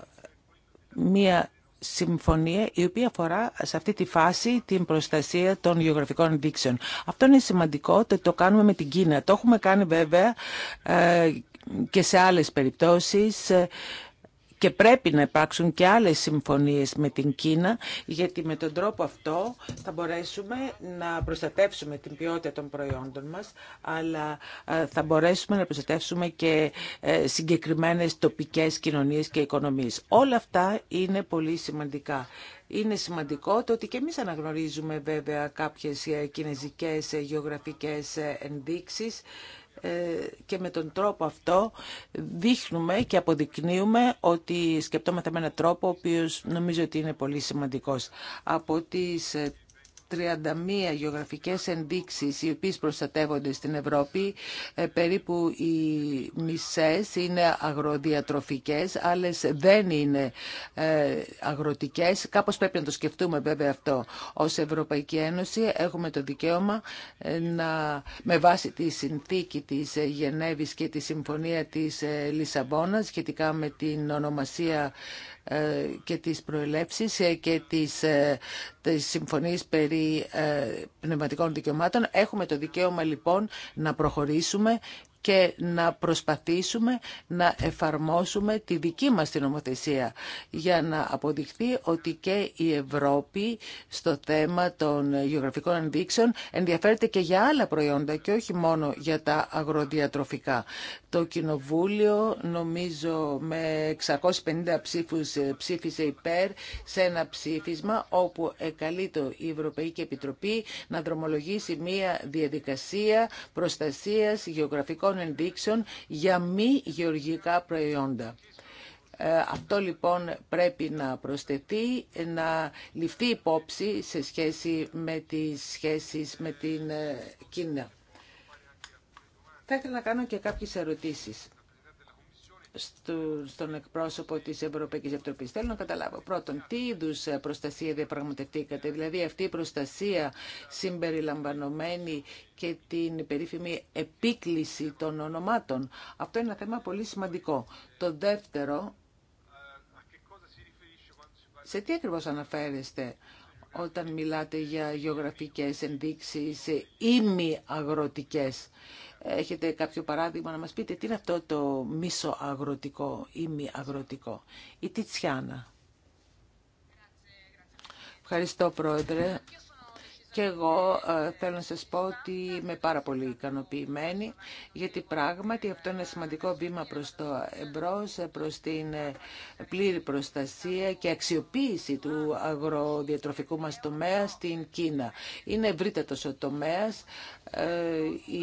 μία συμφωνία η οποία αφορά σε αυτή τη φάση την προστασία των γεωγραφικών ενδείξεων. Αυτό είναι σημαντικό ότι το κάνουμε με την Κίνα. Το έχουμε κάνει βέβαια ε, και σε άλλες περιπτώσεις ε, και πρέπει να υπάρξουν και άλλες συμφωνίες με την Κίνα γιατί με τον τρόπο αυτό θα μπορέσουμε να προστατεύσουμε την ποιότητα των προϊόντων μας αλλά ε, θα μπορέσουμε να προστατεύσουμε και ε, συγκεκριμένες τοπικές κοινωνίες και οικονομίες. Όλα αυτά είναι πολύ σημαντικά. Είναι σημαντικό το ότι και εμείς αναγνωρίζουμε βέβαια κάποιες ε, κινέζικες γεωγραφικές ενδείξεις ε, και με τον τρόπο αυτό δείχνουμε και αποδεικνύουμε ότι σκεπτόμαστε με έναν τρόπο ο οποίος νομίζω ότι είναι πολύ σημαντικός. Από τις ε, 31 γεωγραφικές ενδείξεις οι οποίες προστατεύονται στην Ευρώπη. Ε, περίπου οι μισές είναι αγροδιατροφικές, άλλες δεν είναι ε, αγροτικές. Κάπως πρέπει να το σκεφτούμε βέβαια αυτό. Ως Ευρωπαϊκή Ένωση έχουμε το δικαίωμα ε, να, με βάση τη συνθήκη της Γενέβης και τη Συμφωνία της Λισαβόνας σχετικά με την ονομασία ε, και τις προελεύσεις ε, και τις, ε, τις συμφωνίες περί πνευματικών δικαιωμάτων. Έχουμε το δικαίωμα λοιπόν να προχωρήσουμε και να προσπαθήσουμε να εφαρμόσουμε τη δική μας την νομοθεσία για να αποδειχθεί ότι και η Ευρώπη στο θέμα των γεωγραφικών ενδείξεων ενδιαφέρεται και για άλλα προϊόντα και όχι μόνο για τα αγροδιατροφικά. Το Κοινοβούλιο νομίζω με 650 ψήφους ε, ψήφισε υπέρ σε ένα ψήφισμα όπου καλεί η Ευρωπαϊκή Επιτροπή να δρομολογήσει μία διαδικασία προστασίας γεωγραφικών ενδείξεων για μη γεωργικά προϊόντα. Ε, αυτό λοιπόν πρέπει να προσθεθεί, να ληφθεί υπόψη σε σχέση με τις σχέσεις με την ε, Κίνα. Θα ήθελα να κάνω και κάποιες ερωτήσεις στον εκπρόσωπο τη Ευρωπαϊκή Επιτροπής. Θέλω να καταλάβω πρώτον τι είδου προστασία διαπραγματευτήκατε, δηλαδή αυτή η προστασία συμπεριλαμβανομένη και την περίφημη επίκληση των ονομάτων. Αυτό είναι ένα θέμα πολύ σημαντικό. Το δεύτερο, σε τι ακριβώ αναφέρεστε όταν μιλάτε για γεωγραφικές ενδείξεις ή μη αγροτικές. Έχετε κάποιο παράδειγμα να μας πείτε τι είναι αυτό το μίσο αγροτικό ή μη αγροτικό. Η Τιτσιάνα. Ευχαριστώ Πρόεδρε. Και εγώ ε, θέλω να σας πω ότι είμαι πάρα πολύ ικανοποιημένη, γιατί πράγματι αυτό είναι σημαντικό βήμα προς το εμπρό, προς την ε, πλήρη προστασία και αξιοποίηση του αγροδιατροφικού μας τομέα στην Κίνα. Είναι ευρύτατος ο τομέας, ε,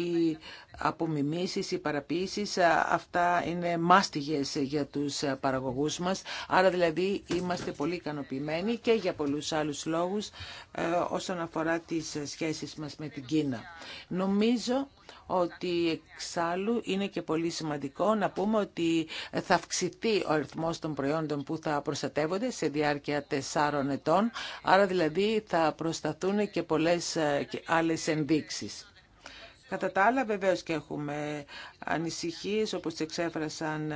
οι απομιμήσεις, οι παραποίησεις, ε, αυτά είναι μάστιγες για τους ε, παραγωγούς μας. Άρα δηλαδή είμαστε πολύ ικανοποιημένοι και για πολλούς άλλους λόγους ε, όσον αφορά τις σχέσεις μας με την Κίνα. Νομίζω ότι εξάλλου είναι και πολύ σημαντικό να πούμε ότι θα αυξηθεί ο αριθμό των προϊόντων που θα προστατεύονται σε διάρκεια τεσσάρων ετών, άρα δηλαδή θα προσταθούν και πολλές ε, άλλες ενδείξεις. Κατά τα άλλα βεβαίως και έχουμε ανησυχίες όπως τις εξέφρασαν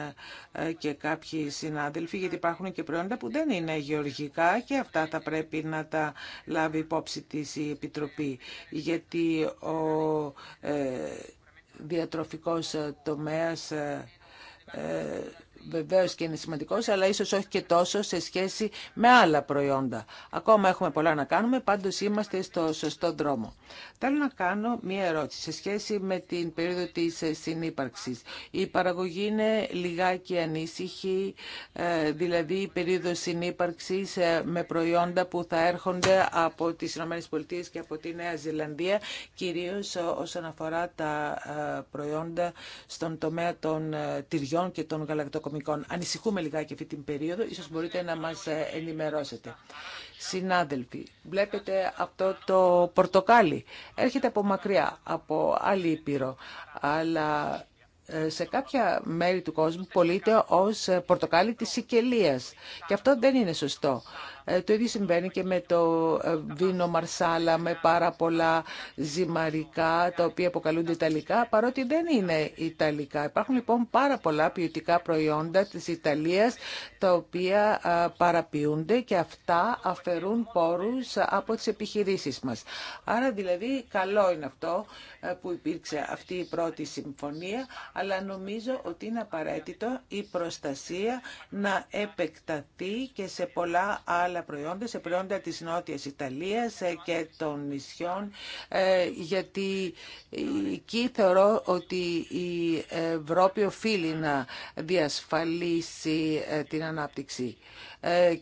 ε, και κάποιοι συνάδελφοι γιατί υπάρχουν και προϊόντα που δεν είναι γεωργικά και αυτά θα πρέπει να τα λάβει υπόψη της η Επιτροπή γιατί ο ε, διατροφικός τομέας ε, Βεβαίω και είναι σημαντικό, αλλά ίσω όχι και τόσο σε σχέση με άλλα προϊόντα. Ακόμα έχουμε πολλά να κάνουμε, πάντω είμαστε στο σωστό δρόμο. Θέλω να κάνω μία ερώτηση σε σχέση με την περίοδο τη συνύπαρξη. Η παραγωγή είναι λιγάκι ανήσυχη, ε, δηλαδή η περίοδο συνύπαρξη ε, με προϊόντα που θα έρχονται από τι ΗΠΑ και από τη Νέα Ζηλανδία, κυρίω όσον αφορά τα ε, προϊόντα στον τομέα των τυριών και των γαλακτοκομικών κομικών. Ανησυχούμε λιγάκι αυτή την περίοδο, ίσως μπορείτε να μας ενημερώσετε. Συνάδελφοι, βλέπετε αυτό το πορτοκάλι. Έρχεται από μακριά, από άλλη ήπειρο, αλλά ε, σε κάποια μέρη του κόσμου πωλείται ως πορτοκάλι της Σικελίας. Και αυτό δεν είναι σωστό. Ε, το ίδιο συμβαίνει και με το ε, βίνο μαρσάλα με πάρα πολλά ζυμαρικά τα οποία αποκαλούνται Ιταλικά παρότι δεν είναι Ιταλικά. Υπάρχουν λοιπόν πάρα πολλά ποιοτικά προϊόντα της Ιταλίας τα οποία ε, παραποιούνται και αυτά αφαιρούν πόρους από τις επιχειρήσεις μας. Άρα δηλαδή καλό είναι αυτό που υπήρξε αυτή η πρώτη συμφωνία αλλά νομίζω ότι είναι απαραίτητο η προστασία να επεκταθεί και σε πολλά άλλα προϊόντα, σε προϊόντα της Νότιας Ιταλίας ε, και των νησιών, ε, γιατί εκεί θεωρώ ότι η Ευρώπη οφείλει να διασφαλίσει ε, την ανάπτυξη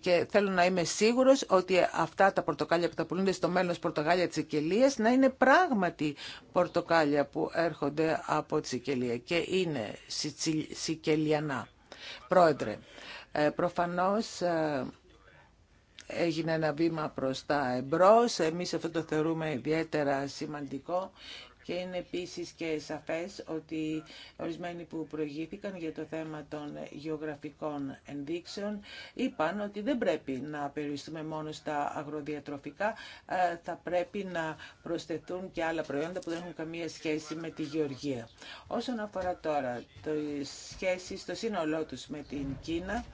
και θέλω να είμαι σίγουρος ότι αυτά τα πορτοκάλια που θα πουλούνται στο μέλλον ως πορτοκάλια της Σικελίας να είναι πράγματι πορτοκάλια που έρχονται από τη Σικελία και είναι Σικελιανά. Πρόεδρε, προφανώς έγινε ένα βήμα προς τα εμπρός. Εμείς αυτό το θεωρούμε ιδιαίτερα σημαντικό και είναι επίσης και σαφές ότι ορισμένοι που προηγήθηκαν για το θέμα των γεωγραφικών ενδείξεων είπαν ότι δεν πρέπει να περιοριστούμε μόνο στα αγροδιατροφικά, ε, θα πρέπει να προσθεθούν και άλλα προϊόντα που δεν έχουν καμία σχέση με τη γεωργία. Όσον αφορά τώρα το σχέση στο σύνολό τους με την Κίνα,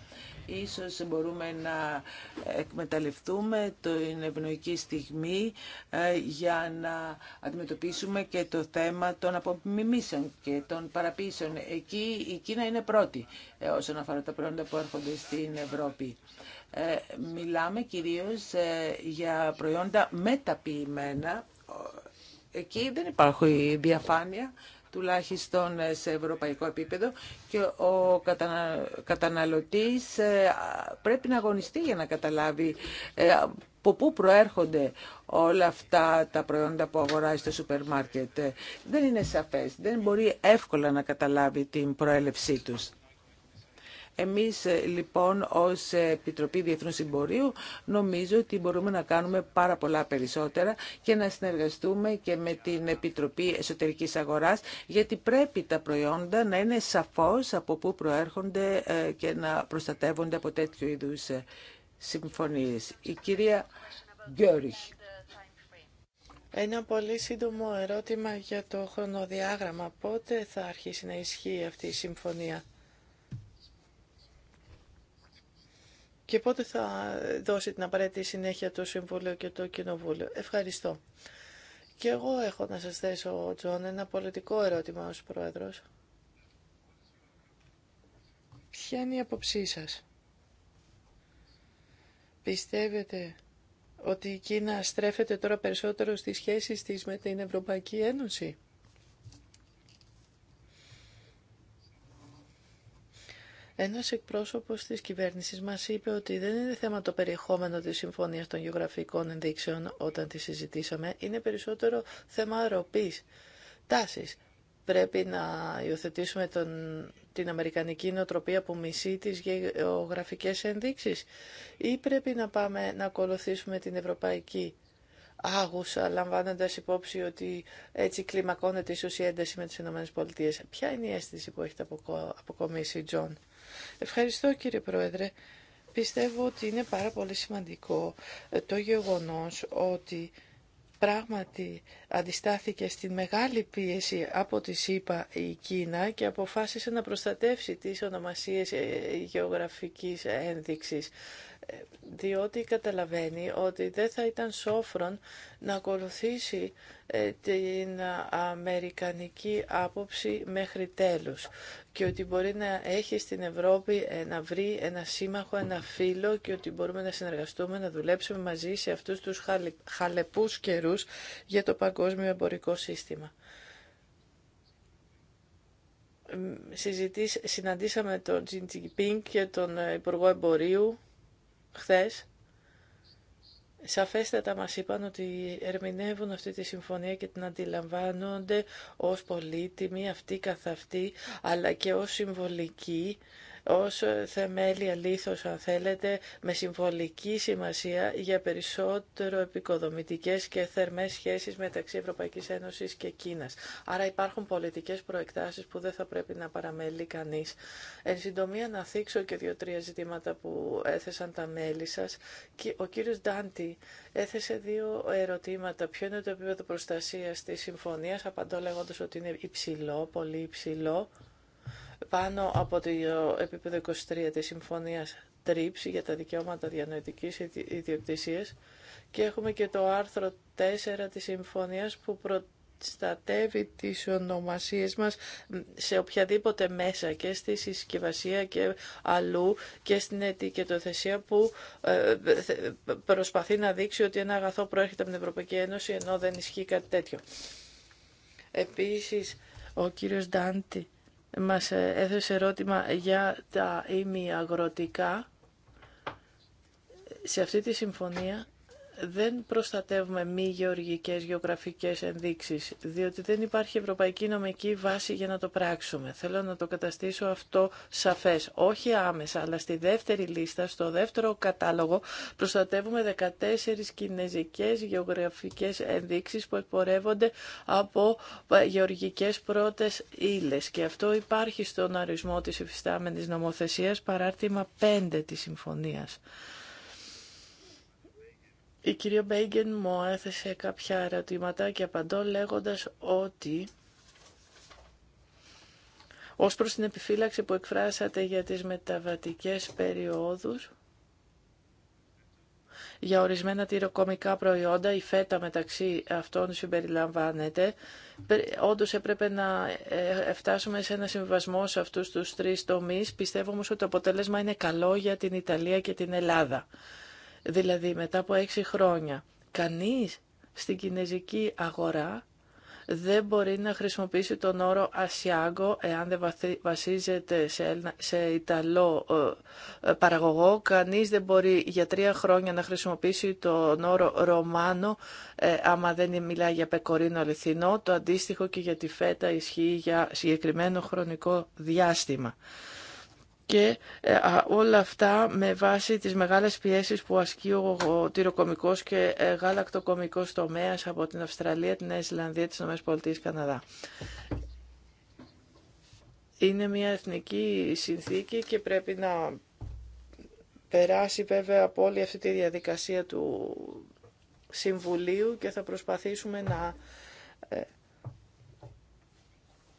Ίσως μπορούμε να εκμεταλλευτούμε την ευνοϊκή στιγμή ε, για να αντιμετωπίσουμε και το θέμα των απομιμήσεων και των παραποίησεων. Εκεί η Κίνα είναι πρώτη ε, όσον αφορά τα προϊόντα που έρχονται στην Ευρώπη. Ε, μιλάμε κυρίως για προϊόντα μεταποιημένα. Εκεί δεν υπάρχει διαφάνεια τουλάχιστον σε ευρωπαϊκό επίπεδο και ο καταναλωτής ε, πρέπει να αγωνιστεί για να καταλάβει ε, από πού προέρχονται όλα αυτά τα προϊόντα που αγοράζει στο σούπερ μάρκετ. Δεν είναι σαφές, δεν μπορεί εύκολα να καταλάβει την προέλευσή τους. Εμείς ε, λοιπόν ως Επιτροπή Διεθνούς Συμπορίου νομίζω ότι μπορούμε να κάνουμε πάρα πολλά περισσότερα και να συνεργαστούμε και με την Επιτροπή Εσωτερικής Αγοράς γιατί πρέπει τα προϊόντα να είναι σαφώς από πού προέρχονται ε, και να προστατεύονται από τέτοιου είδους ε, συμφωνίες. Η κυρία Γκιόριχ. Ένα πολύ σύντομο ερώτημα για το χρονοδιάγραμμα. Πότε θα αρχίσει να ισχύει αυτή η συμφωνία. και πότε θα δώσει την απαραίτητη συνέχεια το Συμβούλιο και το Κοινοβούλιο. Ευχαριστώ. Και εγώ έχω να σας θέσω, Τζον, ένα πολιτικό ερώτημα ως Πρόεδρος. Ποια είναι η αποψή σας. Πιστεύετε ότι η Κίνα στρέφεται τώρα περισσότερο στις σχέσεις της με την Ευρωπαϊκή Ένωση. Ένα εκπρόσωπο τη κυβέρνηση μα είπε ότι δεν είναι θέμα το περιεχόμενο τη συμφωνία των Γεωγραφικών Ενδείξεων όταν τη συζητήσαμε, είναι περισσότερο θέμα ροπή τάση. Πρέπει να υιοθετήσουμε την αμερικανική νοοτροπία που μισεί τι γεωγραφικέ ενδείξει. Ή πρέπει να πάμε να ακολουθήσουμε την Ευρωπαϊκή Άγου, α λαμβάνοντα υπόψη ότι έτσι κλιμακόνεται ίσω η ένταση με τι ΗΠΑ. Ποια είναι η αίσθηση που έχετε αποκομίσει, Τζον. Ευχαριστώ κύριε Πρόεδρε. Πιστεύω ότι είναι πάρα πολύ σημαντικό ε, το γεγονός ότι πράγματι αντιστάθηκε στην μεγάλη πίεση από τη ΣΥΠΑ η Κίνα και αποφάσισε να προστατεύσει τις ονομασίες ε, γεωγραφικής ένδειξης διότι καταλαβαίνει ότι δεν θα ήταν σόφρον να ακολουθήσει ε, την αμερικανική άποψη μέχρι τέλους και ότι μπορεί να έχει στην Ευρώπη ε, να βρει ένα σύμμαχο, ένα φίλο και ότι μπορούμε να συνεργαστούμε, να δουλέψουμε μαζί σε αυτούς τους χαλεπούς καιρούς για το παγκόσμιο εμπορικό σύστημα. Συναντήσαμε τον Τζιντζιπίνγκ και τον ε, Υπουργό Εμπορίου χθες σαφέστατα μας είπαν ότι ερμηνεύουν αυτή τη συμφωνία και την αντιλαμβάνονται ως πολύτιμη αυτή καθ' αυτή, αλλά και ως συμβολική ως θεμέλια λίθος αν θέλετε με συμβολική σημασία για περισσότερο επικοδομητικές και θερμές σχέσεις μεταξύ Ευρωπαϊκής Ένωσης και Κίνας. Άρα υπάρχουν πολιτικές προεκτάσεις που δεν θα πρέπει να παραμελεί κανείς. Εν συντομία να θίξω και δύο-τρία ζητήματα που έθεσαν τα μέλη σας. Ο κύριος Ντάντι έθεσε δύο ερωτήματα. Ποιο είναι το επίπεδο προστασίας της συμφωνίας, απαντώ λέγοντας ότι είναι υψηλό, πολύ υψηλό πάνω από το επίπεδο 23 της Συμφωνίας TRIPS για τα δικαιώματα διανοητικής ιδιοκτησίας και έχουμε και το άρθρο 4 της Συμφωνίας που προστατεύει τις ονομασίες μας σε οποιαδήποτε μέσα και στη συσκευασία και αλλού και στην ετικετοθεσία που ε, προσπαθεί να δείξει ότι ένα αγαθό προέρχεται από την Ευρωπαϊκή Ένωση ενώ δεν ισχύει κάτι τέτοιο. Επίσης, ο κύριος Ντάντι μας ε, έθεσε ερώτημα για τα ημιαγροτικά. Σε αυτή τη συμφωνία δεν προστατεύουμε μη γεωργικές γεωγραφικές ενδείξεις, διότι δεν υπάρχει ευρωπαϊκή νομική βάση για να το πράξουμε. Θέλω να το καταστήσω αυτό σαφές. Όχι άμεσα, αλλά στη δεύτερη λίστα, στο δεύτερο κατάλογο, προστατεύουμε 14 κινέζικες γεωγραφικές ενδείξεις που εκπορεύονται από ε, γεωργικές πρώτες ύλες. Και αυτό υπάρχει στον αρισμό της υφιστάμενης νομοθεσίας, παράρτημα 5 της συμφωνίας. Η κυρία Μπέγγεν μου έθεσε κάποια ερωτήματα και απαντώ λέγοντας ότι ως προς την επιφύλαξη που εκφράσατε για τις μεταβατικές περιόδους, για ορισμένα τυροκομικά προϊόντα, η φέτα μεταξύ αυτών συμπεριλαμβάνεται. Όντως έπρεπε να ε, φτάσουμε σε ένα συμβασμό σε αυτούς τους τρεις τομείς. Πιστεύω όμως ότι το αποτέλεσμα είναι καλό για την Ιταλία και την Ελλάδα. Δηλαδή μετά από έξι χρόνια κανείς στην κινέζικη αγορά δεν μπορεί να χρησιμοποιήσει τον όρο Ασιάγκο εάν δεν βασίζεται σε Ιταλό ε, ε, παραγωγό. Κανείς δεν μπορεί για τρία χρόνια να χρησιμοποιήσει τον όρο Ρωμάνο ε, άμα δεν μιλάει για πεκορίνο αληθινό. Το αντίστοιχο και για τη φέτα ισχύει για συγκεκριμένο χρονικό διάστημα και ε, όλα αυτά με βάση τις μεγάλες πιέσεις που ασκεί ο τυροκομικός και ε, γάλακτοκομικός τομέας από την Αυστραλία, την Νέα Ισλανδία, τις ΗΠΑ, Καναδά. Είναι μια εθνική συνθήκη και πρέπει να περάσει βέβαια από όλη αυτή τη διαδικασία του Συμβουλίου και θα προσπαθήσουμε να ε,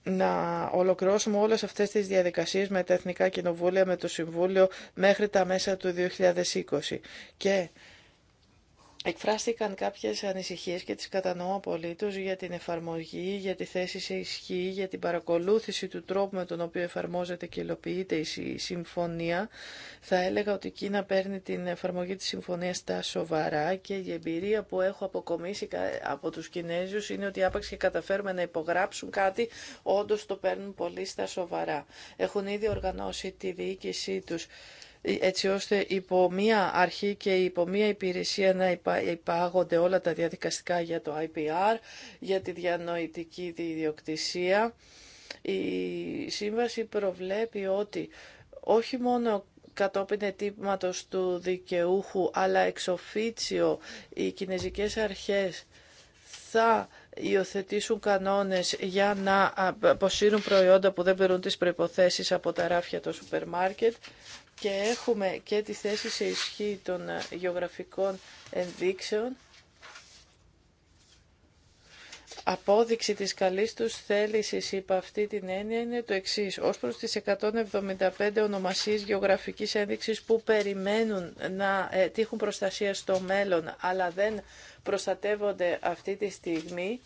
να ολοκληρώσουμε όλες αυτές τις διαδικασίες με τα Εθνικά Κοινοβούλια, με το Συμβούλιο μέχρι τα μέσα του 2020. Και Εκφράστηκαν κάποιες ανησυχίες και τις κατανοώ απολύτως για την εφαρμογή, για τη θέση σε ισχύ, για την παρακολούθηση του τρόπου με τον οποίο εφαρμόζεται και υλοποιείται η συμφωνία. Θα έλεγα ότι η Κίνα παίρνει την εφαρμογή της συμφωνίας στα σοβαρά και η εμπειρία που έχω αποκομίσει από τους Κινέζους είναι ότι άπαξ και καταφέρουμε να υπογράψουν κάτι, όντως το παίρνουν πολύ στα σοβαρά. Έχουν ήδη οργανώσει τη διοίκησή τους έτσι ώστε υπό μία αρχή και υπό μία υπηρεσία να υπάγονται όλα τα διαδικαστικά για το IPR, για τη διανοητική ιδιοκτησία. Η σύμβαση προβλέπει ότι όχι μόνο κατόπιν ετύπηματος του δικαιούχου, αλλά εξοφίτσιο οι κινέζικες αρχές θα υιοθετήσουν κανόνες για να αποσύρουν προϊόντα που δεν περνούν τις προϋποθέσεις από τα ράφια των σούπερ μάρκετ και έχουμε και τη θέση σε ισχύ των ε, γεωγραφικών ενδείξεων Απόδειξη της καλής τους θέλησης υπ' αυτή την έννοια είναι το εξής. Ως προς τις 175 ονομασίες γεωγραφικής ένδειξης που περιμένουν να ε, τύχουν προστασία στο μέλλον αλλά δεν προστατεύονται αυτή τη στιγμή,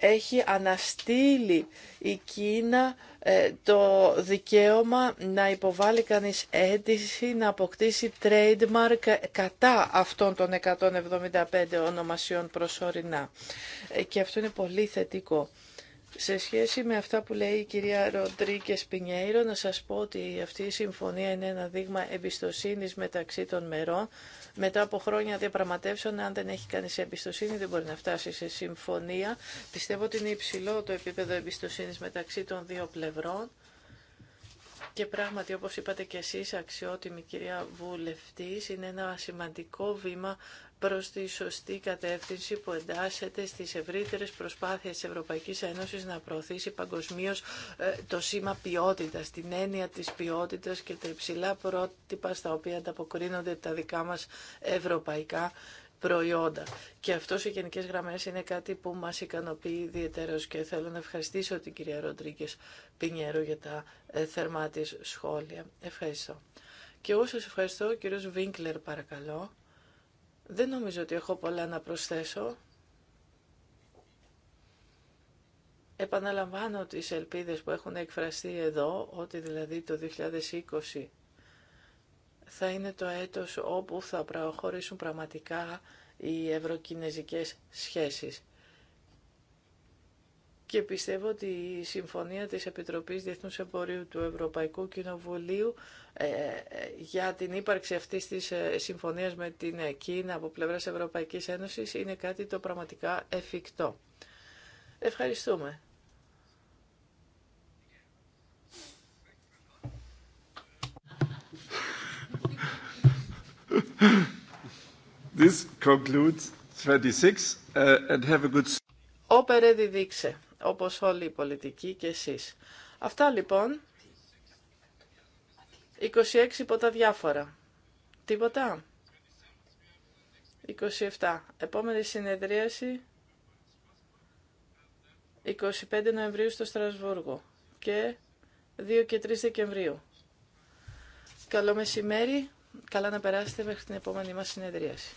έχει αναστείλει η Κίνα ε, το δικαίωμα να υποβάλει κανείς αίτηση να αποκτήσει trademark κατά αυτών των 175 ονομασιών προσωρινά. Ε, και αυτό είναι πολύ θετικό. Σε σχέση με αυτά που λέει η κυρία Ροντρίκε Πινιέιρο, να σας πω ότι αυτή η συμφωνία είναι ένα δείγμα εμπιστοσύνης μεταξύ των μερών μετά από χρόνια διαπραγματεύσεων, αν δεν έχει κανεί εμπιστοσύνη, δεν μπορεί να φτάσει σε συμφωνία. Πιστεύω ότι είναι υψηλό το επίπεδο εμπιστοσύνη μεταξύ των δύο πλευρών. Και πράγματι, όπως είπατε και εσείς, αξιότιμη κυρία Βουλευτής, είναι ένα σημαντικό βήμα προς τη σωστή κατεύθυνση που εντάσσεται στις ευρύτερες προσπάθειες της Ευρωπαϊκής Ένωσης να προωθήσει παγκοσμίω ε, το σήμα ποιότητας, την έννοια της ποιότητας και τα υψηλά πρότυπα στα οποία ανταποκρίνονται τα δικά μας ευρωπαϊκά προϊόντα. Και αυτό σε γενικές γραμμές είναι κάτι που μας ικανοποιεί ιδιαιτέρως και θέλω να ευχαριστήσω την κυρία Ροντρίγκε Πινιέρο για τα ε, θερμά της σχόλια. Ευχαριστώ. Και εγώ σας ευχαριστώ, κύριος Βίνκλερ παρακαλώ. Δεν νομίζω ότι έχω πολλά να προσθέσω. Επαναλαμβάνω τις ελπίδες που έχουν εκφραστεί εδώ, ότι δηλαδή το 2020 θα είναι το έτος όπου θα προχωρήσουν πραγματικά οι ευρωκινέζικες σχέσεις. Και πιστεύω ότι η συμφωνία της Επιτροπής Διεθνούς Εμπορίου του Ευρωπαϊκού Κοινοβουλίου ε, για την ύπαρξη αυτής της ε, συμφωνίας με την Κίνα από πλευράς Ευρωπαϊκής Ένωσης είναι κάτι το πραγματικά εφικτό. Ευχαριστούμε. This concludes 26 uh, and have a good... Όπερε διδείξε, όπως όλοι οι πολιτικοί και εσείς. Αυτά λοιπόν. 26 ποτά διάφορα. Τίποτα. 27. Επόμενη συνεδρίαση 25 Νοεμβρίου στο Στρασβούργο και 2 και 3 Δεκεμβρίου. Καλό μεσημέρι. Καλά να περάσετε μέχρι την επόμενη μας συνεδρίαση.